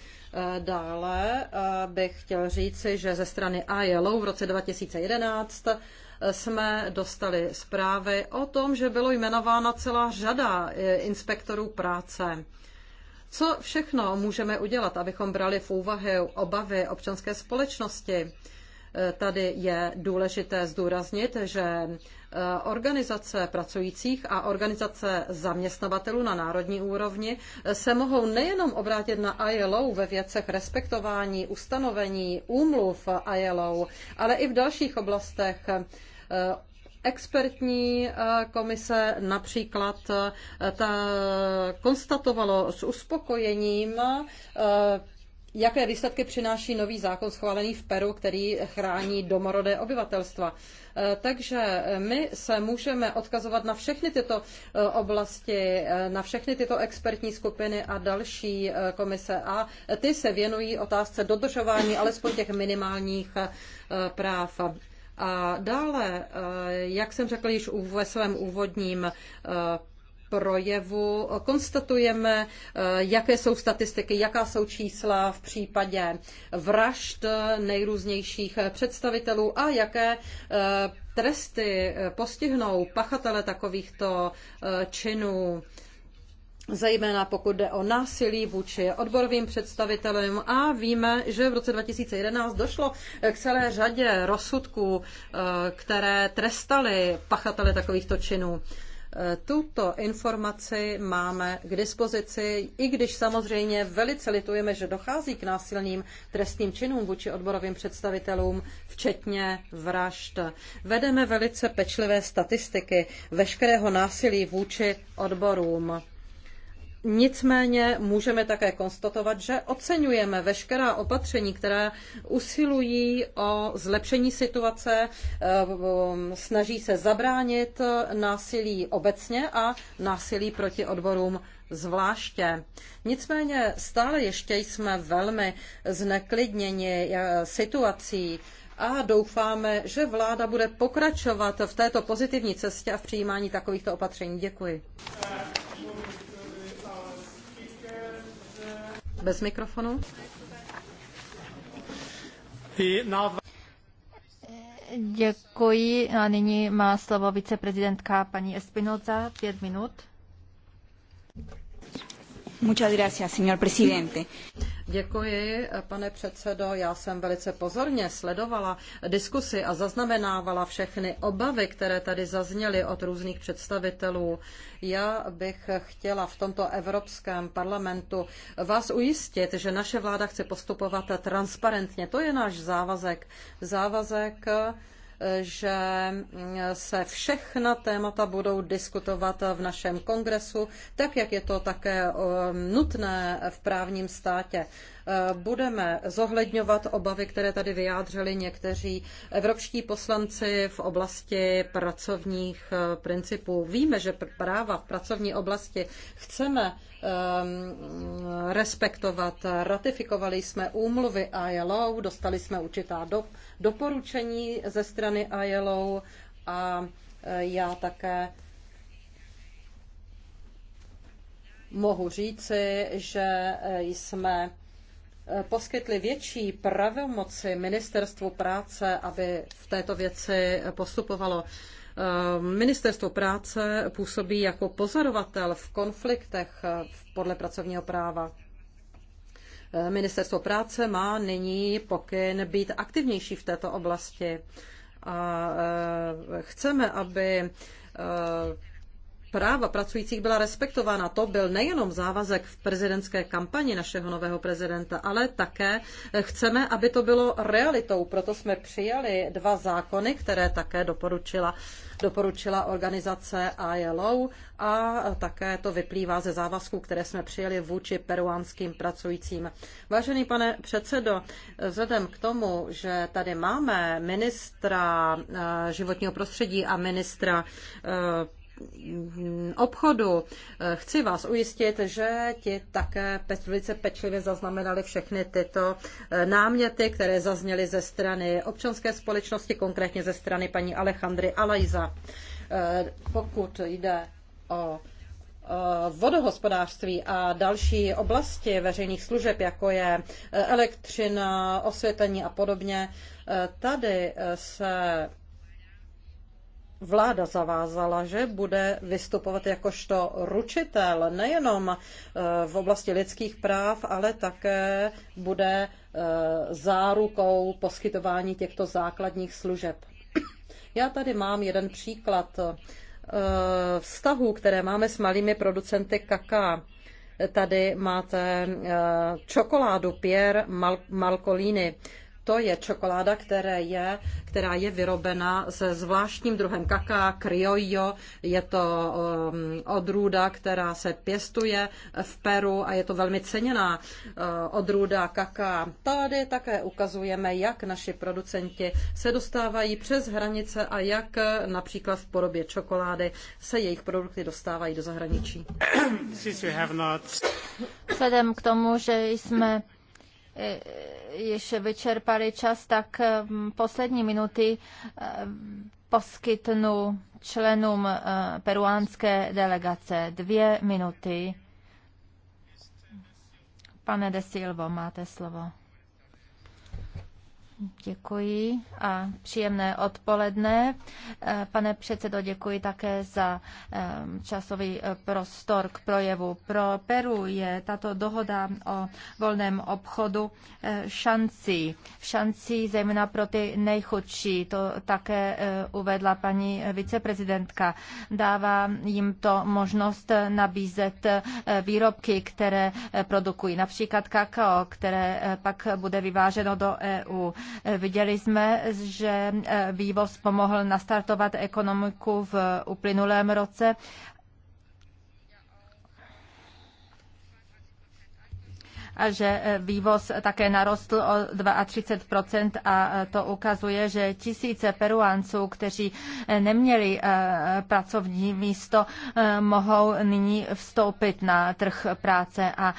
Dále bych chtěl říci, že ze strany ILO v roce 2011 jsme dostali zprávy o tom, že bylo jmenována celá řada inspektorů práce. Co všechno můžeme udělat, abychom brali v úvahy obavy občanské společnosti? E, tady je důležité zdůraznit, že e, organizace pracujících a organizace zaměstnavatelů na národní úrovni e, se mohou nejenom obrátit na ILO ve věcech respektování ustanovení úmluv ILO, ale i v dalších oblastech Expertní eh, komise například eh, ta konstatovalo s uspokojením eh, Jaké výsledky přináší nový zákon schválený v Peru, který chrání domorodé obyvatelstva? Takže my se můžeme odkazovat na všechny tyto oblasti, na všechny tyto expertní skupiny a další komise. A ty se věnují otázce dodržování alespoň těch minimálních práv. A dále, eh, jak jsem řekl již ve svém úvodním eh, projevu konstatujeme, eh, jaké jsou statistiky, jaká jsou čísla v případě vražd nejrůznějších představitelů a jaké tresty postihnou pachatele takovýchto činů zejména pokud jde o násilí vůči odborovým představitelům a víme, že v roce 2011 došlo k celé řadě rozsudků, eh, které trestaly pachatele takovýchto činů. Eh, tuto informaci máme k dispozici, i když samozřejmě velice litujeme, že dochází k násilným trestným činům vůči odborovým představitelům, včetně vražd. Vedeme velice pečlivé statistiky veškerého násilí vůči odborům. Nicméně můžeme také konstatovat, že oceňujeme veškerá opatření, která usilují o zlepšení situace, ehm, snaží se zabránit násilí obecně a násilí proti odborům zvláště. Nicméně stále ještě jsme velmi zneklidněni eh, situací, a doufáme, že vláda bude pokračovat v této pozitivní cestě a v přijímání takovýchto opatření. Děkuji. bez mikrofonu. Děkuji a nyní má slovo viceprezidentka paní Espinoza, pět minut. Muchas gracias, señor presidente. Děkuji, pane předsedo. Já jsem velice pozorně sledovala diskusi a zaznamenávala všechny obavy, které tady zazněly od různých představitelů. Já bych chtěla v tomto Evropském parlamentu vás ujistit, že naše vláda chce postupovat transparentně. To je náš závazek. Závazek že se všechna témata budou diskutovat v našem kongresu, tak jak je to také eh, nutné v právním státě. Eh, budeme zohledňovat obavy, které tady vyjádřili někteří evropští poslanci v oblasti pracovních eh, principů. Víme, že práva v pracovní oblasti chceme ehm, respektovat. Ratifikovali jsme úmluvy ILO, dostali jsme určitá do, doporučení ze strany ILO a eh, já také mohu říci, že eh, jsme eh, poskytli větší pravomoci ministerstvu práce, aby v této věci postupovalo. Ministerstvo práce působí jako pozorovatel v konfliktech podle pracovního práva. Ministerstvo práce má nyní pokyn být aktivnější v této oblasti. A e, chceme, aby e, práva pracujících byla respektována. To byl nejenom závazek v prezidentské kampani našeho nového prezidenta, ale také chceme, aby to bylo realitou. Proto jsme přijali dva zákony, které také doporučila, doporučila organizace ILO a také to vyplývá ze závazků, které jsme přijali vůči peruánským pracujícím. Vážený pane předsedo, vzhledem k tomu, že tady máme ministra eh, životního prostředí a ministra eh, obchodu. Chci vás ujistit, že ti také velice pečlivě zaznamenali všechny tyto eh, náměty, které zazněly ze strany občanské společnosti, konkrétně ze strany paní Alejandry Alajza. Eh, pokud jde o eh, vodohospodářství a další oblasti veřejných služeb, jako je elektřina, osvětlení a podobně, tady se vláda zavázala, že bude vystupovat jakožto ručitel nejenom e, v oblasti lidských práv, ale také bude e, zárukou poskytování těchto základních služeb. Já tady mám jeden příklad e, vztahů, které máme s malými producenty kaká. Tady máte čokoládu Pierre Mal- to je čokoláda, které je, která je vyrobena se zvláštním druhem kaká, criollo. Je to um, odrůda, která se pěstuje v Peru a je to velmi ceněná uh, odrůda kaká. Tady také ukazujeme, jak naši producenti se dostávají přes hranice a jak eh, například v podobě čokolády se jejich produkty dostávají do zahraničí. Vzhledem k tomu, že jsme Eh, již vyčerpali čas, tak eh, poslední minuty eh, poskytnu členům peruánské delegace dvě minuty. Pane De Silvo, máte slovo. Děkuji a příjemné odpoledne. Eh, pane předsedo, děkuji také za eh, časový eh, prostor k projevu. Pro Peru je tato dohoda o volném obchodu šancí. Šancí zejména pro ty nejchudší. To také uvedla paní viceprezidentka. Dává jim to možnost nabízet výrobky, které produkují, například kakao, které pak bude vyváženo do EU Viděli jsme, že eh, vývoz pomohl nastartovat ekonomiku v uplynulém roce a že e, vývoz také narostl o 32% a e, to ukazuje, že tisíce Peruánců, kteří e, neměli pracovní místo, mohou nyní vstoupit na trh práce a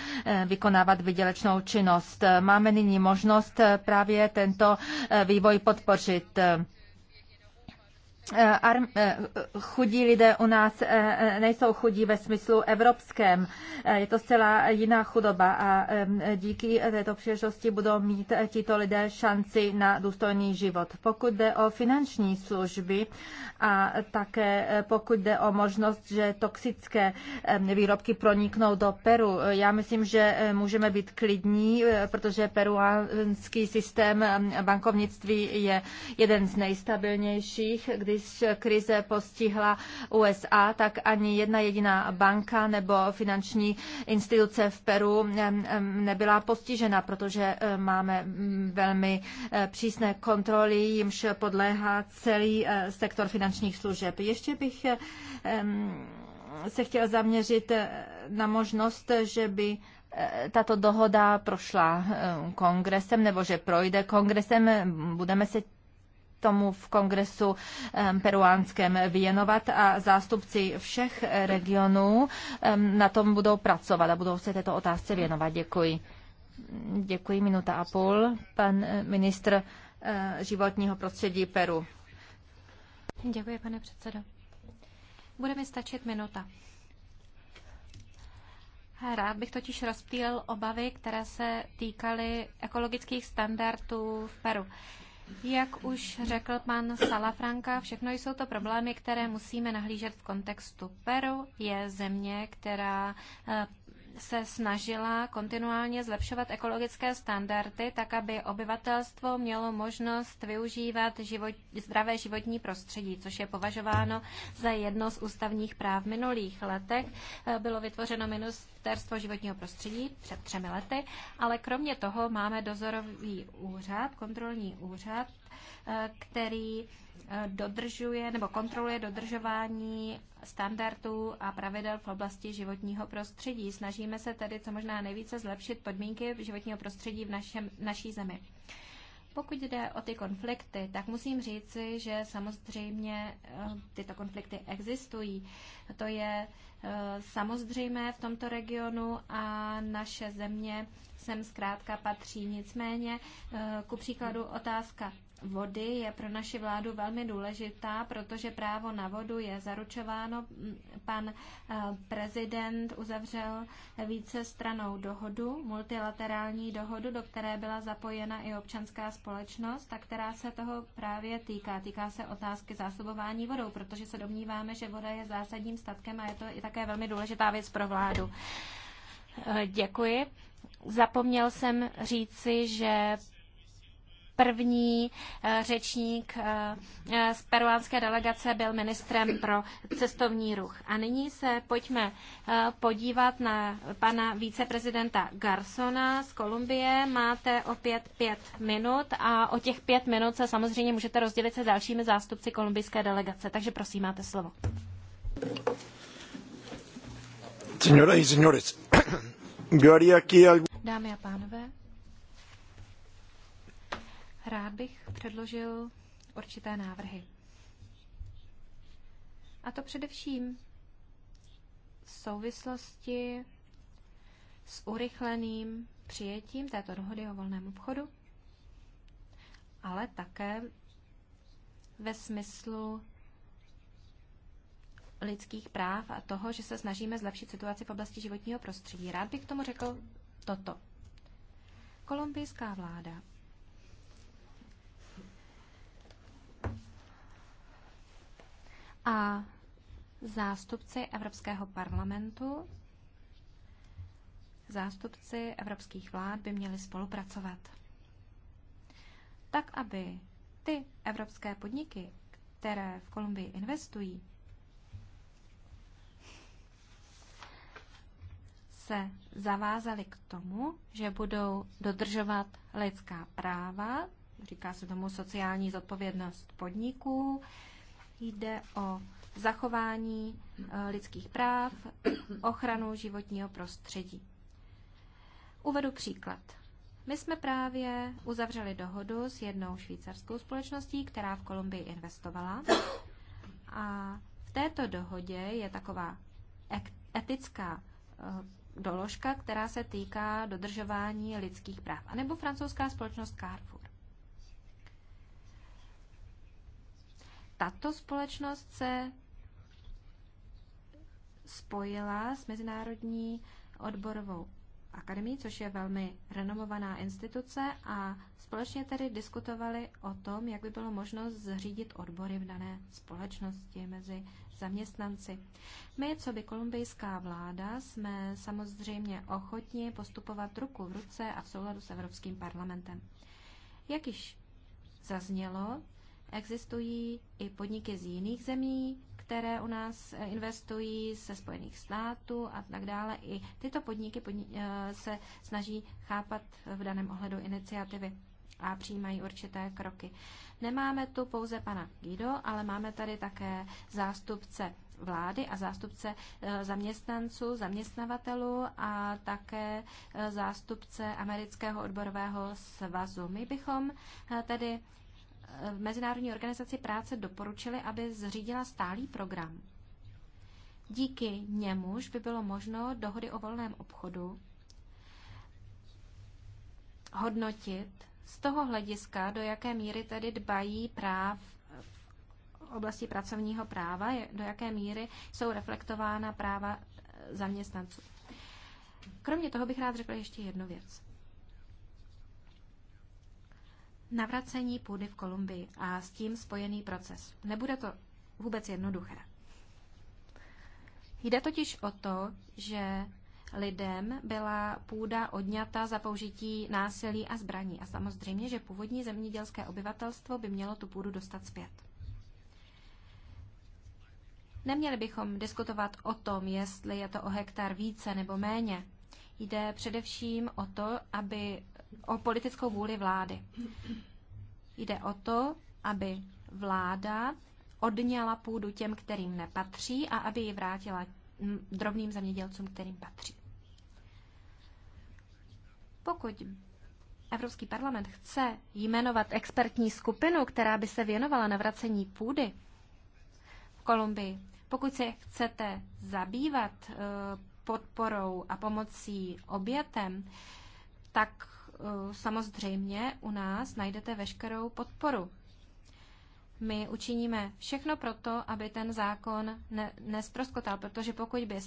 vykonávat vydělečnou činnost. Máme nyní možnost právě tento vývoj podpořit. Eh, eh, chudí lidé u nás eh, nejsou chudí ve smyslu evropském. Je to zcela jiná chudoba a díky této příležitosti budou mít tito lidé šanci na důstojný život. Pokud jde o finanční služby a také pokud jde o možnost, že toxické výrobky proniknou do Peru, já myslím, že můžeme být klidní, protože peruánský systém bankovnictví je jeden z nejstabilnějších, kdy když krize postihla USA, tak ani jedna jediná banka nebo finanční instituce v Peru nebyla postižena, protože eh, máme mm, velmi eh, přísné kontroly, jimž podléhá celý eh, sektor finančních služeb. Ještě bych se chtěl zaměřit na možnost, že by tato dohoda prošla kongresem nebo že projde kongresem. Budeme se tomu v kongresu peruánském věnovat a zástupci všech regionů na tom budou pracovat a budou se této otázce věnovat. Děkuji. Děkuji, minuta a půl. Pan eh, ministr eh, životního prostředí Peru. Děkuji, pane předsedo. Bude mi stačit minuta. Rád bych totiž rozptýlil obavy, které se týkaly ekologických standardů v Peru. Jak už řekl pan Salafranka, všechno jsou to problémy, které musíme nahlížet v kontextu. Peru je země, která eh, se snažila kontinuálně zlepšovat ekologické standardy, tak aby obyvatelstvo mělo možnost využívat život, zdravé životní prostředí, což je považováno za jedno z ústavních práv. V minulých letech eh, bylo vytvořeno Ministerstvo životního prostředí před třemi lety, ale kromě toho máme dozorový úřad, kontrolní úřad, eh, který dodržuje nebo kontroluje dodržování standardů a pravidel v oblasti životního prostředí. Snažíme se tedy co možná nejvíce zlepšit podmínky životního prostředí v našem, naší zemi. Pokud jde o ty konflikty, tak musím říci, že samozřejmě eh, tyto konflikty existují. To je eh, samozřejmé v tomto regionu a naše země sem zkrátka patří. Nicméně, eh, ku příkladu otázka vody je pro naši vládu velmi důležitá, protože právo na vodu je zaručováno. Pan eh, prezident uzavřel více stranou dohodu, multilaterální dohodu, do které byla zapojena i občanská společnost, a která se toho právě týká. Týká se otázky zásobování vodou, protože se domníváme, že voda je zásadním statkem a je to i také velmi důležitá věc pro vládu. Eh, děkuji. Zapomněl jsem říci, že První eh, řečník eh, eh, z peruánské delegace byl ministrem pro cestovní ruch. A nyní se pojďme podívat na pana viceprezidenta Garsona z Kolumbie. Máte opět pět minut a o těch pět minut se samozřejmě můžete rozdělit se dalšími zástupci kolumbijské delegace. Takže prosím, máte slovo. Dámy a pánové, Rád bych předložil určité návrhy. A to především v souvislosti s urychleným přijetím této dohody o volném obchodu, ale také ve smyslu lidských práv a toho, že se snažíme zlepšit situaci v oblasti životního prostředí. Rád bych k tomu řekl toto. Kolumbijská vláda a zástupci Evropského parlamentu, zástupci evropských vlád by měli spolupracovat. Tak, aby ty evropské podniky, které v Kolumbii investují, se zavázali k tomu, že budou dodržovat lidská práva, říká se tomu sociální zodpovědnost podniků, Jde o zachování e, lidských práv, ochranu životního prostředí. Uvedu příklad. My jsme právě uzavřeli dohodu s jednou švýcarskou společností, která v Kolumbii investovala. A v této dohodě je taková etická e, doložka, která se týká dodržování lidských práv. A nebo francouzská společnost Carrefour. tato společnost se spojila s Mezinárodní odborovou akademií, což je velmi renomovaná instituce a společně tedy diskutovali o tom, jak by bylo možno zřídit odbory v dané společnosti mezi zaměstnanci. My, co by kolumbijská vláda, jsme samozřejmě ochotni postupovat ruku v ruce a v souladu s Evropským parlamentem. Jak již zaznělo, Existují i podniky z jiných zemí, které u nás eh, investují ze Spojených států a tak dále. I tyto podniky eh, se snaží chápat v daném ohledu iniciativy a přijímají určité kroky. Nemáme tu pouze pana Guido, ale máme tady také zástupce vlády a zástupce eh, zaměstnanců, zaměstnavatelů a také zástupce amerického odborového svazu. My bychom tedy v Mezinárodní organizaci práce doporučili, aby zřídila stálý program. Díky němuž by bylo možno dohody o volném obchodu hodnotit z toho hlediska, do jaké míry tedy dbají práv v oblasti pracovního práva, do jaké míry jsou reflektována práva zaměstnanců. Kromě toho bych rád řekla ještě jednu věc navracení půdy v Kolumbii a s tím spojený proces. Nebude to vůbec jednoduché. Jde totiž o to, že lidem byla půda odňata za použití násilí a zbraní. A samozřejmě, že původní zemědělské obyvatelstvo by mělo tu půdu dostat zpět. Neměli bychom diskutovat o tom, jestli je to o hektar více nebo méně. Jde především o to, aby o politickou vůli vlády. Jde o to, aby vláda odňala půdu těm, kterým nepatří a aby ji vrátila drobným zemědělcům, kterým patří. Pokud Evropský parlament chce jmenovat expertní skupinu, která by se věnovala navracení půdy v Kolumbii, pokud se chcete zabývat e, podporou a pomocí obětem, tak Eh, samozřejmě u nás najdete veškerou podporu. My učiníme všechno proto, aby ten zákon ne, nestroskotal, protože pokud by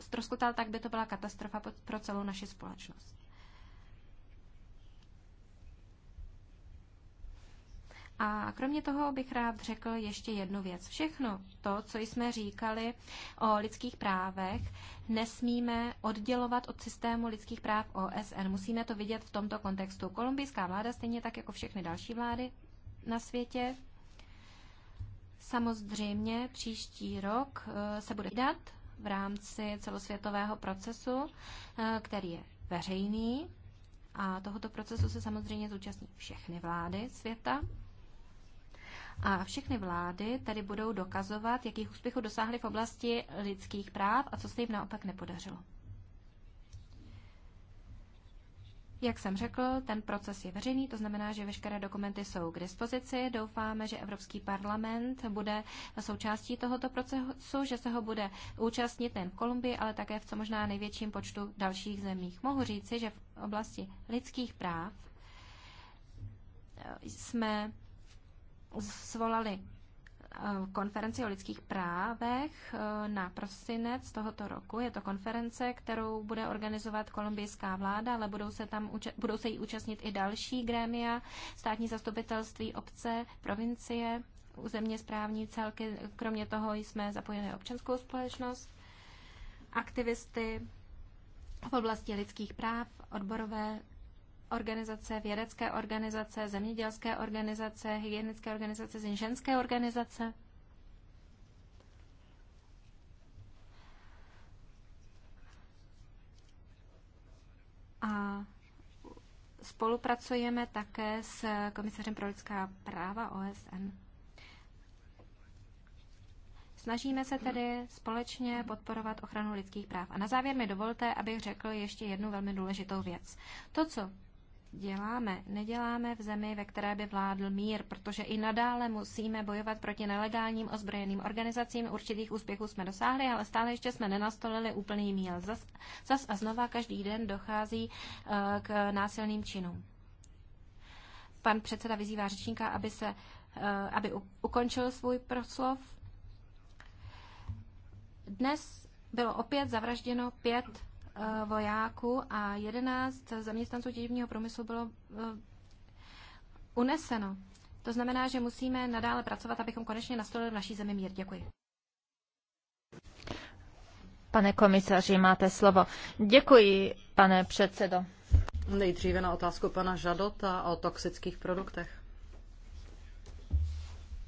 stroskotal, tak by to byla katastrofa pro celou naši společnost. A kromě toho bych rád řekl ještě jednu věc. Všechno to, co jsme říkali o lidských právech, nesmíme oddělovat od systému lidských práv OSN. Musíme to vidět v tomto kontextu. Kolumbijská vláda, stejně tak jako všechny další vlády na světě, samozřejmě příští rok eh, se bude dát v rámci celosvětového procesu, eh, který je veřejný. A tohoto procesu se samozřejmě zúčastní všechny vlády světa. A všechny vlády tady budou dokazovat, jakých úspěchů dosáhly v oblasti lidských práv a co se jim naopak nepodařilo. Jak jsem řekl, ten proces je veřejný, to znamená, že veškeré dokumenty jsou k dispozici. Doufáme, že Evropský parlament bude součástí tohoto procesu, že se ho bude účastnit nejen v Kolumbii, ale také v co možná největším počtu dalších zemích. Mohu říci, že v oblasti lidských práv eh, jsme svolali eh, konferenci o lidských právech eh, na prosinec tohoto roku. Je to konference, kterou bude organizovat kolumbijská vláda, ale budou se, tam, budou se jí účastnit i další grémia, státní zastupitelství, obce, provincie, územně správní celky. Kromě toho jsme zapojili občanskou společnost, aktivisty v oblasti lidských práv, odborové organizace, vědecké organizace, zemědělské organizace, hygienické organizace, ženské organizace. A spolupracujeme také s komisařem pro lidská práva OSN. Snažíme se tedy společně podporovat ochranu lidských práv. A na závěr mi dovolte, abych řekl ještě jednu velmi důležitou věc. To, co děláme. Neděláme v zemi, ve které by vládl mír, protože i nadále musíme bojovat proti nelegálním ozbrojeným organizacím. Určitých úspěchů jsme dosáhli, ale stále ještě jsme nenastolili úplný mír. Zas, zas a znova každý den dochází uh, k násilným činům. Pan předseda vyzývá řečníka, aby, se, uh, aby u, ukončil svůj proslov. Dnes bylo opět zavražděno pět Eh, vojáků a 11 zaměstnanců těžebního průmyslu bylo eh, uneseno. To znamená, že musíme nadále pracovat, abychom konečně nastolili v naší zemi mír. Děkuji. Pane komisaři, máte slovo. Děkuji, pane předsedo. Nejdříve na otázku pana Žadota o toxických produktech.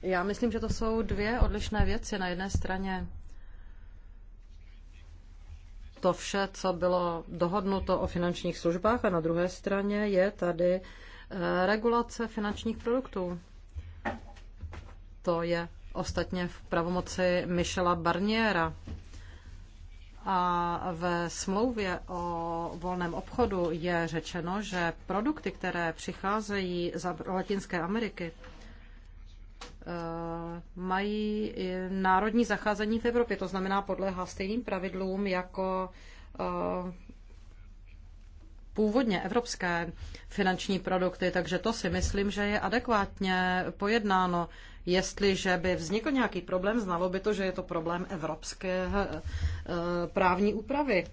Já myslím, že to jsou dvě odlišné věci. Na jedné straně to vše, co bylo dohodnuto o finančních službách a na druhé straně je tady eh, regulace finančních produktů. To je ostatně v pravomoci Michela Barniera. A ve smlouvě o volném obchodu je řečeno, že produkty, které přicházejí z Latinské Ameriky, Eh, mají národní zacházení v Evropě, to znamená podléhá stejným pravidlům jako eh, původně evropské finanční produkty, takže to si myslím, že je adekvátně pojednáno. Jestliže by vznikl nějaký problém, znalo by to, že je to problém evropské eh, právní úpravy.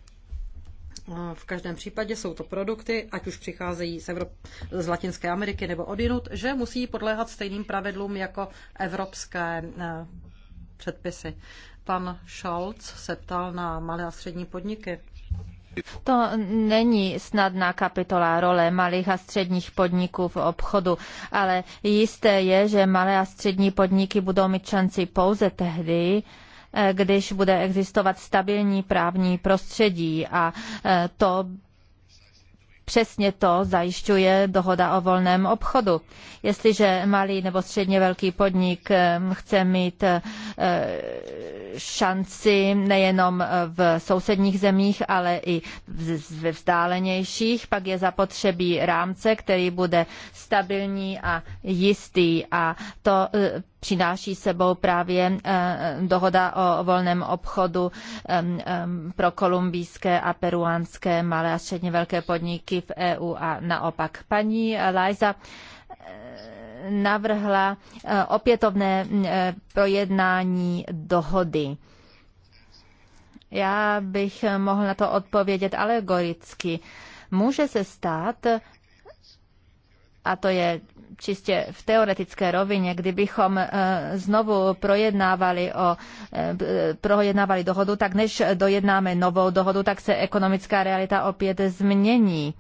V každém případě jsou to produkty, ať už přicházejí z, Evrop, z Latinské Ameriky nebo odinut, že musí podléhat stejným pravidlům jako evropské eh, předpisy. Pan Scholz se ptal na malé a střední podniky. To není snadná kapitola role malých a středních podniků v obchodu, ale jisté je, že malé a střední podniky budou mít šanci pouze tehdy, Eh, když bude existovat stabilní právní prostředí a eh, to Přesně to zajišťuje dohoda o volném obchodu. Jestliže malý nebo středně velký podnik eh, chce mít šanci nejenom v sousedních zemích, ale i ve vzdálenějších, pak je zapotřebí rámce, který bude stabilní a jistý. A to přináší sebou právě eh, dohoda o volném obchodu eh, eh, pro kolumbijské a peruánské malé a středně velké podniky v EU a naopak. Paní Lajza, navrhla opětovné projednání dohody. Já bych mohl na to odpovědět alegoricky. Může se stát, a to je čistě v teoretické rovině, kdybychom eh, znovu projednávali, o, eh, projednávali dohodu, tak než dojednáme novou dohodu, tak se ekonomická realita opět změní.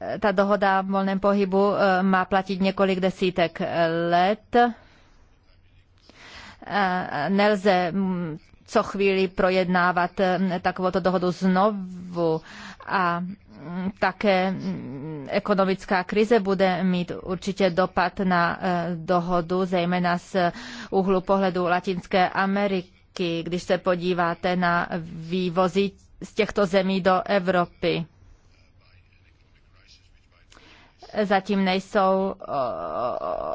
Eh, ta dohoda v volném pohybu má platit několik desítek let nelze mm, co chvíli projednávat takovouto dohodu znovu a také ekonomická krize bude mít určitě dopad na e, dohodu, zejména z úhlu pohledu Latinské Ameriky, když se podíváte na vývozy z těchto zemí do Evropy zatím nejsou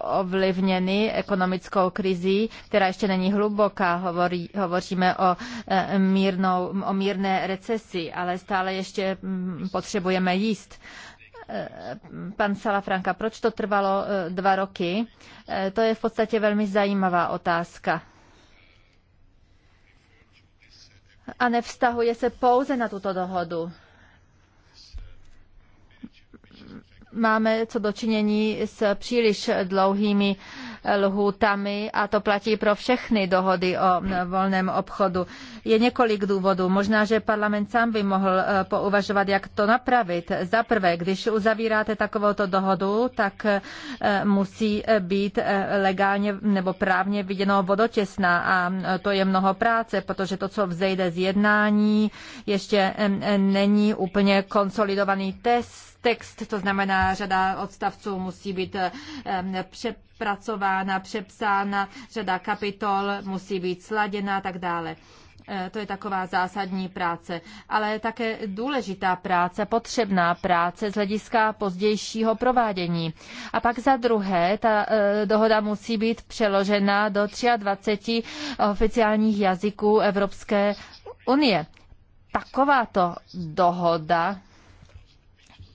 ovlivněny ekonomickou krizí, která ještě není hluboká. Hovorí, hovoříme o, e, mírnou, o mírné recesi, ale stále ještě mm, potřebujeme jíst e, pan Salafranka, proč to trvalo e, dva roky? To je v podstatě velmi zajímavá otázka. A nevztahuje se pouze na tuto dohodu. máme co dočinění s příliš dlouhými eh, lhůtami a to platí pro všechny dohody o volném obchodu. Je několik důvodů. Možná, že parlament sám by mohl eh, pouvažovat, jak to napravit. Za prvé, když uzavíráte takovouto dohodu, tak eh, musí být legálně nebo právně viděno vodotěsná a to je mnoho práce, protože to, co vzejde z jednání, ještě není úplně konsolidovaný test text, to znamená, řada odstavců musí být přepracována, přepsána, řada kapitol musí být sladěna a tak dále. E, to je taková zásadní práce, ale také důležitá práce, potřebná práce z hlediska pozdějšího provádění. A pak za druhé, ta e, dohoda musí být přeložena do 23 oficiálních jazyků Evropské unie. Takováto dohoda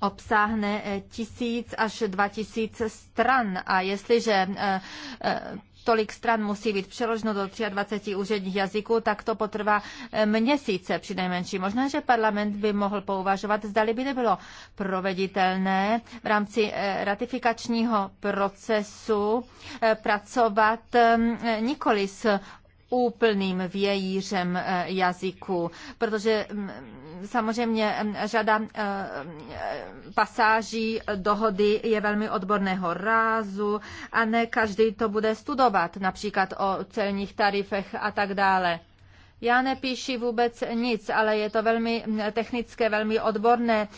obsáhne eh, tisíc až dva tisíc stran a jestliže eh, eh, tolik stran musí být přeloženo do 23 úředních jazyků, tak to potrvá měsíce při nejmenší. Možná, že parlament by mohl pouvažovat, zdali by nebylo proveditelné v rámci ratifikačního procesu pracovat nikoli s úplným vějířem eh, jazyku, protože mm, samozřejmě mm, řada eh, mm, pasáží dohody je velmi odborného rázu a ne každý to bude studovat, například o celních tarifech a tak dále. Já nepíši vůbec nic, ale je to velmi technické, velmi odborné.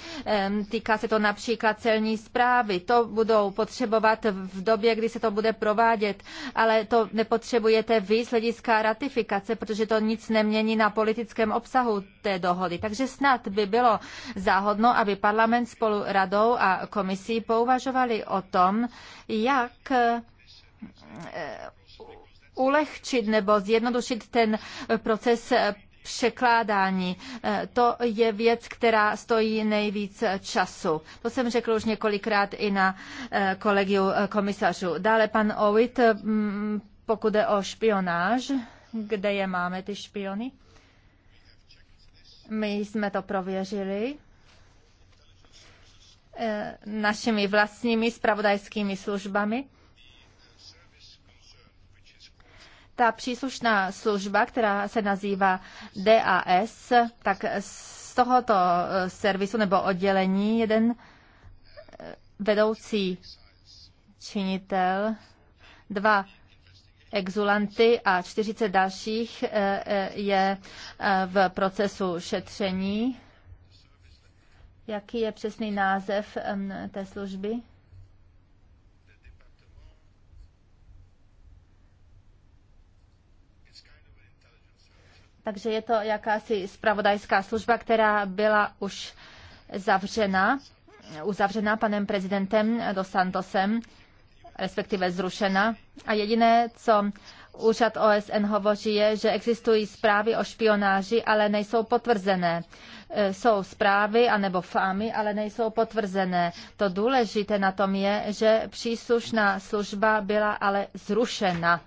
Týká se to například celní zprávy. To budou potřebovat v době, kdy se to bude provádět, ale to nepotřebujete vy z hlediska ratifikace, protože to nic nemění na politickém obsahu té dohody. Takže snad by bylo záhodno, aby parlament spolu radou a komisí pouvažovali o tom, jak ulehčit nebo zjednodušit ten eh, proces eh, překládání. Eh, to je věc, která stojí nejvíc času. To jsem řekl už několikrát i na kolegiu komisařů. Dále pan Owit, mm, pokud je o špionáž, kde je máme ty špiony? My jsme to prověřili našimi vlastními spravodajskými službami. ta příslušná služba, která se nazývá DAS, tak z tohoto eh, servisu nebo oddělení jeden eh, vedoucí činitel, dva exulanty a 40 dalších eh, je v procesu šetření. Jaký je přesný název té služby? Takže je to jakási spravodajská služba, která byla už zavřena, uzavřena panem prezidentem dos Santosem, respektive zrušena. A jediné, co úřad OSN hovoří, je, že existují zprávy o špionáži, ale nejsou potvrzené. E, jsou zprávy anebo fámy, ale nejsou potvrzené. To důležité na tom je, že příslušná služba byla ale zrušena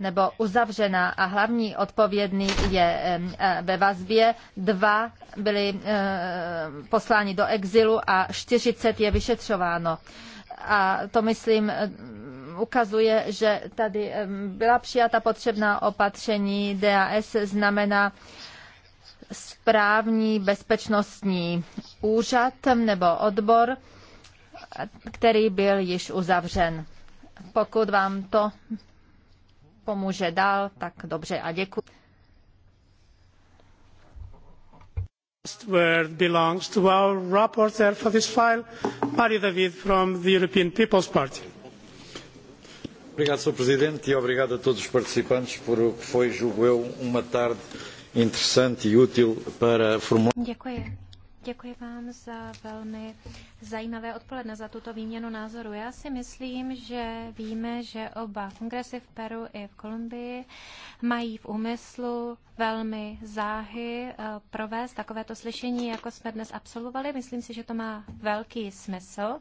nebo uzavřena a hlavní odpovědný je e, ve vazbě. Dva byli posláni do exilu a 40 je vyšetřováno. A to, myslím, ukazuje, že tady byla přijata potřebná opatření. DAS znamená správní bezpečnostní úřad nebo odbor, který byl již uzavřen. Pokud vám to pomůže dál, tak dobře a děkuji. word belongs to our rapporteur for this file, Mário David from the European People's Party. Obrigado, Sr. Presidente, e obrigado a todos os participantes por o que foi, julgo eu, uma tarde interessante e útil para formular. Děkuji. Děkuji vám za velmi zajímavé odpoledne za tuto výměnu názoru. Já si myslím, že víme, že oba kongresy v Peru i v Kolumbii mají v úmyslu velmi záhy eh, provést takovéto slyšení, jako jsme dnes absolvovali. Myslím si, že to má velký smysl.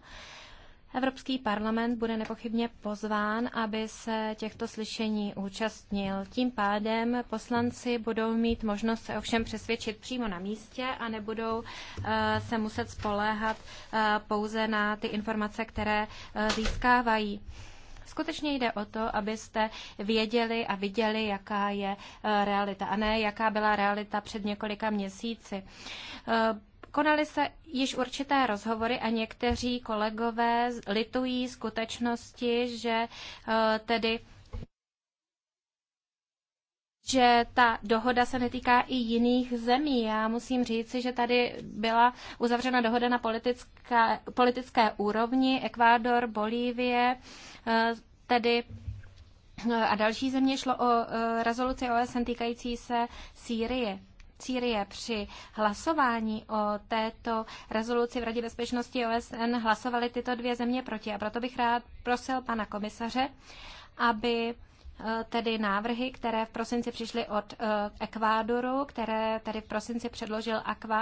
Evropský parlament bude nepochybně pozván, aby se těchto slyšení účastnil. Tím pádem poslanci budou mít možnost se ovšem přesvědčit přímo na místě a nebudou eh, se muset spoléhat eh, pouze na ty informace, které eh, získávají. Skutečně jde o to, abyste věděli a viděli, jaká je realita, a ne jaká byla realita před několika měsíci. Konaly se již určité rozhovory a někteří kolegové litují skutečnosti, že eh, tedy že ta dohoda se netýká i jiných zemí. Já musím říci, že tady byla uzavřena dohoda na politické, politické úrovni Ekvádor, Bolívie, eh, tedy eh, a další země šlo o rezoluci OSN týkající se Sýrie. Sýrie při hlasování o této rezoluci v Radě bezpečnosti OSN hlasovaly tyto dvě země proti. A proto bych rád prosil pana komisaře, aby eh, tedy návrhy, které v prosinci přišly od eh, Ekvádoru, které tady v prosinci předložil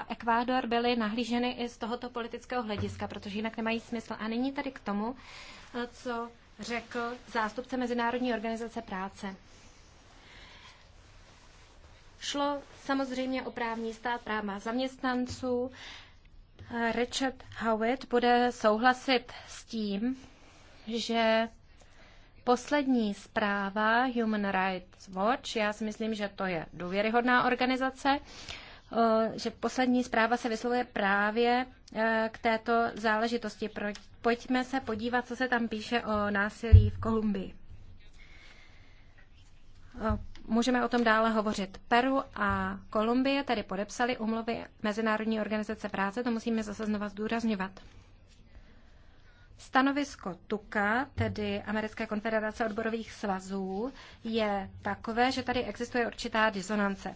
Ekvádor, byly nahlíženy i z tohoto politického hlediska, protože jinak nemají smysl. A nyní tady k tomu, eh, co řekl zástupce Mezinárodní organizace práce. Šlo samozřejmě o právní stát, práva zaměstnanců. Richard Howitt bude souhlasit s tím, že poslední zpráva Human Rights Watch, já si myslím, že to je důvěryhodná organizace, eh, že poslední zpráva se vyslovuje právě eh, k této záležitosti. Pojďme se podívat, co se tam píše o násilí v Kolumbii. Eh, můžeme o tom dále hovořit. Peru a Kolumbie tedy podepsali umluvy Mezinárodní organizace práce, to musíme zase znova zdůrazňovat. Stanovisko TUKA, tedy Americké konfederace odborových svazů, je takové, že tady existuje určitá disonance.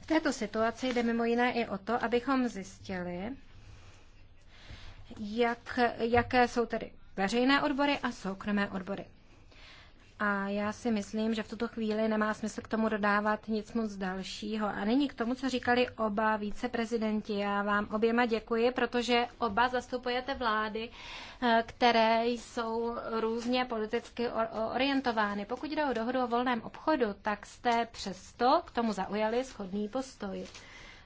V této situaci jde mimo jiné i o to, abychom zjistili, jak, jaké jsou tedy veřejné odbory a soukromé odbory. A já si myslím, že v tuto chvíli nemá smysl k tomu dodávat nic moc dalšího. A nyní k tomu, co říkali oba víceprezidenti. Já vám oběma děkuji, protože oba zastupujete vlády, eh, které jsou různě politicky orientovány. Pokud jde o dohodu o volném obchodu, tak jste přesto k tomu zaujali schodný postoj.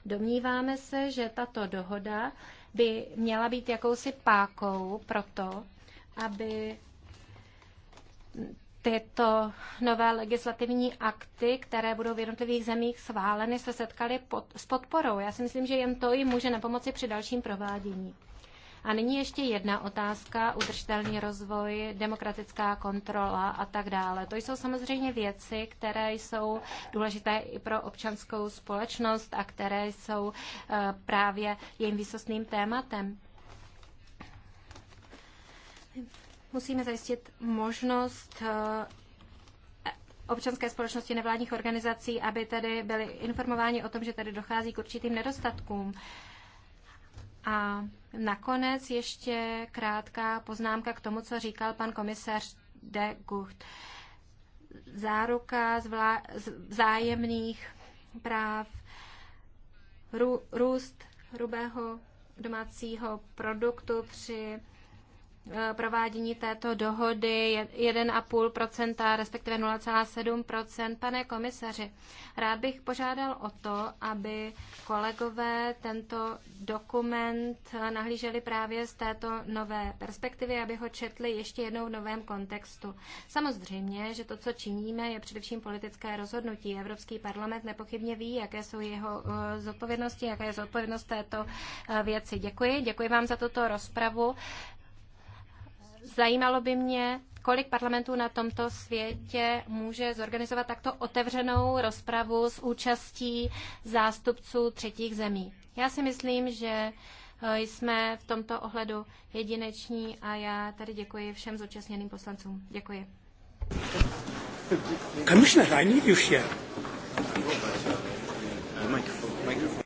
Domníváme se, že tato dohoda by měla být jakousi pákou pro to, aby tyto nové legislativní akty, které budou v jednotlivých zemích schváleny, se setkaly pod, s podporou. Já si myslím, že jen to jim může napomoci při dalším provádění. A nyní ještě jedna otázka, udržitelný rozvoj, demokratická kontrola a tak dále. To jsou samozřejmě věci, které jsou důležité i pro občanskou společnost a které jsou eh, právě jejím výsostným tématem. Musíme zajistit možnost eh, občanské společnosti nevládních organizací, aby tedy byli informováni o tom, že tady dochází k určitým nedostatkům. A nakonec ještě krátká poznámka k tomu, co říkal pan komisař de Gucht. Záruka zájemných práv, růst hrubého domácího produktu při Eh, provádění této dohody 1,5%, respektive 0,7%. Pane komisaři, rád bych požádal o to, aby kolegové tento dokument eh, nahlíželi právě z této nové perspektivy, aby ho četli ještě jednou v novém kontextu. Samozřejmě, že to, co činíme, je především politické rozhodnutí. Evropský parlament nepochybně ví, jaké jsou jeho eh, zodpovědnosti, jaká je zodpovědnost této věci. Děkuji, děkuji vám za tuto rozpravu zajímalo by mě, kolik parlamentů na tomto světě může zorganizovat takto otevřenou rozpravu s účastí zástupců třetích zemí. Já si myslím, že eh, jsme v tomto ohledu jedineční a já tady děkuji všem zúčastněným poslancům. Děkuji. Commissioner, I need you here. Microphone. Microphone.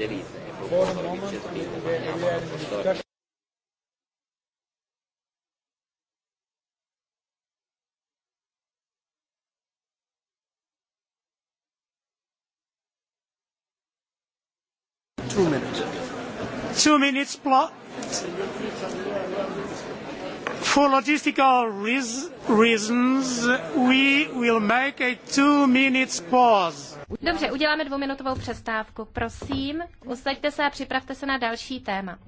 Two minutes. Two minutes For logistical reasons, we will make a two minutes pause Dobře, uděláme dvouminutovou přestávku. Prosím, usaďte se a připravte se na další téma.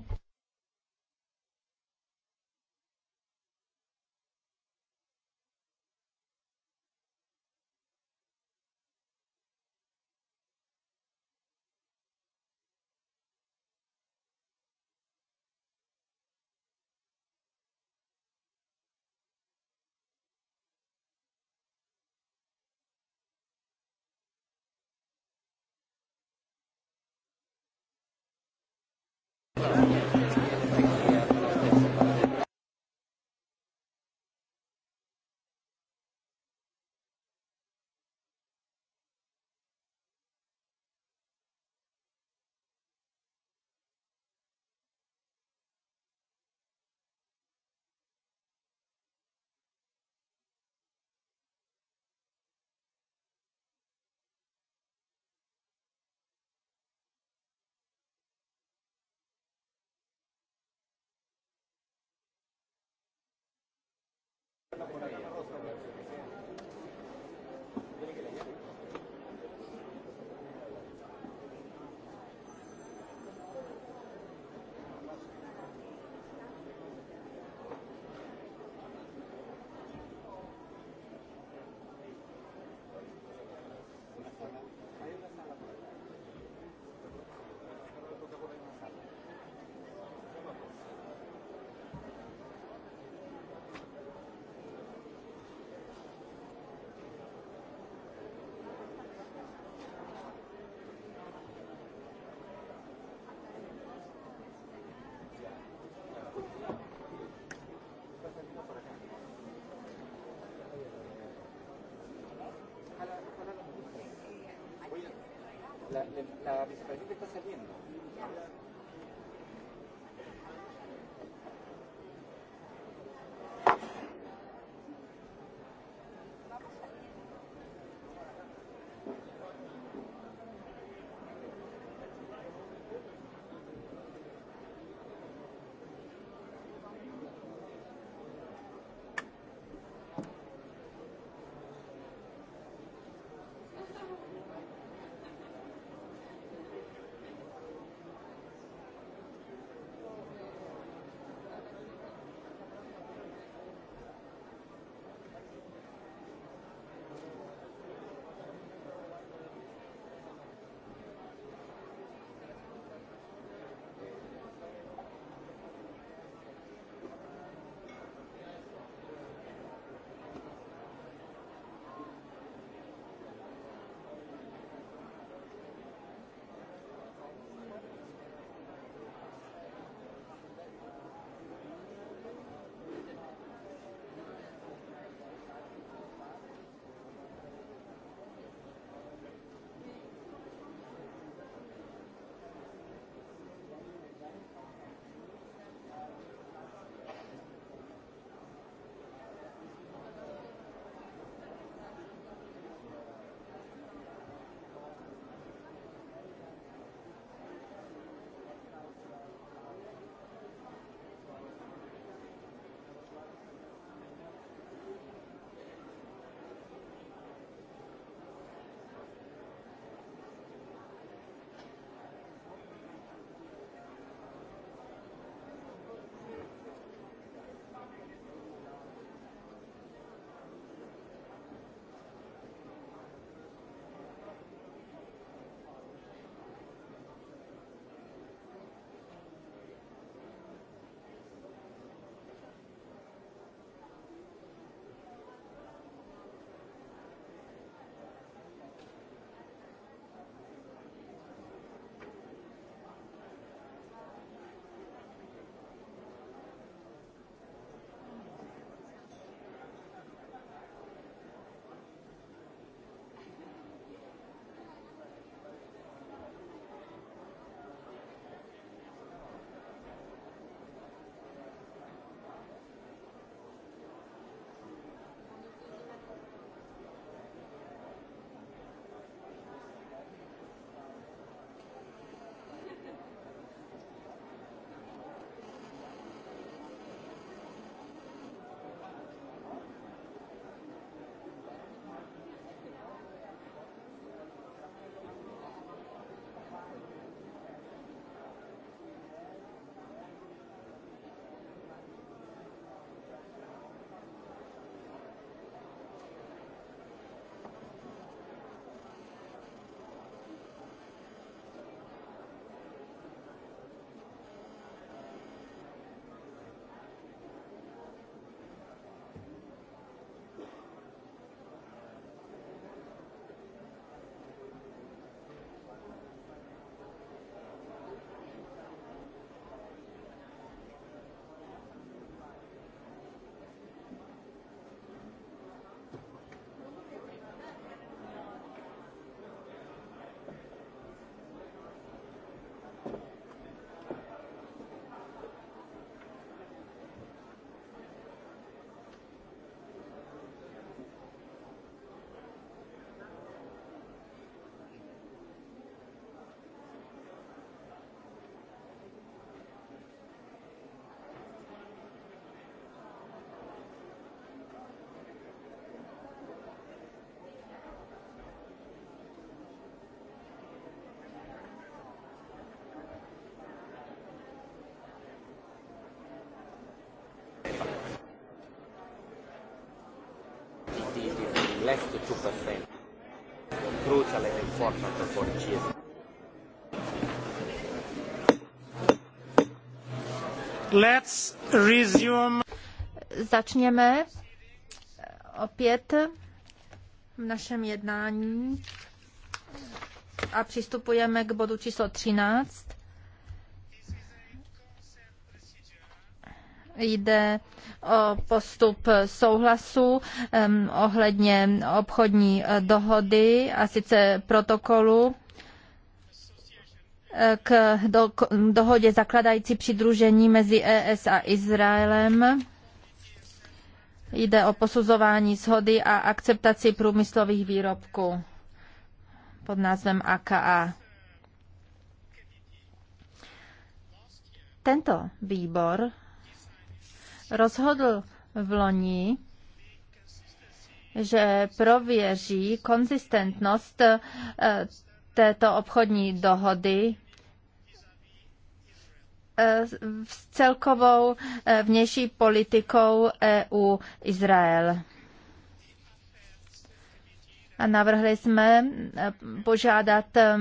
la, la, la vicepresidenta está saliendo. less than percent. Crucial and important for cheese. Let's resume. Začněme opět v našem jednání a přistupujeme k bodu číslo 13. Jde postup souhlasu ohledně obchodní eh, dohody a sice protokolu eh, k dohodě zakladající přidružení mezi ES a Izraelem. Jde o posuzování shody a akceptaci průmyslových výrobků pod názvem AKA. Tento výbor rozhodl v loni, že prověří konzistentnost eh, této obchodní dohody eh, s celkovou eh, vnější politikou EU Izrael a navrhli jsme eh, požádat eh,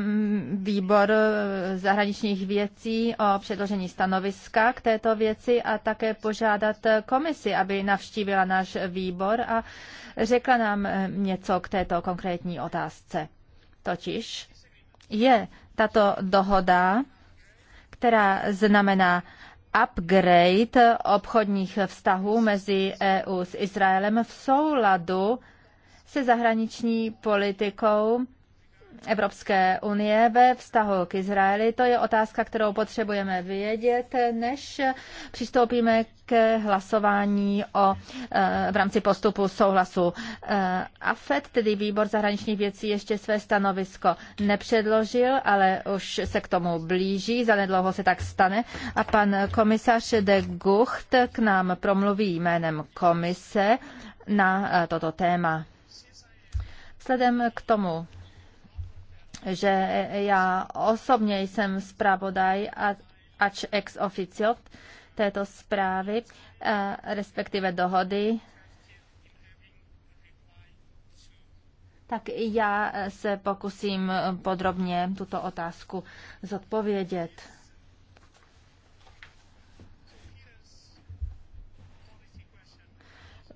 výbor eh, zahraničních věcí o předložení stanoviska k této věci a také požádat komisi, aby navštívila náš výbor a řekla nám něco k této konkrétní otázce. Totiž je tato dohoda, která znamená upgrade obchodních vztahů mezi EU s Izraelem v souladu se zahraniční politikou Evropské unie ve vztahu k Izraeli. To je otázka, kterou potřebujeme vědět, než přistoupíme k hlasování o, eh, v rámci postupu souhlasu. Eh, AFED, tedy výbor zahraničních věcí, ještě své stanovisko nepředložil, ale už se k tomu blíží, zanedlouho se tak stane. A pan komisař de Gucht k nám promluví jménem komise na eh, toto téma. Vzhledem k tomu, že já osobně jsem zpravodaj, ač ex officio této zprávy, eh, respektive dohody, tak já se pokusím podrobně tuto otázku zodpovědět.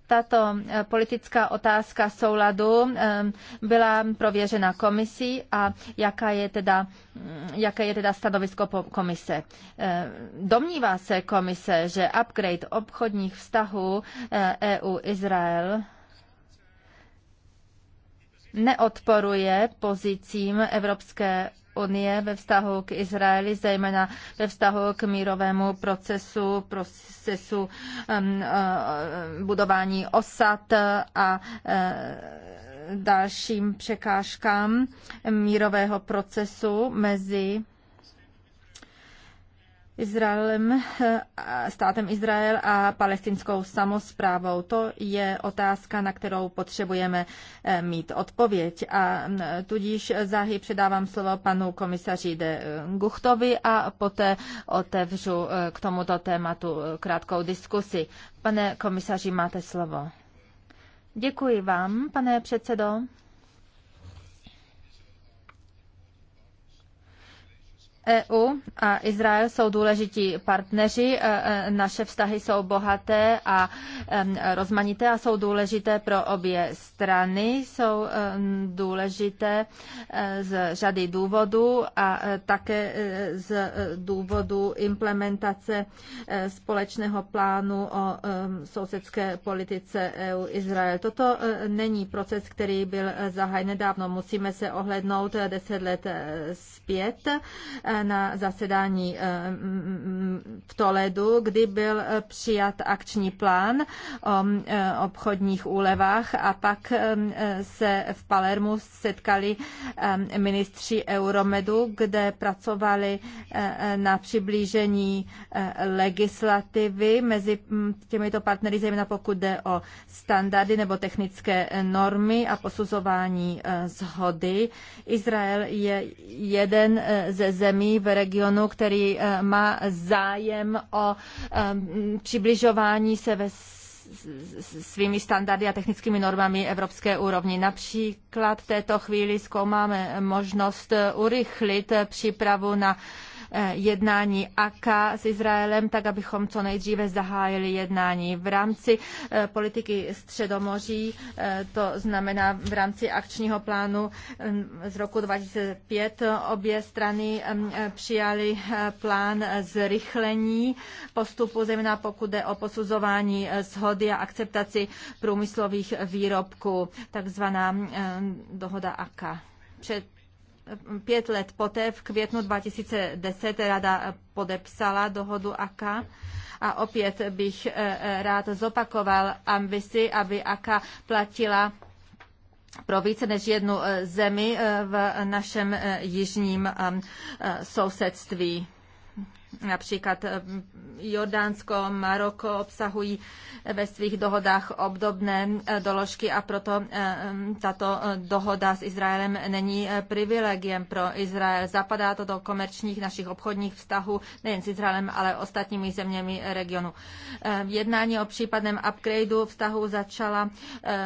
tato eh, politická otázka souladu eh, byla prověřena komisí a jaká je teda, mm, jaké je teda stanovisko komise. Eh, domnívá se komise, že upgrade obchodních vztahů EU-Izrael e neodporuje pozicím Evropské unie ve vztahu k Izraeli, zejména ve vztahu k mírovému procesu, procesu um, uh, budování osad a uh, dalším překážkám mírového procesu mezi Izraelem, eh, státem Izrael a palestinskou samozprávou. To je otázka, na kterou potřebujeme eh, mít odpověď. A mm, tudíž záhy předávám slovo panu komisaři de Guchtovi a poté otevřu eh, k tomuto tématu krátkou diskusi. Pane komisaři, máte slovo. Děkuji vám, pane předsedo. EU a Izrael jsou důležití partneři, e, e, naše vztahy jsou bohaté a rozmanité a jsou důležité pro obě strany, jsou důležité e, z řady důvodů a také z důvodu implementace společného plánu o sousedské politice EU-Izrael. Toto není proces, který byl zahájen nedávno, musíme se ohlednout deset let zpět na zasedání eh, mm, mm, v Toledu, kdy byl eh, přijat akční plán o mm, eh, obchodních úlevách a pak se v Palermu setkali ministři Euromedu, kde pracovali na přiblížení legislativy mezi těmito partnery, zejména pokud jde o standardy nebo technické normy a posuzování zhody. Izrael je jeden ze zemí, zemí v regionu, který eh, má zájem o eh, přibližování se ve svými standardy a technickými normami evropské úrovni. Například v této chvíli zkoumáme možnost urychlit přípravu na Eh, jednání AKA s Izraelem, tak abychom co nejdříve zahájili jednání v rámci eh, politiky Středomoří, eh, to znamená v rámci akčního plánu mm, z roku 2005. Obě strany mm, přijali plán zrychlení postupu, zejména pokud jde o posuzování shody a akceptaci průmyslových výrobků, takzvaná dohoda AKA. Před Pět let poté, v květnu 2010, rada podepsala dohodu AKA a opět bych eh, eh, rád zopakoval ambici, aby AKA platila pro více než jednu eh, zemi v našem jižním sousedství. Například eh, Jordánsko, Maroko obsahují ve svých dohodách obdobné eh, doložky a proto eh, tato dohoda s Izraelem není privilegiem pro Izrael. Zapadá to do komerčních našich obchodních vztahů nejen s Izraelem, ale ostatními zeměmi regionu. Jednání o případném upgradeu vztahu začala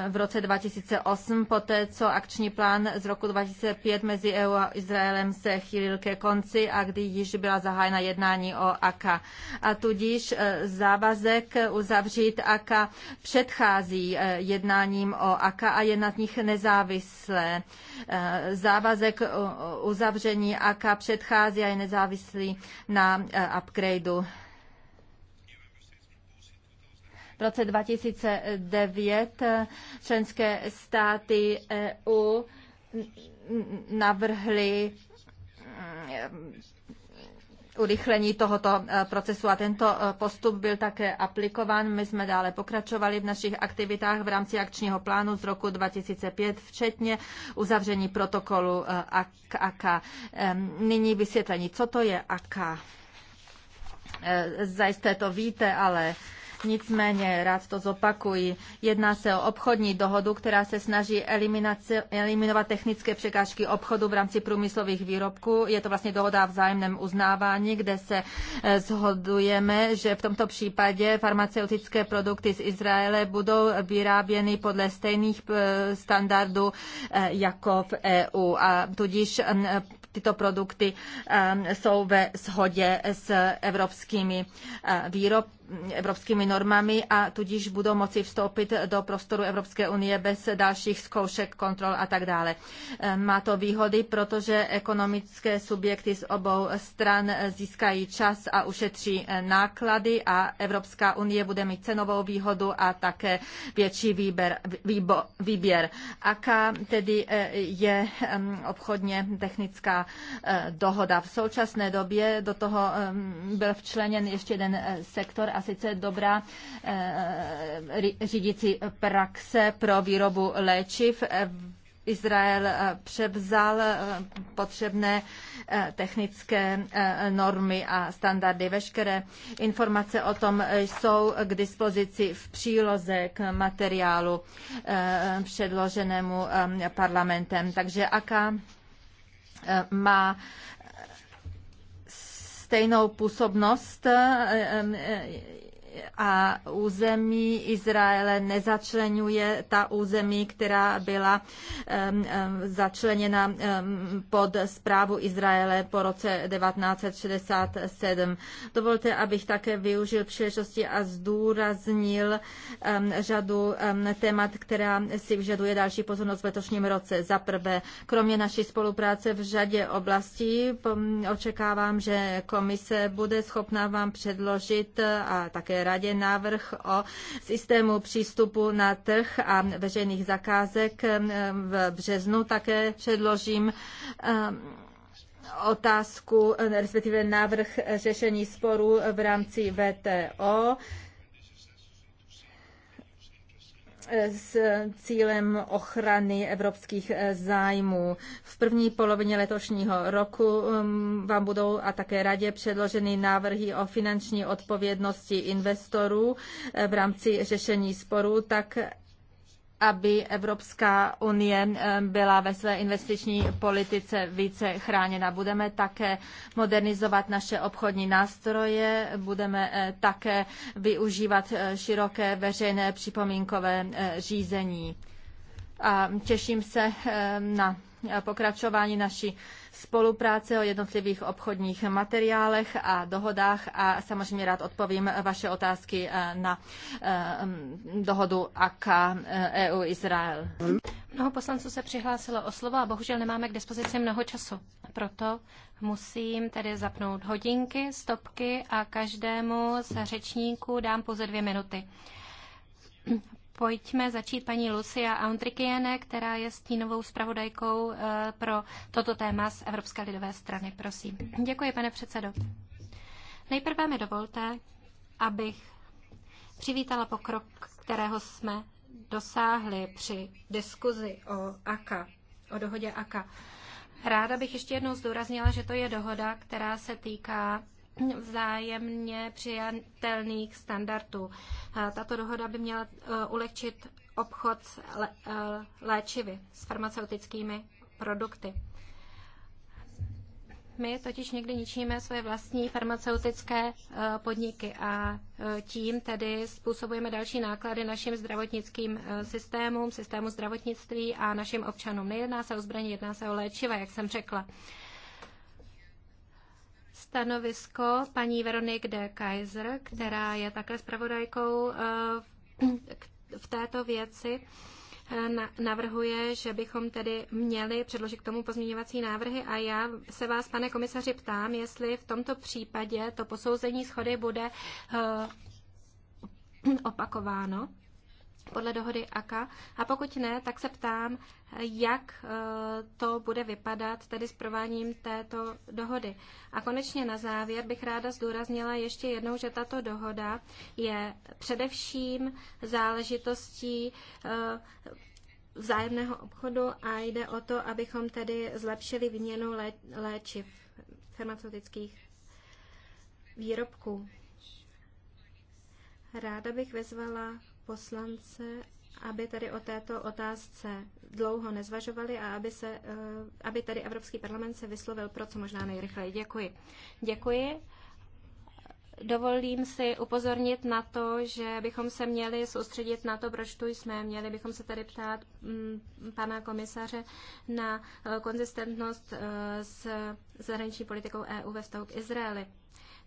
v roce 2008, poté co akční plán z roku 2005 mezi EU a Izraelem se chýlil ke konci a kdy již byla zahájena jednání jednání o AKA. A tudíž e, závazek uzavřít AKA předchází e, jednáním o AKA a je nad nich nezávislé. E, závazek uzavření AKA předchází a je nezávislý na upgradeu v roce 2009 členské státy EU navrhly urychlení tohoto eh, procesu a tento eh, postup byl také aplikován. My jsme dále pokračovali v našich aktivitách v rámci akčního plánu z roku 2005, včetně uzavření protokolu eh, AK. Nyní vysvětlení, co to je AK. Zajisté to víte, ale Nicméně rád to zopakuji. Jedná se o obchodní dohodu, která se snaží eliminovat technické překážky obchodu v rámci průmyslových výrobků. Je to vlastně dohoda o vzájemném uznávání, kde se eh, shodujeme, že v tomto případě farmaceutické produkty z Izraele budou vyráběny podle stejných eh, standardů eh, jako v EU. A tudíž tyto produkty jsou ve shodě s evropskými výrobky evropskými normami a tudíž budou moci vstoupit do prostoru Evropské unie bez dalších zkoušek, kontrol a tak dále. Eh, má to výhody, protože ekonomické subjekty z obou stran získají čas a ušetří eh, náklady a Evropská unie bude mít cenovou výhodu a také větší výběr. výbo, výběr. Aká tedy eh, je obchodně technická dohoda. V současné době do toho byl včleněn ještě jeden sektor a a sice dobrá eh, řídící praxe pro výrobu léčiv. Eh, Izrael eh, převzal potřebné technické normy a standardy. Veškeré informace o tom jsou k dispozici v příloze k materiálu předloženému parlamentem. Takže aká má stejnou působnost eh, eh, a území Izraele nezačlenuje ta území, která byla začleněna pod zprávu Izraele po roce 1967. Dovolte, abych také využil příležitosti a zdůraznil řadu témat, která si vyžaduje další pozornost v letošním roce. Za prvé, kromě naší spolupráce v řadě oblastí očekávám, že komise bude schopná vám předložit a také radě návrh o systému přístupu na trh a veřejných zakázek v březnu. Také předložím otázku, respektive návrh řešení sporů v rámci VTO s cílem ochrany evropských eh, zájmů. V první polovině letošního roku mm, vám budou a také radě předloženy návrhy o finanční odpovědnosti investorů eh, v rámci řešení sporů, tak aby Evropská unie eh, byla ve své investiční politice více chráněna. Budeme také modernizovat naše obchodní nástroje, budeme eh, také využívat eh, široké veřejné připomínkové řízení. A těším se na pokračování naší spolupráce o jednotlivých obchodních materiálech a dohodách a samozřejmě rád odpovím vaše otázky eh, na eh, dohodu AK EU eh, e Izrael. Mnoho poslanců se přihlásilo o slovo a bohužel nemáme k dispozici mnoho času. Proto musím tedy zapnout hodinky, stopky a každému z řečníků dám pouze dvě minuty pojďme začít paní Lucia Antrikiene, která je stínovou zpravodajkou eh, pro toto téma z Evropské lidové strany. Prosím. Děkuji, pane předsedo. Nejprve mi dovolte, abych přivítala pokrok, kterého jsme dosáhli při diskuzi o AKA, o dohodě AKA. Ráda bych ještě jednou zdůraznila, že to je dohoda, která se týká vzájemně přijatelných standardů. Tato dohoda by měla e, ulehčit obchod s e, léčivy, s farmaceutickými produkty. My totiž někdy ničíme své vlastní farmaceutické e, podniky a tím tedy způsobujeme další náklady našim zdravotnickým systémům, systému zdravotnictví a našim občanům. Nejedná se o zbraně, jedná se o léčiva, jak jsem řekla stanovisko paní Veronik de Kaiser, která je také zpravodajkou eh, v této věci eh, navrhuje, že bychom tedy měli předložit k tomu pozměňovací návrhy a já se vás, pane komisaři, ptám, jestli v tomto případě to posouzení schody bude eh, opakováno podle dohody AKA? A pokud ne, tak se ptám, jak eh, to bude vypadat tedy s prováním této dohody. A konečně na závěr bych ráda zdůraznila ještě jednou, že tato dohoda je především záležitostí eh, vzájemného obchodu a jde o to, abychom tedy zlepšili výměnu léčiv farmaceutických výrobků. Ráda bych vyzvala poslance, aby tady o této otázce dlouho nezvažovali a aby, se, eh, aby tady Evropský parlament se vyslovil pro co možná nejrychleji. Děkuji. Děkuji. Dovolím si upozornit na to, že bychom se měli soustředit na to, proč tu jsme. Měli bychom se tady ptát m, mm, pana komisaře na eh, konzistentnost eh, s zahraniční politikou EU ve vztahu k Izraeli.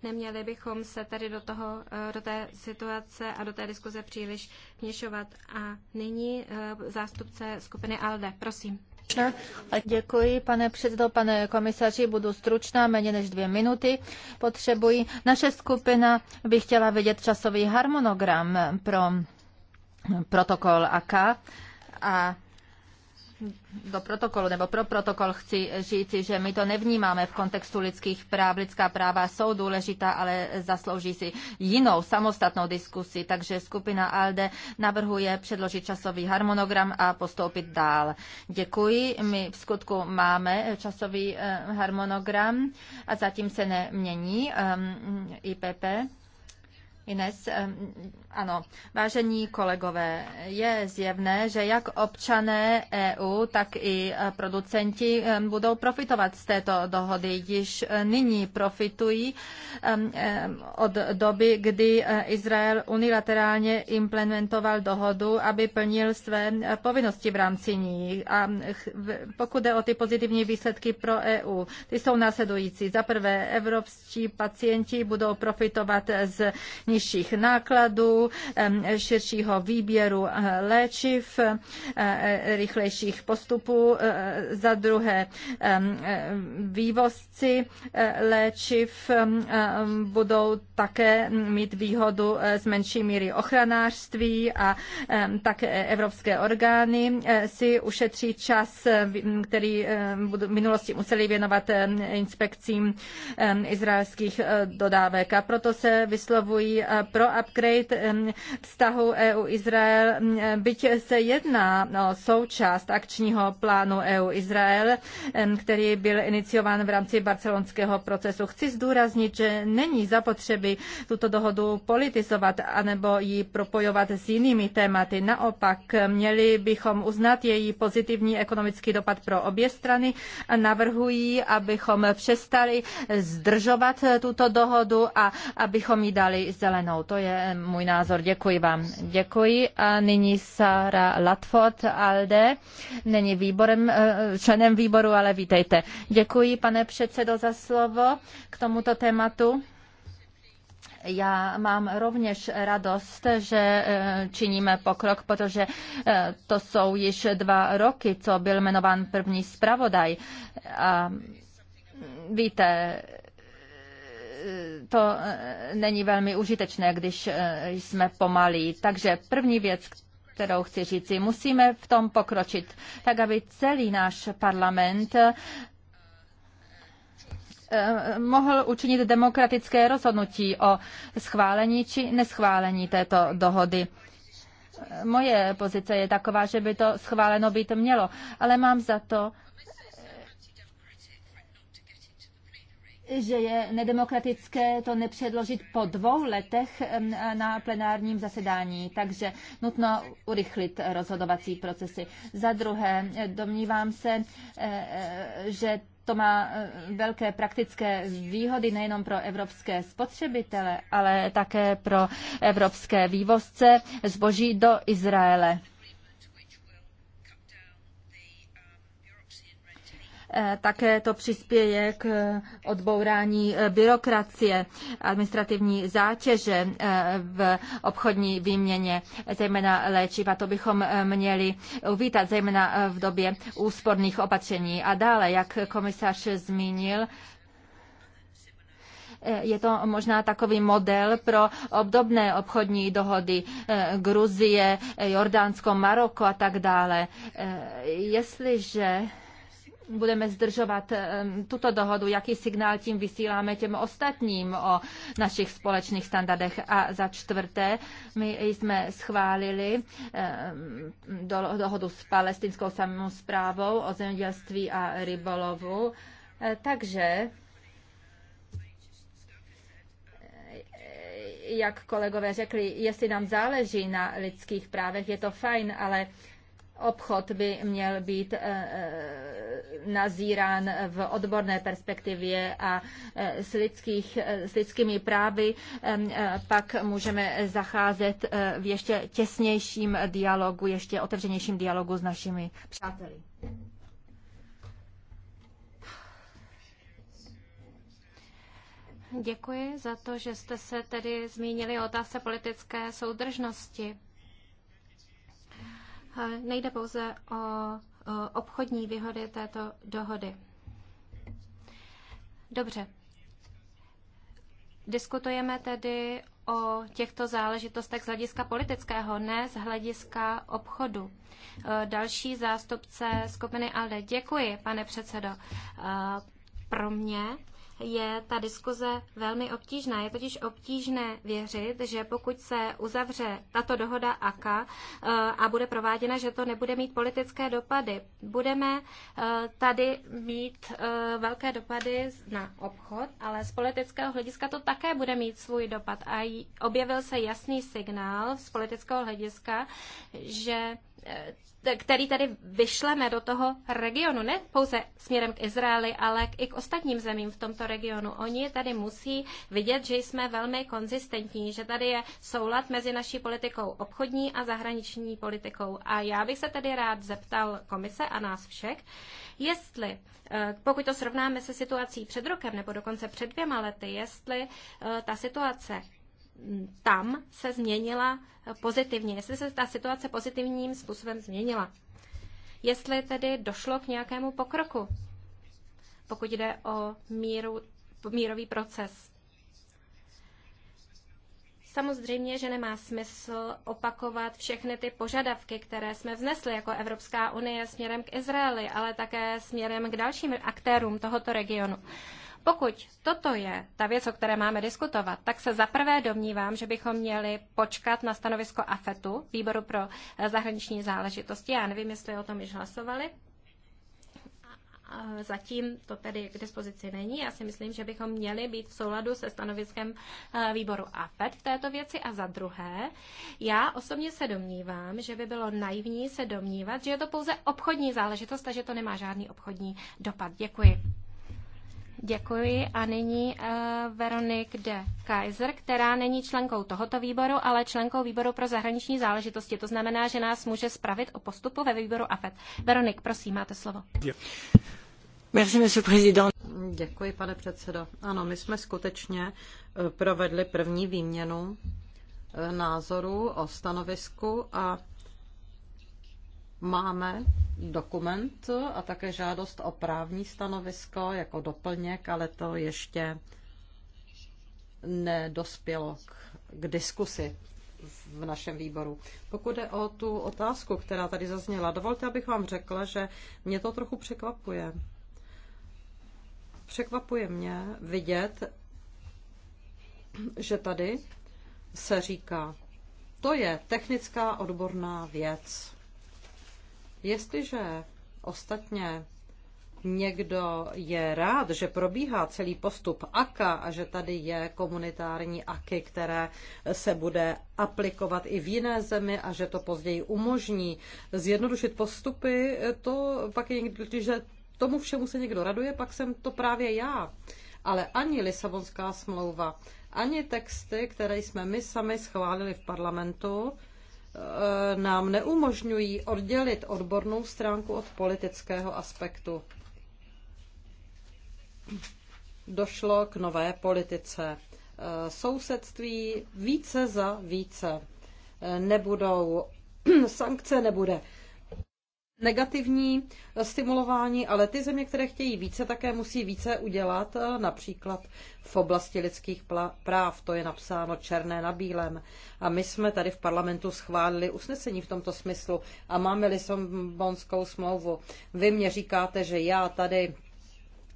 Neměli bychom se tedy do, toho, eh, do té situace a do té diskuze příliš vněšovat. A nyní eh, zástupce skupiny ALDE. Prosím. Děkuji, pane předsedo, pane komisaři, budu stručná, méně než dvě minuty potřebuji. Naše skupina by chtěla vidět časový harmonogram pro protokol AK a do protokolu nebo pro protokol chci říci, že my to nevnímáme v kontextu lidských práv. Lidská práva jsou důležitá, ale zaslouží si jinou samostatnou diskusi, takže skupina ALDE navrhuje předložit časový harmonogram a postoupit dál. Děkuji. My v skutku máme časový eh, harmonogram a zatím se nemění ehm, IPP. Ines, ano, vážení kolegové, je zjevné, že jak občané EU, tak i e, producenti budou profitovat z této dohody. Již e, nyní profitují od doby, kdy e, Izrael unilaterálně implementoval dohodu, aby plnil své povinnosti v rámci ní. A pokud jde o ty pozitivní výsledky pro EU, ty jsou následující. Za prvé, evropští pacienti budou profitovat z nižších nákladů, širšího výběru eh, léčiv, eh, eh, rychlejších postupů, za druhé vývozci léčiv budou také mít výhodu z menší míry ochranářství a také evropské orgány si ušetří čas, který v minulosti museli věnovat inspekcím izraelských dodávek. A proto se vyslovují pro upgrade vztahu EU-Izrael, byť se jedná o součást akčního plánu EU-Izrael, který byl iniciován v rámci barcelonského procesu. Chci zdůraznit, že není zapotřebí tuto dohodu politizovat anebo ji propojovat s jinými tématy. Naopak, měli bychom uznat její pozitivní ekonomický dopad pro obě strany a navrhují, abychom přestali zdržovat tuto dohodu a abychom jí dali zelenou zelenou. To je eh, můj názor. Děkuji vám. Děkuji. A nyní Sara Latford Alde. Není výborem, eh, členem výboru, ale vítejte. Děkuji, pane předsedo, za slovo k tomuto tématu. Já mám rovněž radost, že eh, činíme pokrok, protože to jsou již dva roky, co byl jmenován první zpravodaj. A víte, to eh, není velmi užitečné, když eh, jsme pomalí. Takže první věc, kterou chci říci, musíme v tom pokročit, tak aby celý náš parlament eh, mohl učinit demokratické rozhodnutí o schválení či neschválení této dohody. Moje pozice je taková, že by to schváleno být mělo, ale mám za to, že je nedemokratické to nepředložit po dvou letech na plenárním zasedání, takže nutno urychlit rozhodovací procesy. Za druhé, domnívám se, e, e, že to má e, velké praktické výhody nejenom pro evropské spotřebitele, ale také pro evropské vývozce zboží do Izraele. Eh, také to přispěje k eh, odbourání eh, byrokracie, administrativní zátěže v obchodní výměně, zejména léčiv. A to bychom měli uvítat, zejména v době úsporných opatření. A dále, jak komisař zmínil, je to možná takový model pro obdobné obchodní dohody Gruzie, Jordánsko, Maroko a tak dále. Jestliže budeme zdržovat eh, tuto dohodu, jaký signál tím vysíláme těm ostatním o našich společných standardech. A za čtvrté, my jsme schválili eh, dohodu s palestinskou samozprávou o zemědělství a rybolovu. Eh, takže jak kolegové řekli, jestli nám záleží na lidských právech, je to fajn, ale obchod by měl být eh, eh, nazírán v odborné perspektivě a eh, s, lidských, s lidskými právy pak můžeme zacházet v ještě těsnějším dialogu, ještě otevřenějším dialogu s našimi přáteli. Děkuji za to, že jste se tedy zmínili o otázce politické soudržnosti. Eh, nejde pouze o obchodní výhody této dohody. Dobře. Diskutujeme tedy o těchto záležitostech z hlediska politického, ne z hlediska obchodu. Eh, další zástupce skupiny ALDE. Děkuji, pane předsedo. Eh, pro mě je ta diskuze velmi obtížná. Je totiž obtížné věřit, že pokud se uzavře tato dohoda AKA eh, a bude prováděna, že to nebude mít politické dopady. Budeme eh, tady mít eh, velké dopady na obchod, ale z politického hlediska to také bude mít svůj dopad. A objevil se jasný signál z politického hlediska, že který tady vyšleme do toho regionu, ne pouze směrem k Izraeli, ale i k ostatním zemím v tomto regionu. Oni tady musí vidět, že jsme velmi konzistentní, že tady je soulad mezi naší politikou obchodní a zahraniční politikou. A já bych se tedy rád zeptal komise a nás všech, jestli, eh, pokud to srovnáme se situací před rokem nebo dokonce před dvěma lety, jestli eh, ta situace tam se změnila pozitivně, jestli se ta situace pozitivním způsobem změnila. Jestli tedy došlo k nějakému pokroku, pokud jde o míru, mírový proces. Samozřejmě, že nemá smysl opakovat všechny ty požadavky, které jsme vznesli jako Evropská unie směrem k Izraeli, ale také směrem k dalším aktérům tohoto regionu. Pokud toto je ta věc, o které máme diskutovat, tak se zaprvé domnívám, že bychom měli počkat na stanovisko AFETu, výboru pro eh, zahraniční záležitosti. Já nevím, jestli o tom již hlasovali. Zatím to tedy k dispozici není. Já si myslím, že bychom měli být v souladu se stanoviskem eh, výboru AFET v této věci. A za druhé, já osobně se domnívám, že by bylo naivní se domnívat, že je to pouze obchodní záležitost a že to nemá žádný obchodní dopad. Děkuji. Děkuji a nyní uh, Veronik de Kaiser, která není členkou tohoto výboru, ale členkou výboru pro zahraniční záležitosti. To znamená, že nás může spravit o postupu ve výboru AFET. Veronik, prosím, máte slovo. Děkuji, pane předsedo. Ano, my jsme skutečně eh, provedli první výměnu eh, názorů o stanovisku a Máme dokument a také žádost o právní stanovisko jako doplněk, ale to ještě nedospělo k, k diskusi v našem výboru. Pokud je o tu otázku, která tady zazněla, dovolte, abych vám řekla, že mě to trochu překvapuje. Překvapuje mě vidět, že tady se říká, to je technická odborná věc. Jestliže ostatně někdo je rád, že probíhá celý postup AKA a že tady je komunitární AKY, které se bude aplikovat i v jiné zemi a že to později umožní zjednodušit postupy, to pak je někdo, když tomu všemu se někdo raduje, pak jsem to právě já. Ale ani Lisabonská smlouva, ani texty, které jsme my sami schválili v parlamentu, Eh, nám neumožňují oddělit odbornou stránku od politického aspektu. Došlo k nové politice. Eh, sousedství více za více. Eh, nebudou sankce, nebude negativní stimulování, ale ty země, které chtějí více, také musí více udělat, eh, například v oblasti lidských práv. To je napsáno černé na bílém. A my jsme tady v parlamentu schválili usnesení v tomto smyslu a máme Lisabonskou smlouvu. Vy mě říkáte, že já tady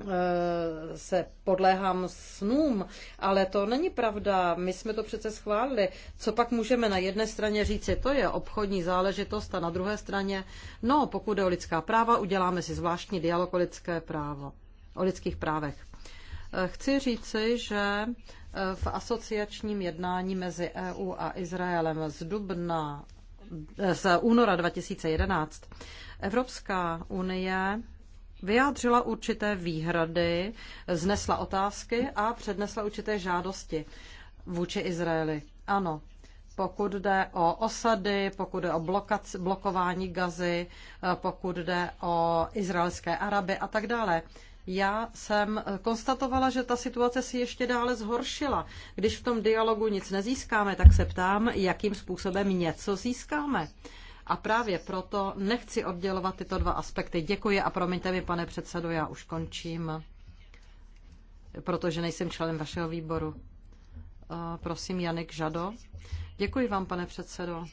Eh, se podléhám snům, ale to není pravda. My jsme to přece schválili. Co pak můžeme na jedné straně říci, to je obchodní záležitost a na druhé straně, no pokud jde o lidská práva, uděláme si zvláštní dialog o lidské právo, o lidských právech. Eh, chci říci, že eh, v asociačním jednání mezi EU a Izraelem z dubna, z února 2011 Evropská unie vyjádřila určité výhrady, znesla otázky a přednesla určité žádosti vůči Izraeli. Ano, pokud jde o osady, pokud jde o blokac, blokování gazy, eh, pokud jde o izraelské Araby a tak dále. Já jsem konstatovala, že ta situace si ještě dále zhoršila. Když v tom dialogu nic nezískáme, tak se ptám, jakým způsobem něco získáme. A právě proto nechci oddělovat tyto dva aspekty. Děkuji a promiňte mi, pane předsedo, já už končím, protože nejsem členem vašeho výboru. Eh, prosím, Janik Žado. Děkuji vám, pane předsedo.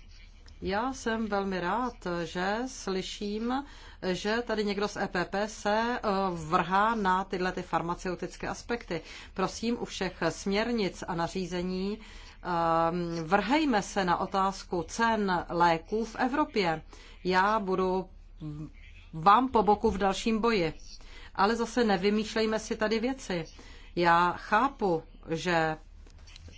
Já jsem velmi rád, že slyším, že tady někdo z EPP se eh, vrhá na tyhle ty farmaceutické aspekty. Prosím, u všech směrnic a nařízení Ehm, vrhejme se na otázku cen léků v Evropě. Já budu vám po boku v dalším boji. Ale zase nevymýšlejme si tady věci. Já chápu, že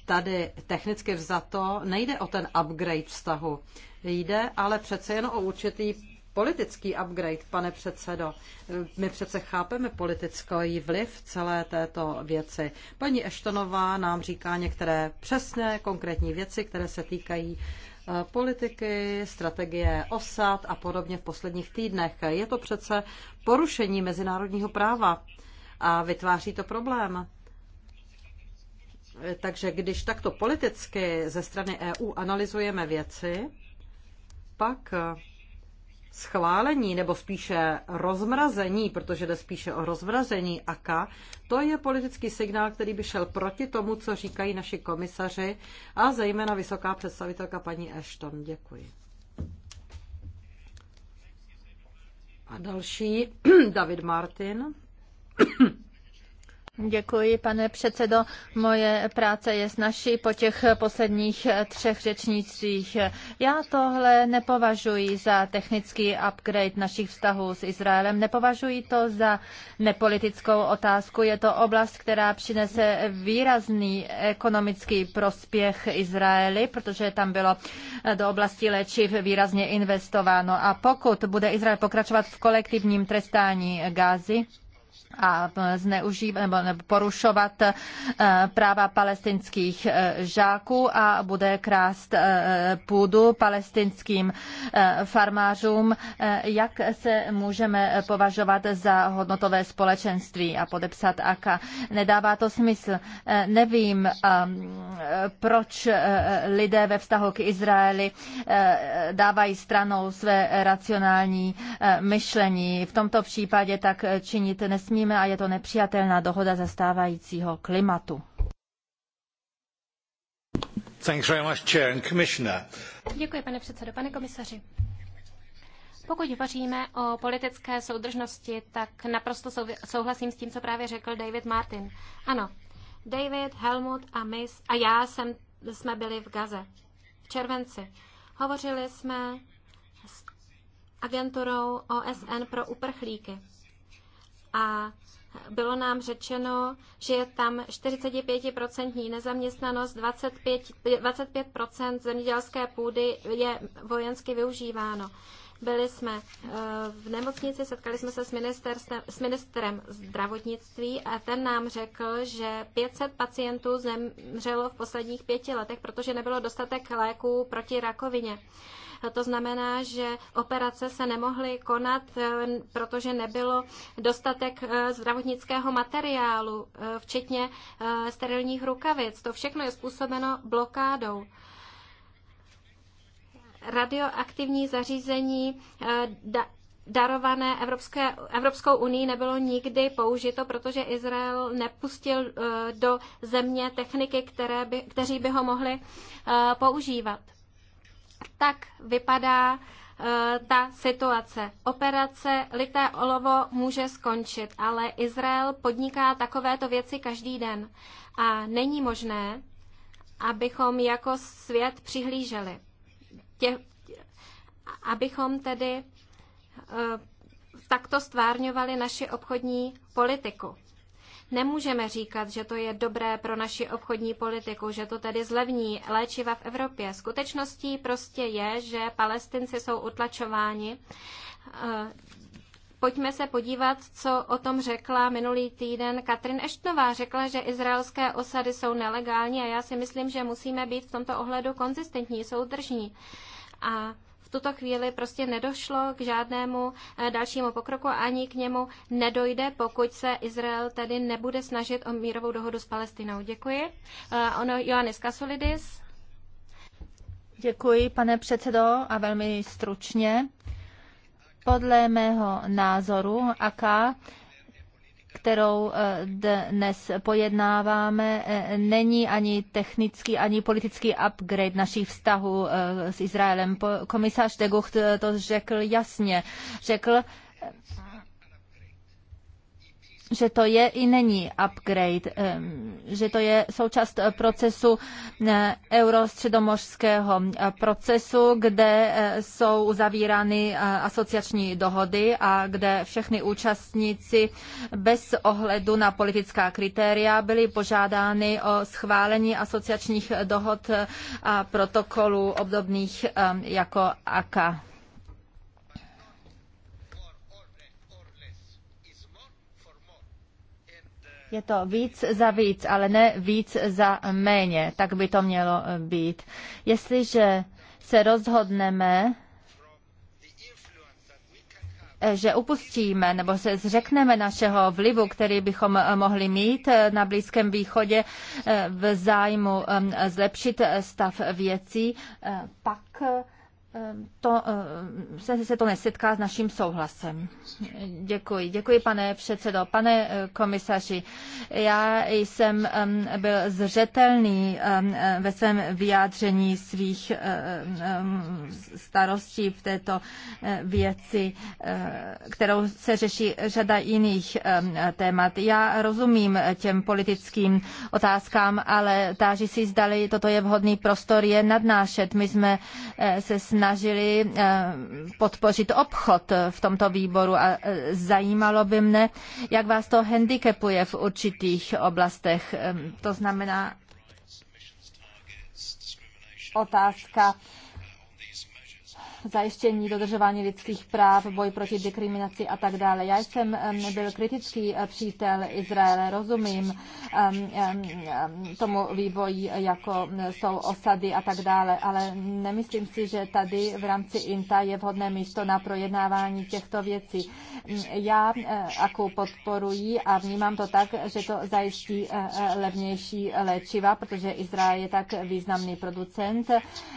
tady technicky vzato nejde o ten upgrade vztahu. Jde ale přece jen o určitý politický upgrade, pane předsedo. My přece chápeme politický vliv celé této věci. Paní Eštonová nám říká některé přesné, konkrétní věci, které se týkají eh, politiky, strategie osad a podobně v posledních týdnech. Je to přece porušení mezinárodního práva a vytváří to problém. Takže když takto politicky ze strany EU analyzujeme věci, pak schválení, nebo spíše rozmrazení, protože jde spíše o rozmrazení AKA, to je politický signál, který by šel proti tomu, co říkají naši komisaři a zejména vysoká představitelka paní Ashton. Děkuji. A další, David Martin. Děkuji, pane předsedo. Moje práce je snažší po těch posledních třech řečnicích. Já tohle nepovažuji za technický upgrade našich vztahů s Izraelem. Nepovažuji to za nepolitickou otázku. Je to oblast, která přinese výrazný ekonomický prospěch Izraeli, protože tam bylo do oblasti léčiv výrazně investováno. A pokud bude Izrael pokračovat v kolektivním trestání Gázy, a zneužívat nebo porušovat eh, práva palestinských eh, žáků a bude krást eh, půdu palestinským farmářům. Jak se můžeme považovat za hodnotové společenství a podepsat AKA? Nedává to smysl. Nevím, proč lidé ve vztahu k Izraeli dávají stranou své racionální myšlení. V tomto případě tak činit nesmíme činíme a je to nepřijatelná dohoda stávajícího klimatu. Děkuji, pane předsedo. Pane komisaři, pokud hovoříme o politické soudržnosti, tak naprosto souhlasím s tím, co právě řekl David Martin. Ano, David, Helmut a my a já jsem, jsme byli v Gaze v červenci. Hovořili jsme s agenturou OSN pro uprchlíky a bylo nám řečeno, že je tam 45% nezaměstnanost, 25, 25% zemědělské půdy je vojensky využíváno. Byli jsme eh, v nemocnici, setkali jsme se s, s ministrem zdravotnictví a ten nám řekl, že 500 pacientů zemřelo v posledních pěti letech, protože nebylo dostatek léků proti rakovině. To znamená, že operace se nemohly konat, eh, protože nebylo dostatek eh, zdravotnického materiálu, eh, včetně sterilních rukavic. To všechno je způsobeno blokádou radioaktivní zařízení darované Evropské, Evropskou unii nebylo nikdy použito, protože Izrael nepustil do země techniky, které by, kteří by ho mohli používat tak vypadá eh, ta situace. Operace Lité olovo může skončit, ale Izrael podniká takovéto věci každý den a není možné, abychom jako svět přihlíželi. Tě, abychom tedy eh, takto stvárňovali naši obchodní politiku. Nemůžeme říkat, že to je dobré pro naši obchodní politiku, že to tedy zlevní léčiva v Evropě. Skutečností prostě je, že palestinci jsou utlačováni eh, pojďme se podívat, co o tom řekla minulý týden Katrin Eštnová. Řekla, že izraelské osady jsou nelegální a já si myslím, že musíme být v tomto ohledu konzistentní, soudržní. A tuto chvíli prostě nedošlo k žádnému eh, dalšímu pokroku ani k němu nedojde, pokud se Izrael tedy nebude snažit o mírovou dohodu s Palestinou. Děkuji. Eh, ono Johannes Kasulidis. Děkuji, pane předsedo, a velmi stručně. Podle mého názoru aká kterou eh, dnes pojednáváme, eh, není ani technický, ani politický upgrade našich vztahů eh, s Izraelem. Komisař de Gucht to řekl jasně. Řekl, že to je i není upgrade, že to je součást procesu eh, eurostředomořského eh, procesu, kde eh, jsou uzavírány asociační dohody a kde všechny účastníci bez ohledu na politická kritéria byli požádány o schválení asociačních dohod a protokolů obdobných jako AKA. Je to víc za víc, ale ne víc za méně. Tak by to mělo eh, být. Jestliže se rozhodneme, eh, že upustíme nebo se zřekneme našeho vlivu, který bychom eh, mohli mít na Blízkém východě v zájmu zlepšit stav věcí, pak Ehm, to, ehm, se, se to nesetká s naším souhlasem. Děkuji. Děkuji, pane předsedo. Pane eh, komisaři, já jsem ehm, byl zřetelný eh, ve svém vyjádření svých eh, starostí v této věci, kterou se řeší řada jiných témat. Já rozumím těm politickým otázkám, ale táží si zdali, toto je vhodný prostor je nadnášet. My jsme se snažili snažili eh, podpořit obchod v tomto výboru a eh, zajímalo by mne, jak vás to handicapuje v určitých oblastech. Ehm, to znamená otázka zajištění dodržování lidských práv, boj proti diskriminaci a tak dále. Já jsem byl kritický eh, přítel Izraele, rozumím tomu vývoji, jako jsou osady a tak dále, ale nemyslím si, že tady v rámci INTA je vhodné místo na projednávání těchto věcí. Já eh, AKU podporuji a vnímám to tak, že to zajistí eh, levnější léčiva, protože Izrael je tak významný producent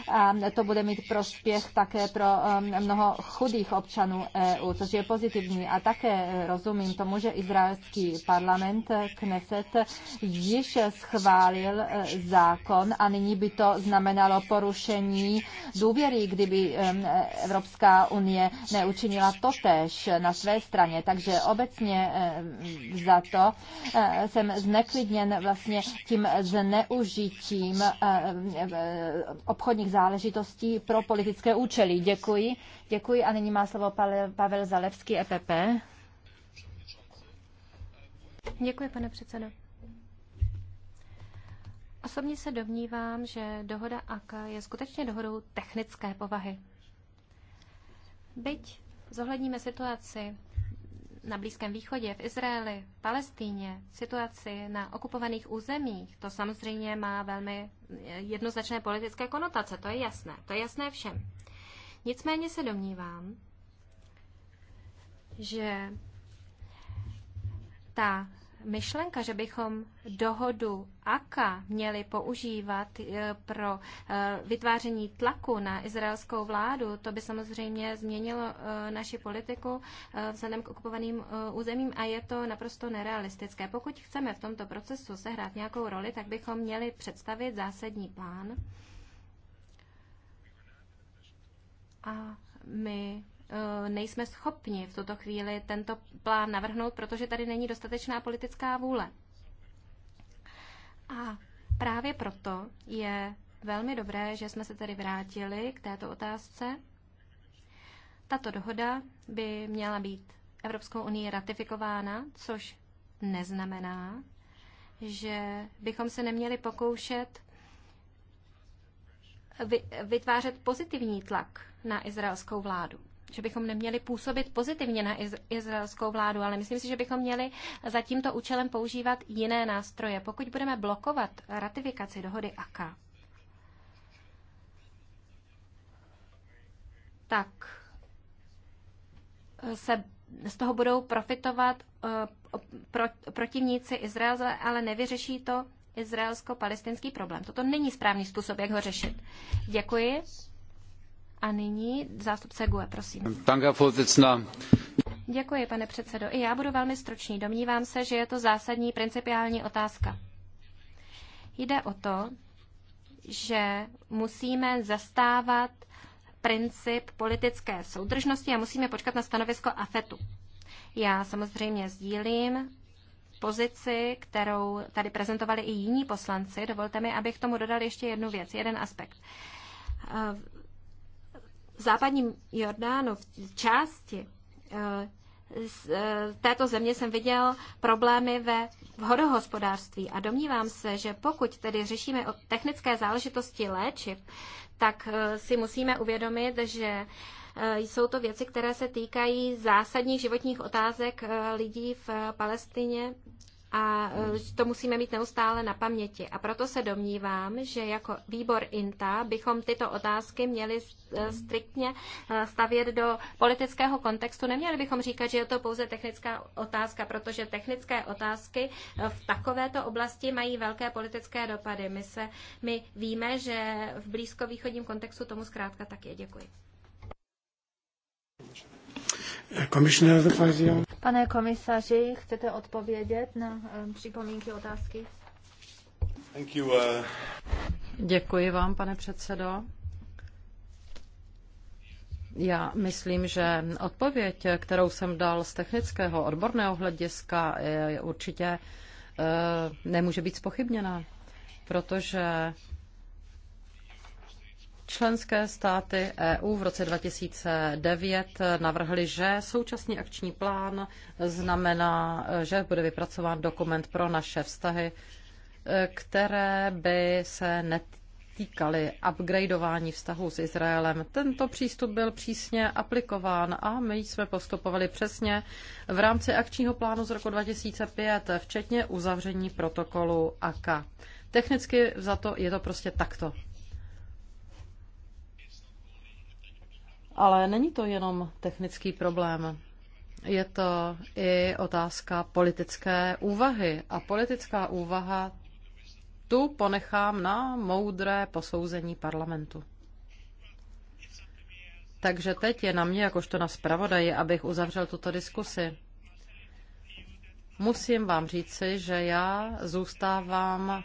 a to bude mít prospěch také pro pro eh, mnoho chudých občanů EU, což je pozitivní. A také eh, rozumím tomu, že izraelský parlament eh, Kneset již schválil zákon a nyní by to znamenalo porušení důvěry, kdyby Evropská unie neučinila tež na své straně. Takže obecně za to jsem zneklidněn vlastně tím zneužitím obchodních záležitostí pro politické účely. Děkuji. Děkuji a nyní má slovo Pavel Zalevský, EPP. Děkuji, pane předsedo. Osobně se domnívám, že dohoda AKA je skutečně dohodou technické povahy. Byť zohledníme situaci na Blízkém východě, v Izraeli, Palestíně, situaci na okupovaných územích, to samozřejmě má velmi jednoznačné politické konotace, to je jasné, to je jasné všem. Nicméně se domnívám, že ta myšlenka, že bychom dohodu AKA měli používat eh, pro eh, vytváření tlaku na izraelskou vládu, to by samozřejmě změnilo eh, naši politiku vzhledem k okupovaným územím a je to naprosto nerealistické. Pokud chceme v tomto procesu sehrát nějakou roli, tak bychom měli představit zásadní plán, A my eh, nejsme schopni v tuto chvíli tento plán navrhnout, protože tady není dostatečná politická vůle. A právě proto je velmi dobré, že jsme se tedy vrátili k této otázce. Tato dohoda by měla být Evropskou unii ratifikována, což neznamená, že bychom se neměli pokoušet vytvářet pozitivní tlak na izraelskou vládu že bychom neměli působit pozitivně na izraelskou vládu, ale myslím si, že bychom měli za tímto účelem používat jiné nástroje, pokud budeme blokovat ratifikaci dohody AKA. Tak eh, se z toho budou profitovat eh, protivníci Izraele, ale nevyřeší to izraelsko-palestinský problém. Toto není správný způsob, jak ho řešit. Děkuji. A nyní zástupce GUE, prosím. Děkuji, pane předsedo. I já budu velmi stručný. Domnívám se, že je to zásadní principiální otázka. Jde o to, že musíme zastávat princip politické soudržnosti a musíme počkat na stanovisko AFETu. Já samozřejmě sdílím pozici, kterou tady prezentovali i jiní poslanci. Dovolte mi, abych tomu dodal ještě jednu věc, jeden aspekt. V západním Jordánu v části eh, z eh, této země jsem viděl problémy ve vodohospodářství a domnívám se, že pokud tedy řešíme o technické záležitosti léčiv, tak eh, si musíme uvědomit, že jsou to věci, které se týkají zásadních životních otázek lidí v Palestině, a e, to musíme mít neustále na paměti. A proto se domnívám, že jako výbor INTA bychom tyto otázky měli e, striktně e, stavět do politického kontextu. Neměli bychom říkat, že je to pouze technická otázka, protože technické otázky v takovéto oblasti mají velké politické dopady. My, se, my víme, že v blízkovýchodním kontextu tomu zkrátka tak je. Děkuji. Pane komisaři, chcete odpovědět na eh, připomínky, otázky? Uh, Děkuji vám, pane předsedo. Já myslím, že odpověď, kterou jsem dal z technického odborného hlediska, je určitě eh, nemůže být spochybněna, protože Členské státy EU v roce 2009 navrhly, že současný akční plán znamená, že bude vypracován dokument pro naše vztahy, které by se netýkaly upgradeování vztahů s Izraelem. Tento přístup byl přísně aplikován a my jsme postupovali přesně v rámci akčního plánu z roku 2005, včetně uzavření protokolu AKA. Technicky za to je to prostě takto. Ale není to jenom technický problém. Je to i otázka politické úvahy. A politická úvaha tu ponechám na moudré posouzení parlamentu. Takže teď je na mě, jakožto na zpravodaji, abych uzavřel tuto diskusi. Musím vám říci, že já zůstávám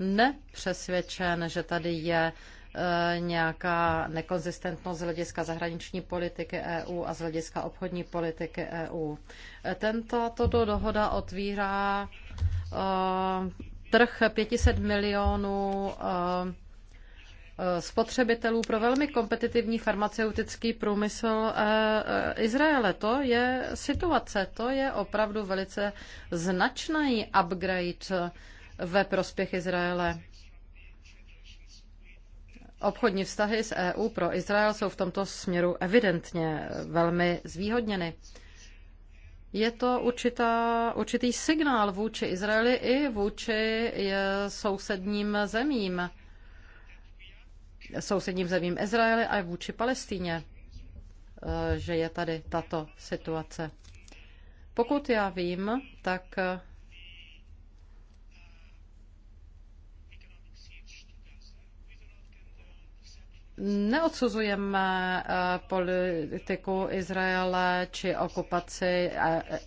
nepřesvědčen, že tady je Eh, nějaká nekonzistentnost z hlediska zahraniční politiky EU a z hlediska obchodní politiky EU. Eh, tento toto dohoda otvírá eh, trh 500 milionů spotřebitelů pro velmi kompetitivní farmaceutický průmysl Izraele. To je situace, to je opravdu velice značný upgrade ve prospěch Izraele. Obchodní vztahy s EU pro Izrael jsou v tomto směru evidentně velmi zvýhodněny. Je to určitá, určitý signál vůči Izraeli i vůči sousedním zemím, sousedním zemím Izraeli a vůči Palestíně, e, že je tady tato situace. Pokud já vím, tak neodsuzujeme eh, politiku Izraele či okupaci eh,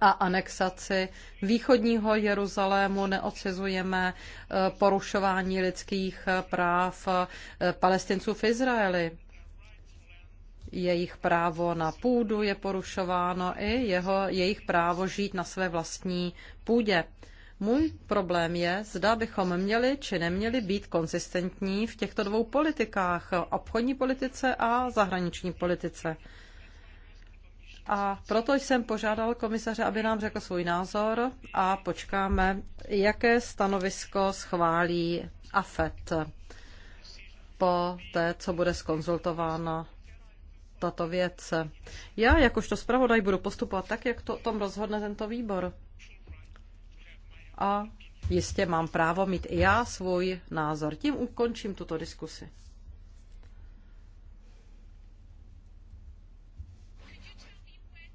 a anexaci východního Jeruzalému, neodsuzujeme eh, porušování lidských práv palestinců v Izraeli. Jejich právo na půdu je porušováno i jeho, jejich právo žít na své vlastní půdě. Můj problém je, zda bychom měli či neměli být konsistentní v těchto dvou politikách, obchodní politice a zahraniční politice. A proto jsem požádal komisaře, aby nám řekl svůj názor a počkáme, jaké stanovisko schválí AFET po té, co bude skonzultována tato věc. Já jakožto zpravodaj budu postupovat tak, jak to tom rozhodne tento výbor a jistě mám právo mít i já svůj názor. Tím ukončím tuto diskusi.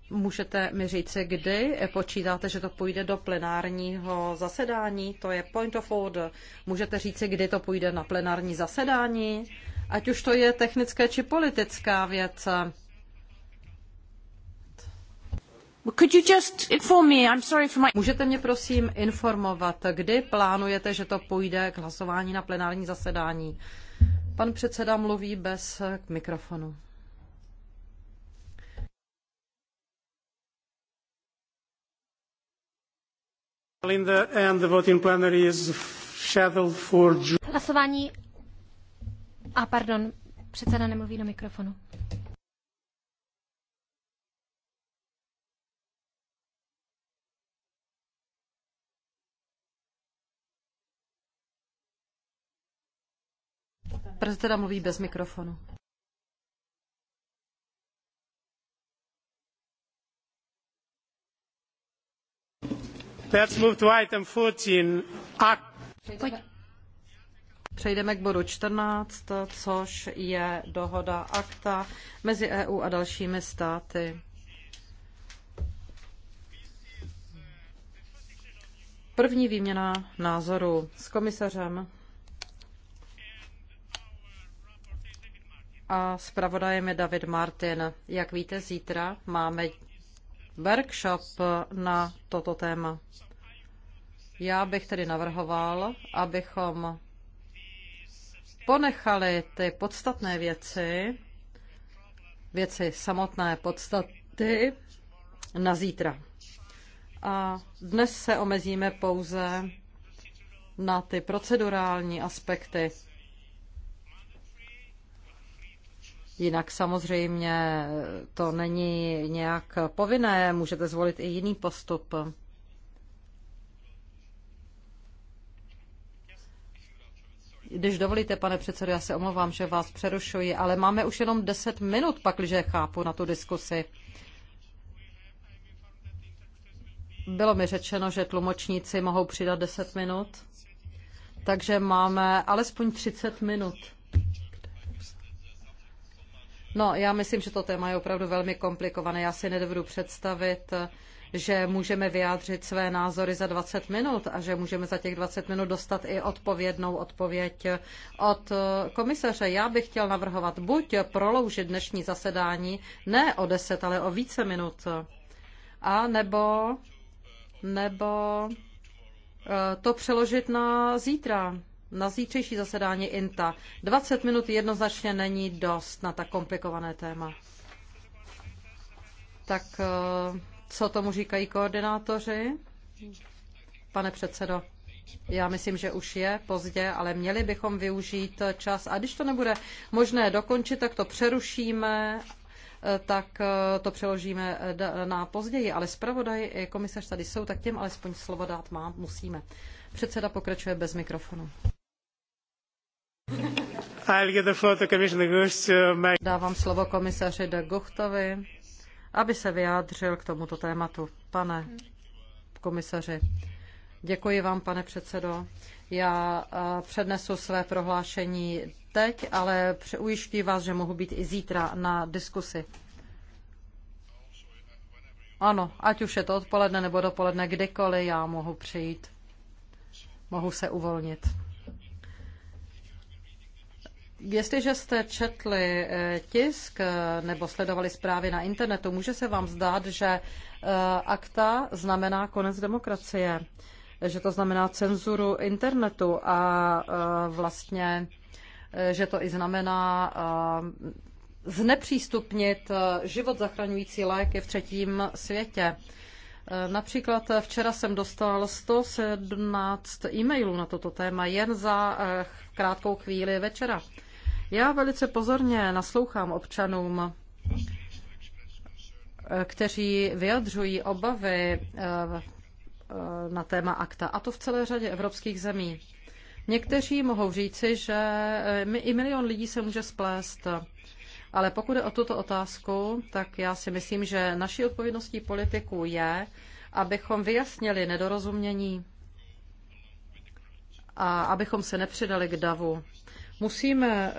Můžete mi říct, kdy počítáte, že to půjde do plenárního zasedání? To je point of order. Můžete říct, kdy to půjde na plenární zasedání? Ať už to je technické či politická věc. Můžete mě prosím informovat, kdy plánujete, že to půjde k hlasování na plenární zasedání? Pan předseda mluví bez mikrofonu. Hlasování... A pardon, předseda nemluví do mikrofonu. mluví bez mikrofonu. Let's move to item 14. Přejdeme k bodu 14, což je dohoda akta mezi EU a dalšími státy. První výměna názoru s komisařem a zpravodajem je David Martin. Jak víte, zítra máme workshop na toto téma. Já bych tedy navrhoval, abychom ponechali ty podstatné věci, věci samotné podstaty, na zítra. A dnes se omezíme pouze na ty procedurální aspekty Jinak samozřejmě to není nějak povinné, můžete zvolit i jiný postup. Když dovolíte, pane předsedo, já se omlouvám, že vás přerušuji, ale máme už jenom 10 minut, pakliže chápu na tu diskusi. Bylo mi řečeno, že tlumočníci mohou přidat 10 minut, takže máme alespoň 30 minut. No, já myslím, že to téma je opravdu velmi komplikované. Já si nedovedu představit, že můžeme vyjádřit své názory za 20 minut a že můžeme za těch 20 minut dostat i odpovědnou odpověď od komisaře. Já bych chtěl navrhovat buď proloužit dnešní zasedání ne o 10, ale o více minut, a nebo, nebo eh, to přeložit na zítra na zítřejší zasedání INTA. 20 minut jednoznačně není dost na tak komplikované téma. Tak eh, co tomu říkají koordinátoři? Pane předsedo, já myslím, že už je pozdě, ale měli bychom využít čas. A když to nebude možné dokončit, tak to přerušíme, eh, tak eh, to přeložíme na později. Ale zpravodaj komisař tady jsou, tak těm alespoň slovo dát má, musíme. Předseda pokračuje bez mikrofonu. Dávám slovo komisaři de Guchtovi, aby se vyjádřil k tomuto tématu. Pane komisaři, děkuji vám, pane předsedo. Já eh, přednesu své prohlášení teď, ale ujišťuji vás, že mohu být i zítra na diskusi. Ano, ať už je to odpoledne nebo dopoledne, kdykoliv já mohu přijít. Mohu se uvolnit. Jestliže jste četli eh, tisk eh, nebo sledovali zprávy na internetu, může se vám zdát, že eh, akta znamená konec demokracie, že to znamená cenzuru internetu a vlastně, že to i znamená znepřístupnit život zachraňující léky v třetím světě. Například včera jsem dostal 117 e-mailů na toto téma jen za krátkou chvíli večera. Já velice pozorně naslouchám občanům, eh, kteří vyjadřují obavy eh, eh, na téma akta, a to v celé řadě evropských zemí. Někteří mohou říci, že i milion lidí se může splést. Ale pokud je o tuto otázku, tak já si myslím, že naší odpovědností politiků je, abychom vyjasnili nedorozumění a abychom se nepřidali k davu. Musíme eh,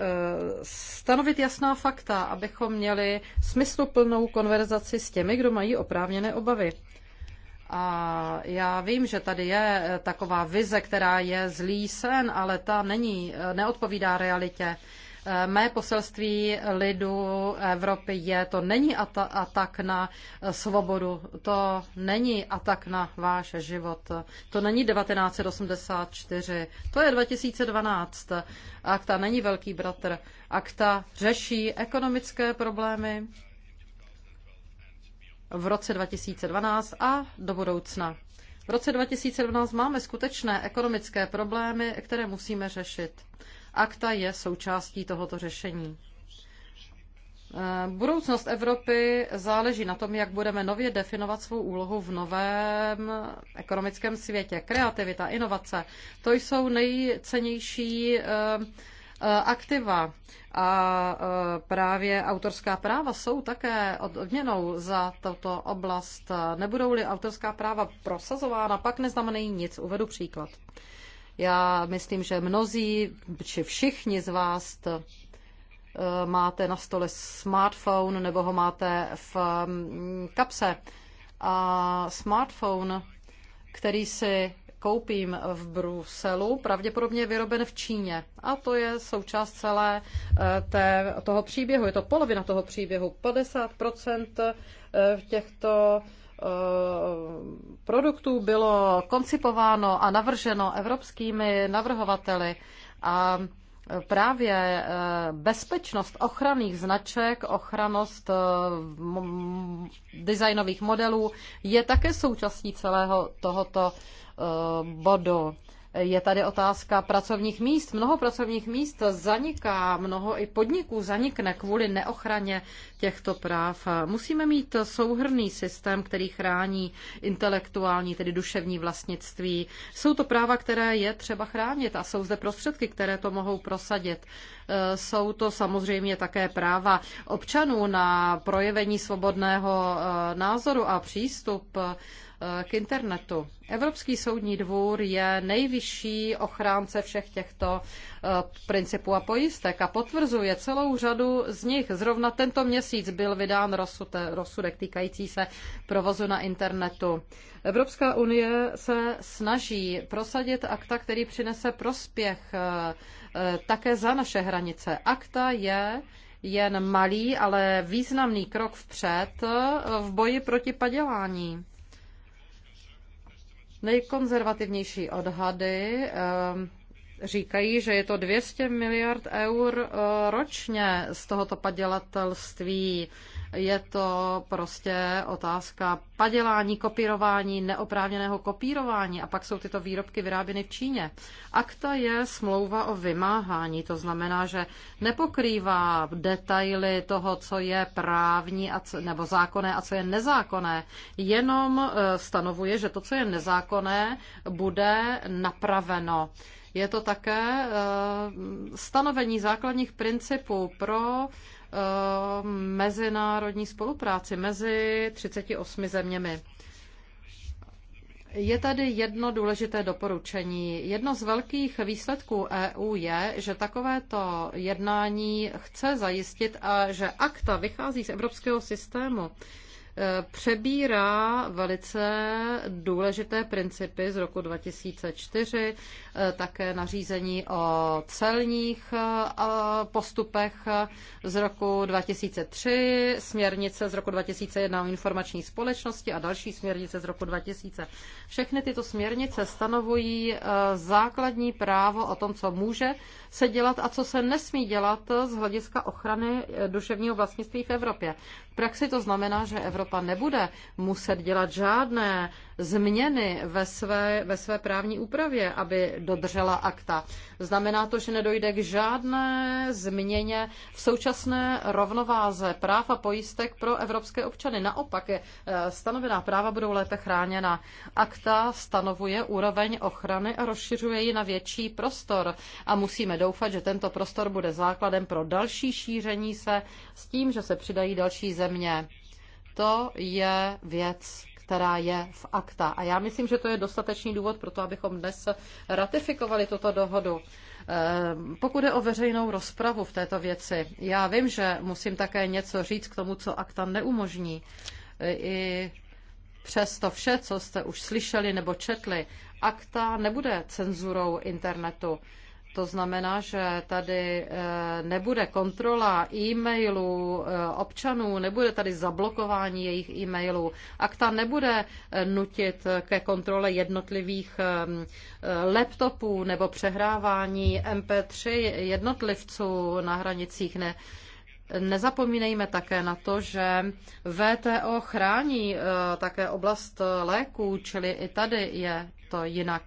stanovit jasná fakta, abychom měli smysluplnou konverzaci s těmi, kdo mají oprávněné obavy. A já vím, že tady je eh, taková vize, která je zlý sen, ale ta není, eh, neodpovídá realitě. Mé poselství lidu Evropy je, to není atak na svobodu, to není atak na váš život, to není 1984, to je 2012. Akta není velký bratr, akta řeší ekonomické problémy v roce 2012 a do budoucna. V roce 2012 máme skutečné ekonomické problémy, které musíme řešit. Akta je součástí tohoto řešení. Eh, budoucnost Evropy záleží na tom, jak budeme nově definovat svou úlohu v novém ekonomickém světě. Kreativita, inovace, to jsou nejcennější eh, eh, aktiva. A právě autorská práva jsou také odměnou za toto oblast. Nebudou-li autorská práva prosazována, pak neznamenají nic. Uvedu příklad. Já myslím, že mnozí, či všichni z vás eh, máte na stole smartphone nebo ho máte v mm, kapse. A smartphone, který si koupím v Bruselu, pravděpodobně je vyroben v Číně. A to je součást celé eh, té, toho příběhu. Je to polovina toho příběhu. 50% eh, těchto Eh, produktů bylo koncipováno a navrženo evropskými navrhovateli a právě eh, bezpečnost ochranných značek, ochranost eh, designových modelů je také součástí celého tohoto bodu. Je tady otázka pracovních míst. Mnoho pracovních míst zaniká, mnoho i podniků zanikne kvůli neochraně těchto práv. Musíme mít souhrný systém, který chrání intelektuální, tedy duševní vlastnictví. Jsou to práva, které je třeba chránit a jsou zde prostředky, které to mohou prosadit. E, jsou to samozřejmě také práva občanů na projevení svobodného e, názoru a přístup k internetu. Evropský soudní dvůr je nejvyšší ochránce všech těchto eh, principů a pojistek a potvrzuje celou řadu z nich. Zrovna tento měsíc byl vydán rozsudek týkající se provozu na internetu. Evropská unie se snaží prosadit akta, který přinese prospěch eh, eh, také za naše hranice. Akta je jen malý, ale významný krok vpřed v boji proti padělání. Nejkonzervativnější odhady eh, říkají, že je to 200 miliard eur eh, ročně z tohoto padělatelství je to prostě otázka padělání, kopírování, neoprávněného kopírování a pak jsou tyto výrobky vyráběny v Číně. Akta je smlouva o vymáhání, to znamená, že nepokrývá detaily toho, co je právní a co, nebo zákonné a co je nezákonné, jenom eh, stanovuje, že to, co je nezákonné, bude napraveno. Je to také eh, stanovení základních principů pro Eh, mezinárodní spolupráci mezi 38 zeměmi. Je tady jedno důležité doporučení. Jedno z velkých výsledků EU je, že takovéto jednání chce zajistit a že akta vychází z evropského systému Eh, přebírá velice důležité principy z roku 2004, eh, také nařízení o celních eh, postupech z roku 2003, směrnice z roku 2001 o informační společnosti a další směrnice z roku 2000. Všechny tyto směrnice stanovují základní právo o tom, co může se dělat a co se nesmí dělat z hlediska ochrany duševního vlastnictví v Evropě. V praxi to znamená, že Evropa nebude muset dělat žádné změny ve své, ve své právní úpravě, aby dodržela akta. Znamená to, že nedojde k žádné změně v současné rovnováze práv a pojistek pro evropské občany. Naopak, e, stanovená práva budou lépe chráněna. Akta stanovuje úroveň ochrany a rozšiřuje ji na větší prostor a musíme doufat, že tento prostor bude základem pro další šíření se s tím, že se přidají další země země. To je věc, která je v akta. A já myslím, že to je dostatečný důvod pro to, abychom dnes ratifikovali tuto dohodu. Ehm, pokud je o veřejnou rozpravu v této věci, já vím, že musím také něco říct k tomu, co akta neumožní. I přes to vše, co jste už slyšeli nebo četli, akta nebude cenzurou internetu. To znamená, že tady eh, nebude kontrola e-mailů eh, občanů, nebude tady zablokování jejich e-mailů. Akta nebude eh, nutit ke kontrole jednotlivých laptopů nebo přehrávání MP3 jednotlivců na hranicích. Ne, Nezapomínejme také na to, že VTO chrání také oblast léků, čili i tady je to jinak.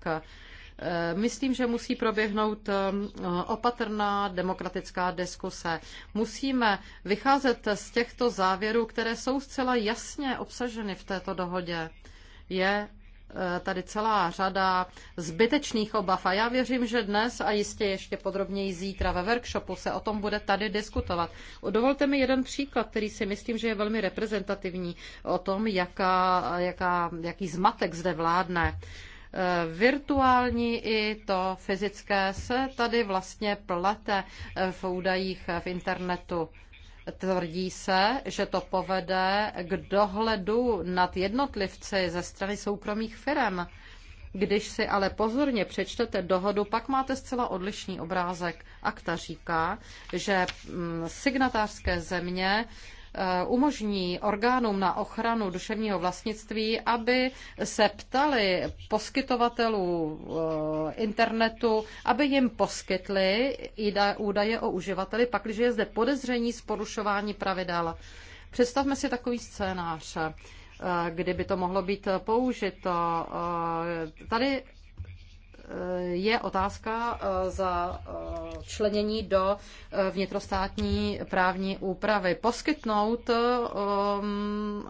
Eh, myslím, že musí proběhnout eh, opatrná demokratická diskuse. Musíme vycházet z těchto závěrů, které jsou zcela jasně obsaženy v této dohodě. Je eh, tady celá řada zbytečných obav. A já věřím, že dnes a jistě ještě podrobněji zítra ve workshopu se o tom bude tady diskutovat. Dovolte mi jeden příklad, který si myslím, že je velmi reprezentativní o tom, jaká, jaká, jaký zmatek zde vládne. Eh, virtuální i to fyzické se tady vlastně plete eh, v údajích eh, v internetu. Tvrdí se, že to povede k dohledu nad jednotlivci ze strany soukromých firm. Když si ale pozorně přečtete dohodu, pak máte zcela odlišný obrázek. Akta říká, že mm, signatářské země Eh, umožní orgánům na ochranu duševního vlastnictví, aby se ptali poskytovatelů eh, internetu, aby jim poskytli údaje o uživateli, pakliže je zde podezření z porušování pravidel. Představme si takový scénář eh, kdyby to mohlo být použito. Tady je otázka eh, za eh, členění do eh, vnitrostátní právní úpravy. Poskytnout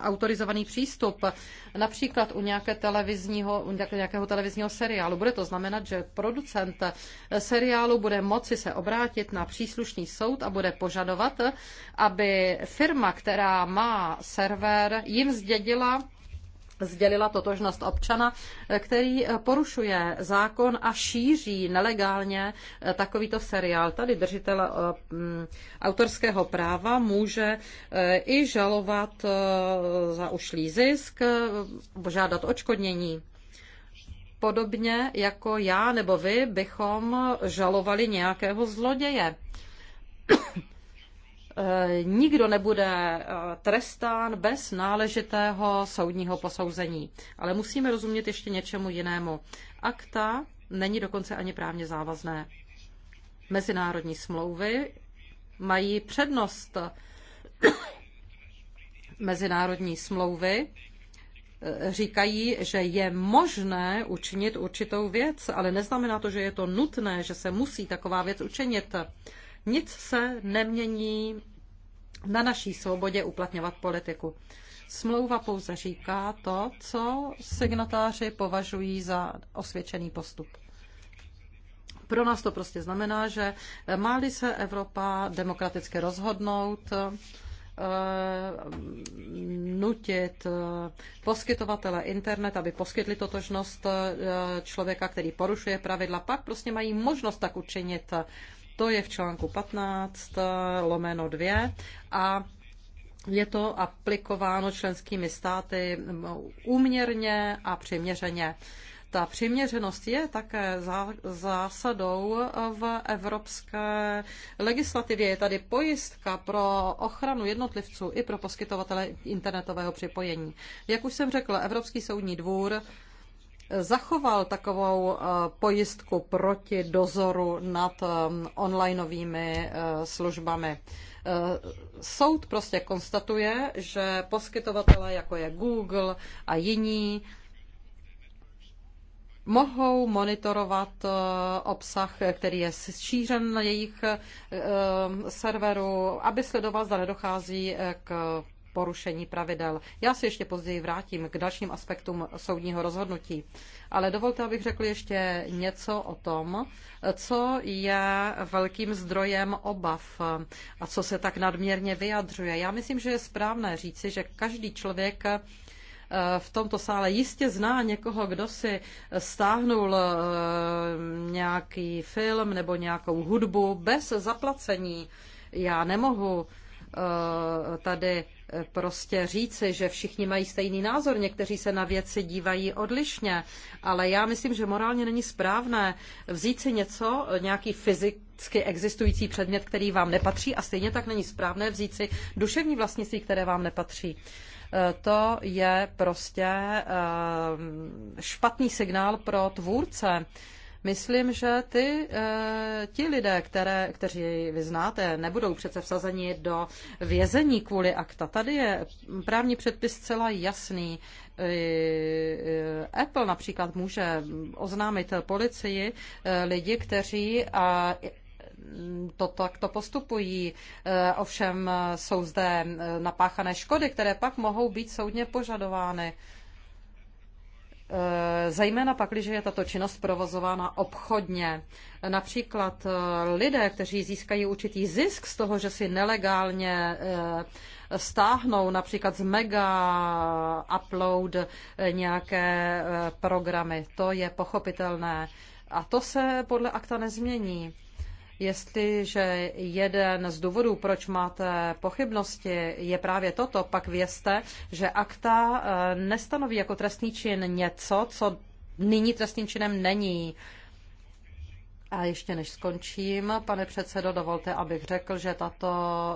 autorizovaný přístup například u, nějaké televizního, u nějakého televizního seriálu. Bude to znamenat, že producent seriálu bude moci se obrátit na příslušný soud a bude požadovat, aby firma, která má server, jim zdědila sdělila totožnost občana, který porušuje zákon a šíří nelegálně takovýto seriál. Tady držitel eh, mm, autorského práva může eh, i žalovat eh, za ušlý zisk, žádat očkodnění. Podobně jako já nebo vy bychom žalovali nějakého zloděje. Eh, nikdo nebude eh, trestán bez náležitého soudního posouzení. Ale musíme rozumět ještě něčemu jinému. Akta není dokonce ani právně závazné. Mezinárodní smlouvy mají přednost. Mezinárodní smlouvy eh, říkají, že je možné učinit určitou věc, ale neznamená to, že je to nutné, že se musí taková věc učinit. Nic se nemění na naší svobodě uplatňovat politiku. Smlouva pouze říká to, co signatáři považují za osvědčený postup. Pro nás to prostě znamená, že má se Evropa demokraticky rozhodnout, eh, nutit eh, poskytovatele internet, aby poskytli totožnost eh, člověka, který porušuje pravidla, pak prostě mají možnost tak učinit to je v článku 15 eh, lomeno 2 a je to aplikováno členskými státy úměrně a přiměřeně. Ta přiměřenost je také zásadou eh, v evropské legislativě. Je tady pojistka pro ochranu jednotlivců i pro poskytovatele internetového připojení. Jak už jsem řekla, Evropský soudní dvůr zachoval takovou eh, pojistku proti dozoru nad eh, onlineovými eh, službami. Soud prostě konstatuje, že poskytovatele jako je Google a jiní mohou monitorovat obsah, který je šířen na jejich serveru, aby sledoval, zda nedochází k porušení pravidel. Já se ještě později vrátím k dalším aspektům soudního rozhodnutí. Ale dovolte, abych řekl ještě něco o tom, co je velkým zdrojem obav a co se tak nadměrně vyjadřuje. Já myslím, že je správné říci, že každý člověk eh, v tomto sále jistě zná někoho, kdo si stáhnul eh, nějaký film nebo nějakou hudbu bez zaplacení. Já nemohu Eh, tady eh, prostě říci, že všichni mají stejný názor, někteří se na věci dívají odlišně, ale já myslím, že morálně není správné vzít si něco, eh, nějaký fyzicky existující předmět, který vám nepatří a stejně tak není správné vzít si duševní vlastnictví, které vám nepatří. To je prostě špatný signál pro tvůrce Myslím, že ty, eh, ti lidé, které, kteří vy znáte, nebudou přece vsazeni do vězení kvůli akta. Tady je právní předpis celá jasný. Eh, eh, Apple například může oznámit policii lidi, kteří a to takto postupují. Ovšem jsou zde napáchané škody, které pak mohou být soudně požadovány. Eh, zejména pak, když je tato činnost provozována obchodně. Například eh, lidé, kteří získají určitý zisk z toho, že si nelegálně eh, stáhnou například z mega upload nějaké programy. To je pochopitelné. A to se podle akta nezmění. Jestliže jeden z důvodů, proč máte pochybnosti, je právě toto, pak vězte, že akta eh, nestanoví jako trestný čin něco, co nyní trestným činem není. A ještě než skončím, pane předsedo, dovolte, abych řekl, že tato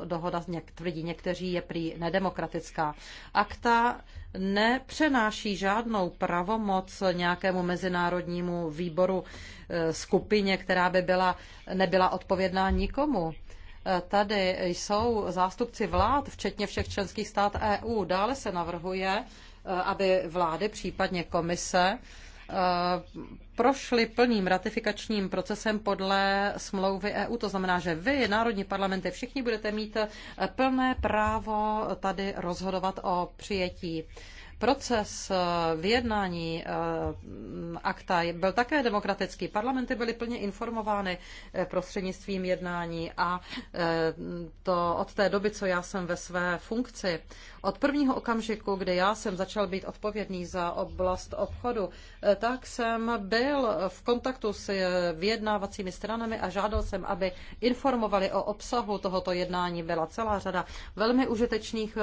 dohoda, něk, tvrdí někteří, je prý nedemokratická. Akta nepřenáší žádnou pravomoc nějakému mezinárodnímu výboru eh, skupině, která by byla, nebyla odpovědná nikomu. Eh, tady jsou zástupci vlád, včetně všech členských stát EU. Dále se navrhuje, eh, aby vlády, případně komise, Eh, prošly plným ratifikačním procesem podle smlouvy EU. To znamená, že vy, národní parlamenty, všichni budete mít eh, plné právo tady rozhodovat o přijetí Proces eh, vyjednání eh, akta byl také demokratický. Parlamenty byly plně informovány eh, prostřednictvím jednání a to od té doby, co já jsem ve své funkci, od prvního okamžiku, kdy já jsem začal být odpovědný za oblast obchodu, tak jsem byl v kontaktu s vyjednávacími stranami a žádal jsem, aby informovali o obsahu tohoto jednání. Byla celá řada velmi užitečných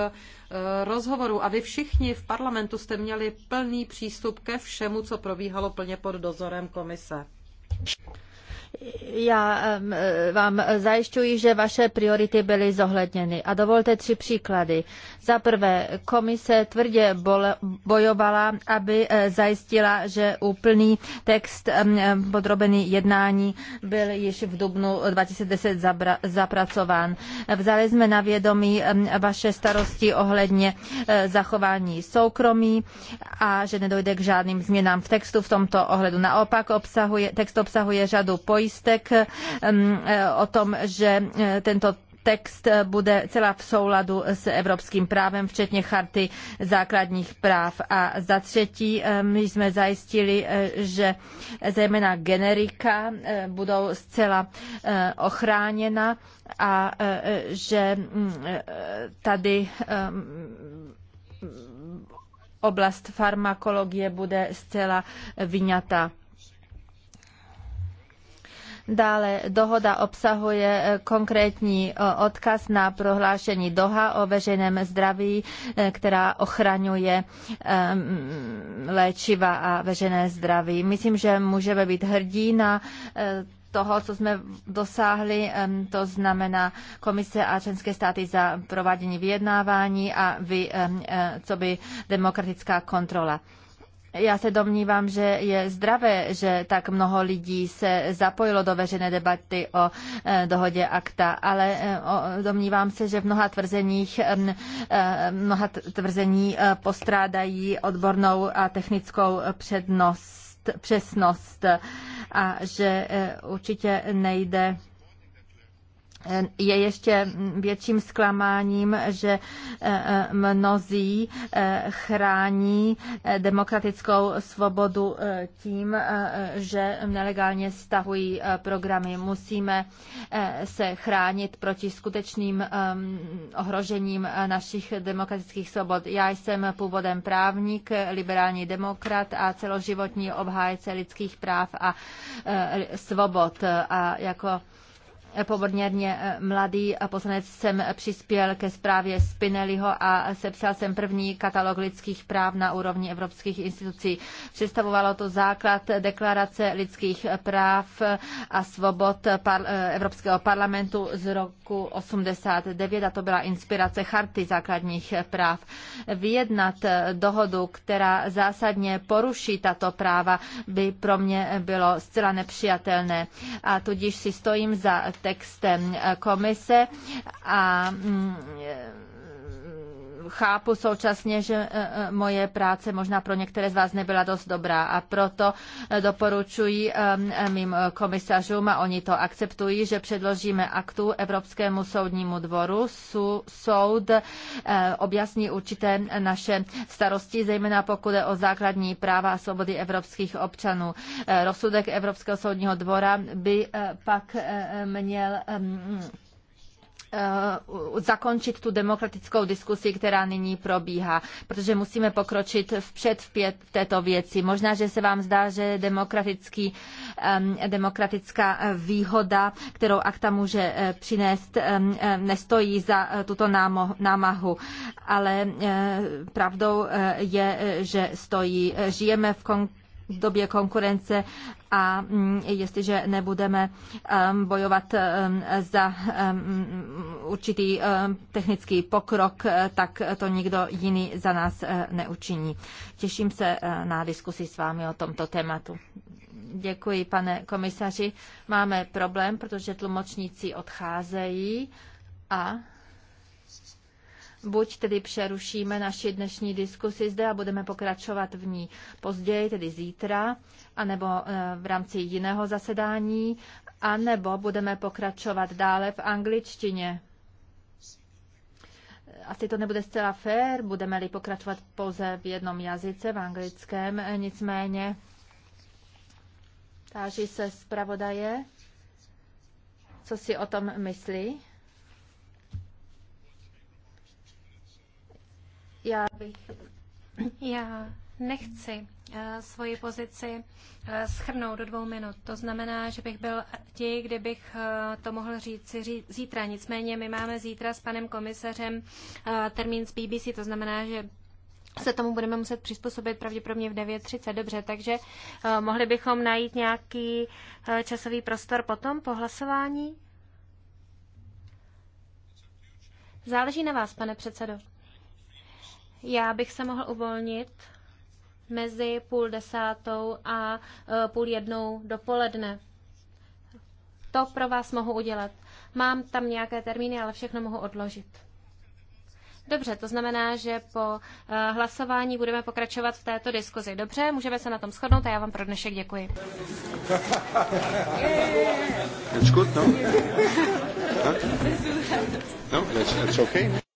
rozhovorů a vy všichni v parlamentu parlamentu jste měli plný přístup ke všemu, co probíhalo plně pod dozorem komise. Já vám zajišťuji, že vaše priority byly zohledněny. A dovolte tři příklady. Za prvé, komise tvrdě bojovala, aby eh, zajistila, že úplný text podrobený jednání byl již v dubnu 2010 zapracován. Vzali jsme na vědomí vaše starosti ohledně eh, zachování soukromí a že nedojde k žádným změnám v textu v tomto ohledu. Naopak obsahuje, text obsahuje řadu pojistů, pojistek mm, eh, o tom, že eh, tento text bude celá v souladu s evropským právem, včetně charty základních práv. A za třetí, eh, my jsme zajistili, že zejména generika budou zcela ochráněna a že mm, tady oblast farmakologie bude zcela vyňata Dále dohoda obsahuje eh, konkrétní eh, odkaz na prohlášení Doha o veřejném zdraví, eh, která ochraňuje ehm, léčiva a veřejné zdraví. Myslím, že můžeme být hrdí na toho, co jsme dosáhli, ehm, to znamená komise a členské státy za provádění vyjednávání a vy, ehm, co by demokratická kontrola. Já se domnívám, že je zdravé, že tak mnoho lidí se zapojilo do veřejné debaty o eh, dohodě akta, ale eh, domnívám se, že v mnoha tvrzeních, eh, mnoha tvrzení postrádají odbornou a technickou přednost, přesnost a že určitě nejde je ještě větším zklamáním, že eh, eh, mnozí eh, chrání demokratickou svobodu tím, že nelegálně stahují programy. Musíme se chránit proti skutečným ohrožením našich demokratických svobod. Já jsem původem právník, liberální demokrat a celoživotní obhájce lidských práv a svobod. A jako poměrně eh, mladý poslanec jsem přispěl ke zprávě Spinelliho a sepsal jsem první katalog lidských práv na úrovni evropských institucí. Představovalo to základ deklarace lidských práv a svobod par- eh, Evropského parlamentu z roku 89 a to byla inspirace charty základních práv. Vyjednat eh, dohodu, která zásadně poruší tato práva, by pro mě bylo zcela nepřijatelné a tudíž si stojím za textem komise a mm, chápu současně, že e, e, moje práce možná pro některé z vás nebyla dost dobrá a proto e, doporučuji mým komisařům a oni to akceptují, že předložíme aktu Evropskému soudnímu dvoru. Soud objasní určité naše starosti, zejména pokud je o základní práva a svobody evropských občanů. Rozsudek Evropského soudního dvora by pak měl Uh, zakončit tu demokratickou diskusi, která nyní probíhá, protože musíme pokročit vpřed v této věci. Možná, že se vám zdá, že demokratický, um, demokratická výhoda, kterou akta může uh, přinést, um, uh, nestojí za tuto námahu, ale pravdou je, že stojí. Žijeme v konkrétní v době konkurence a mm, jestliže nebudeme bojovat za určitý technický pokrok, eh, tak to nikdo jiný za nás eh, neučiní. Těším se eh, na diskusi s vámi o tomto tématu. Děkuji, pane komisaři. Máme problém, protože tlumočníci odcházejí a Buď tedy přerušíme naši dnešní diskusi zde a budeme pokračovat v ní později, tedy zítra, anebo eh, v rámci jiného zasedání, anebo budeme pokračovat dále v angličtině. Asi to nebude zcela fér, budeme-li pokračovat pouze v jednom jazyce, v anglickém, eh, nicméně táží se zpravodaje, co si o tom myslí. Já bych... Já nechci eh, svoji pozici eh, schrnout do dvou minut. To znamená, že bych byl ti, kdybych eh, to mohl říct ří, zítra. Nicméně my máme zítra s panem komisařem termín z BBC, to znamená, že se tomu budeme muset přizpůsobit pravděpodobně v 9.30. Dobře, takže mohli bychom najít nějaký časový prostor potom po hlasování? Záleží na vás, pane předsedo. Já bych se mohl uvolnit mezi půl desátou a e, půl jednou dopoledne. To pro vás mohu udělat. Mám tam nějaké termíny, ale všechno mohu odložit. Dobře, to znamená, že po e, hlasování budeme pokračovat v této diskuzi. Dobře, můžeme se na tom shodnout a já vám pro dnešek děkuji. It's good, no? no, that's, that's okay.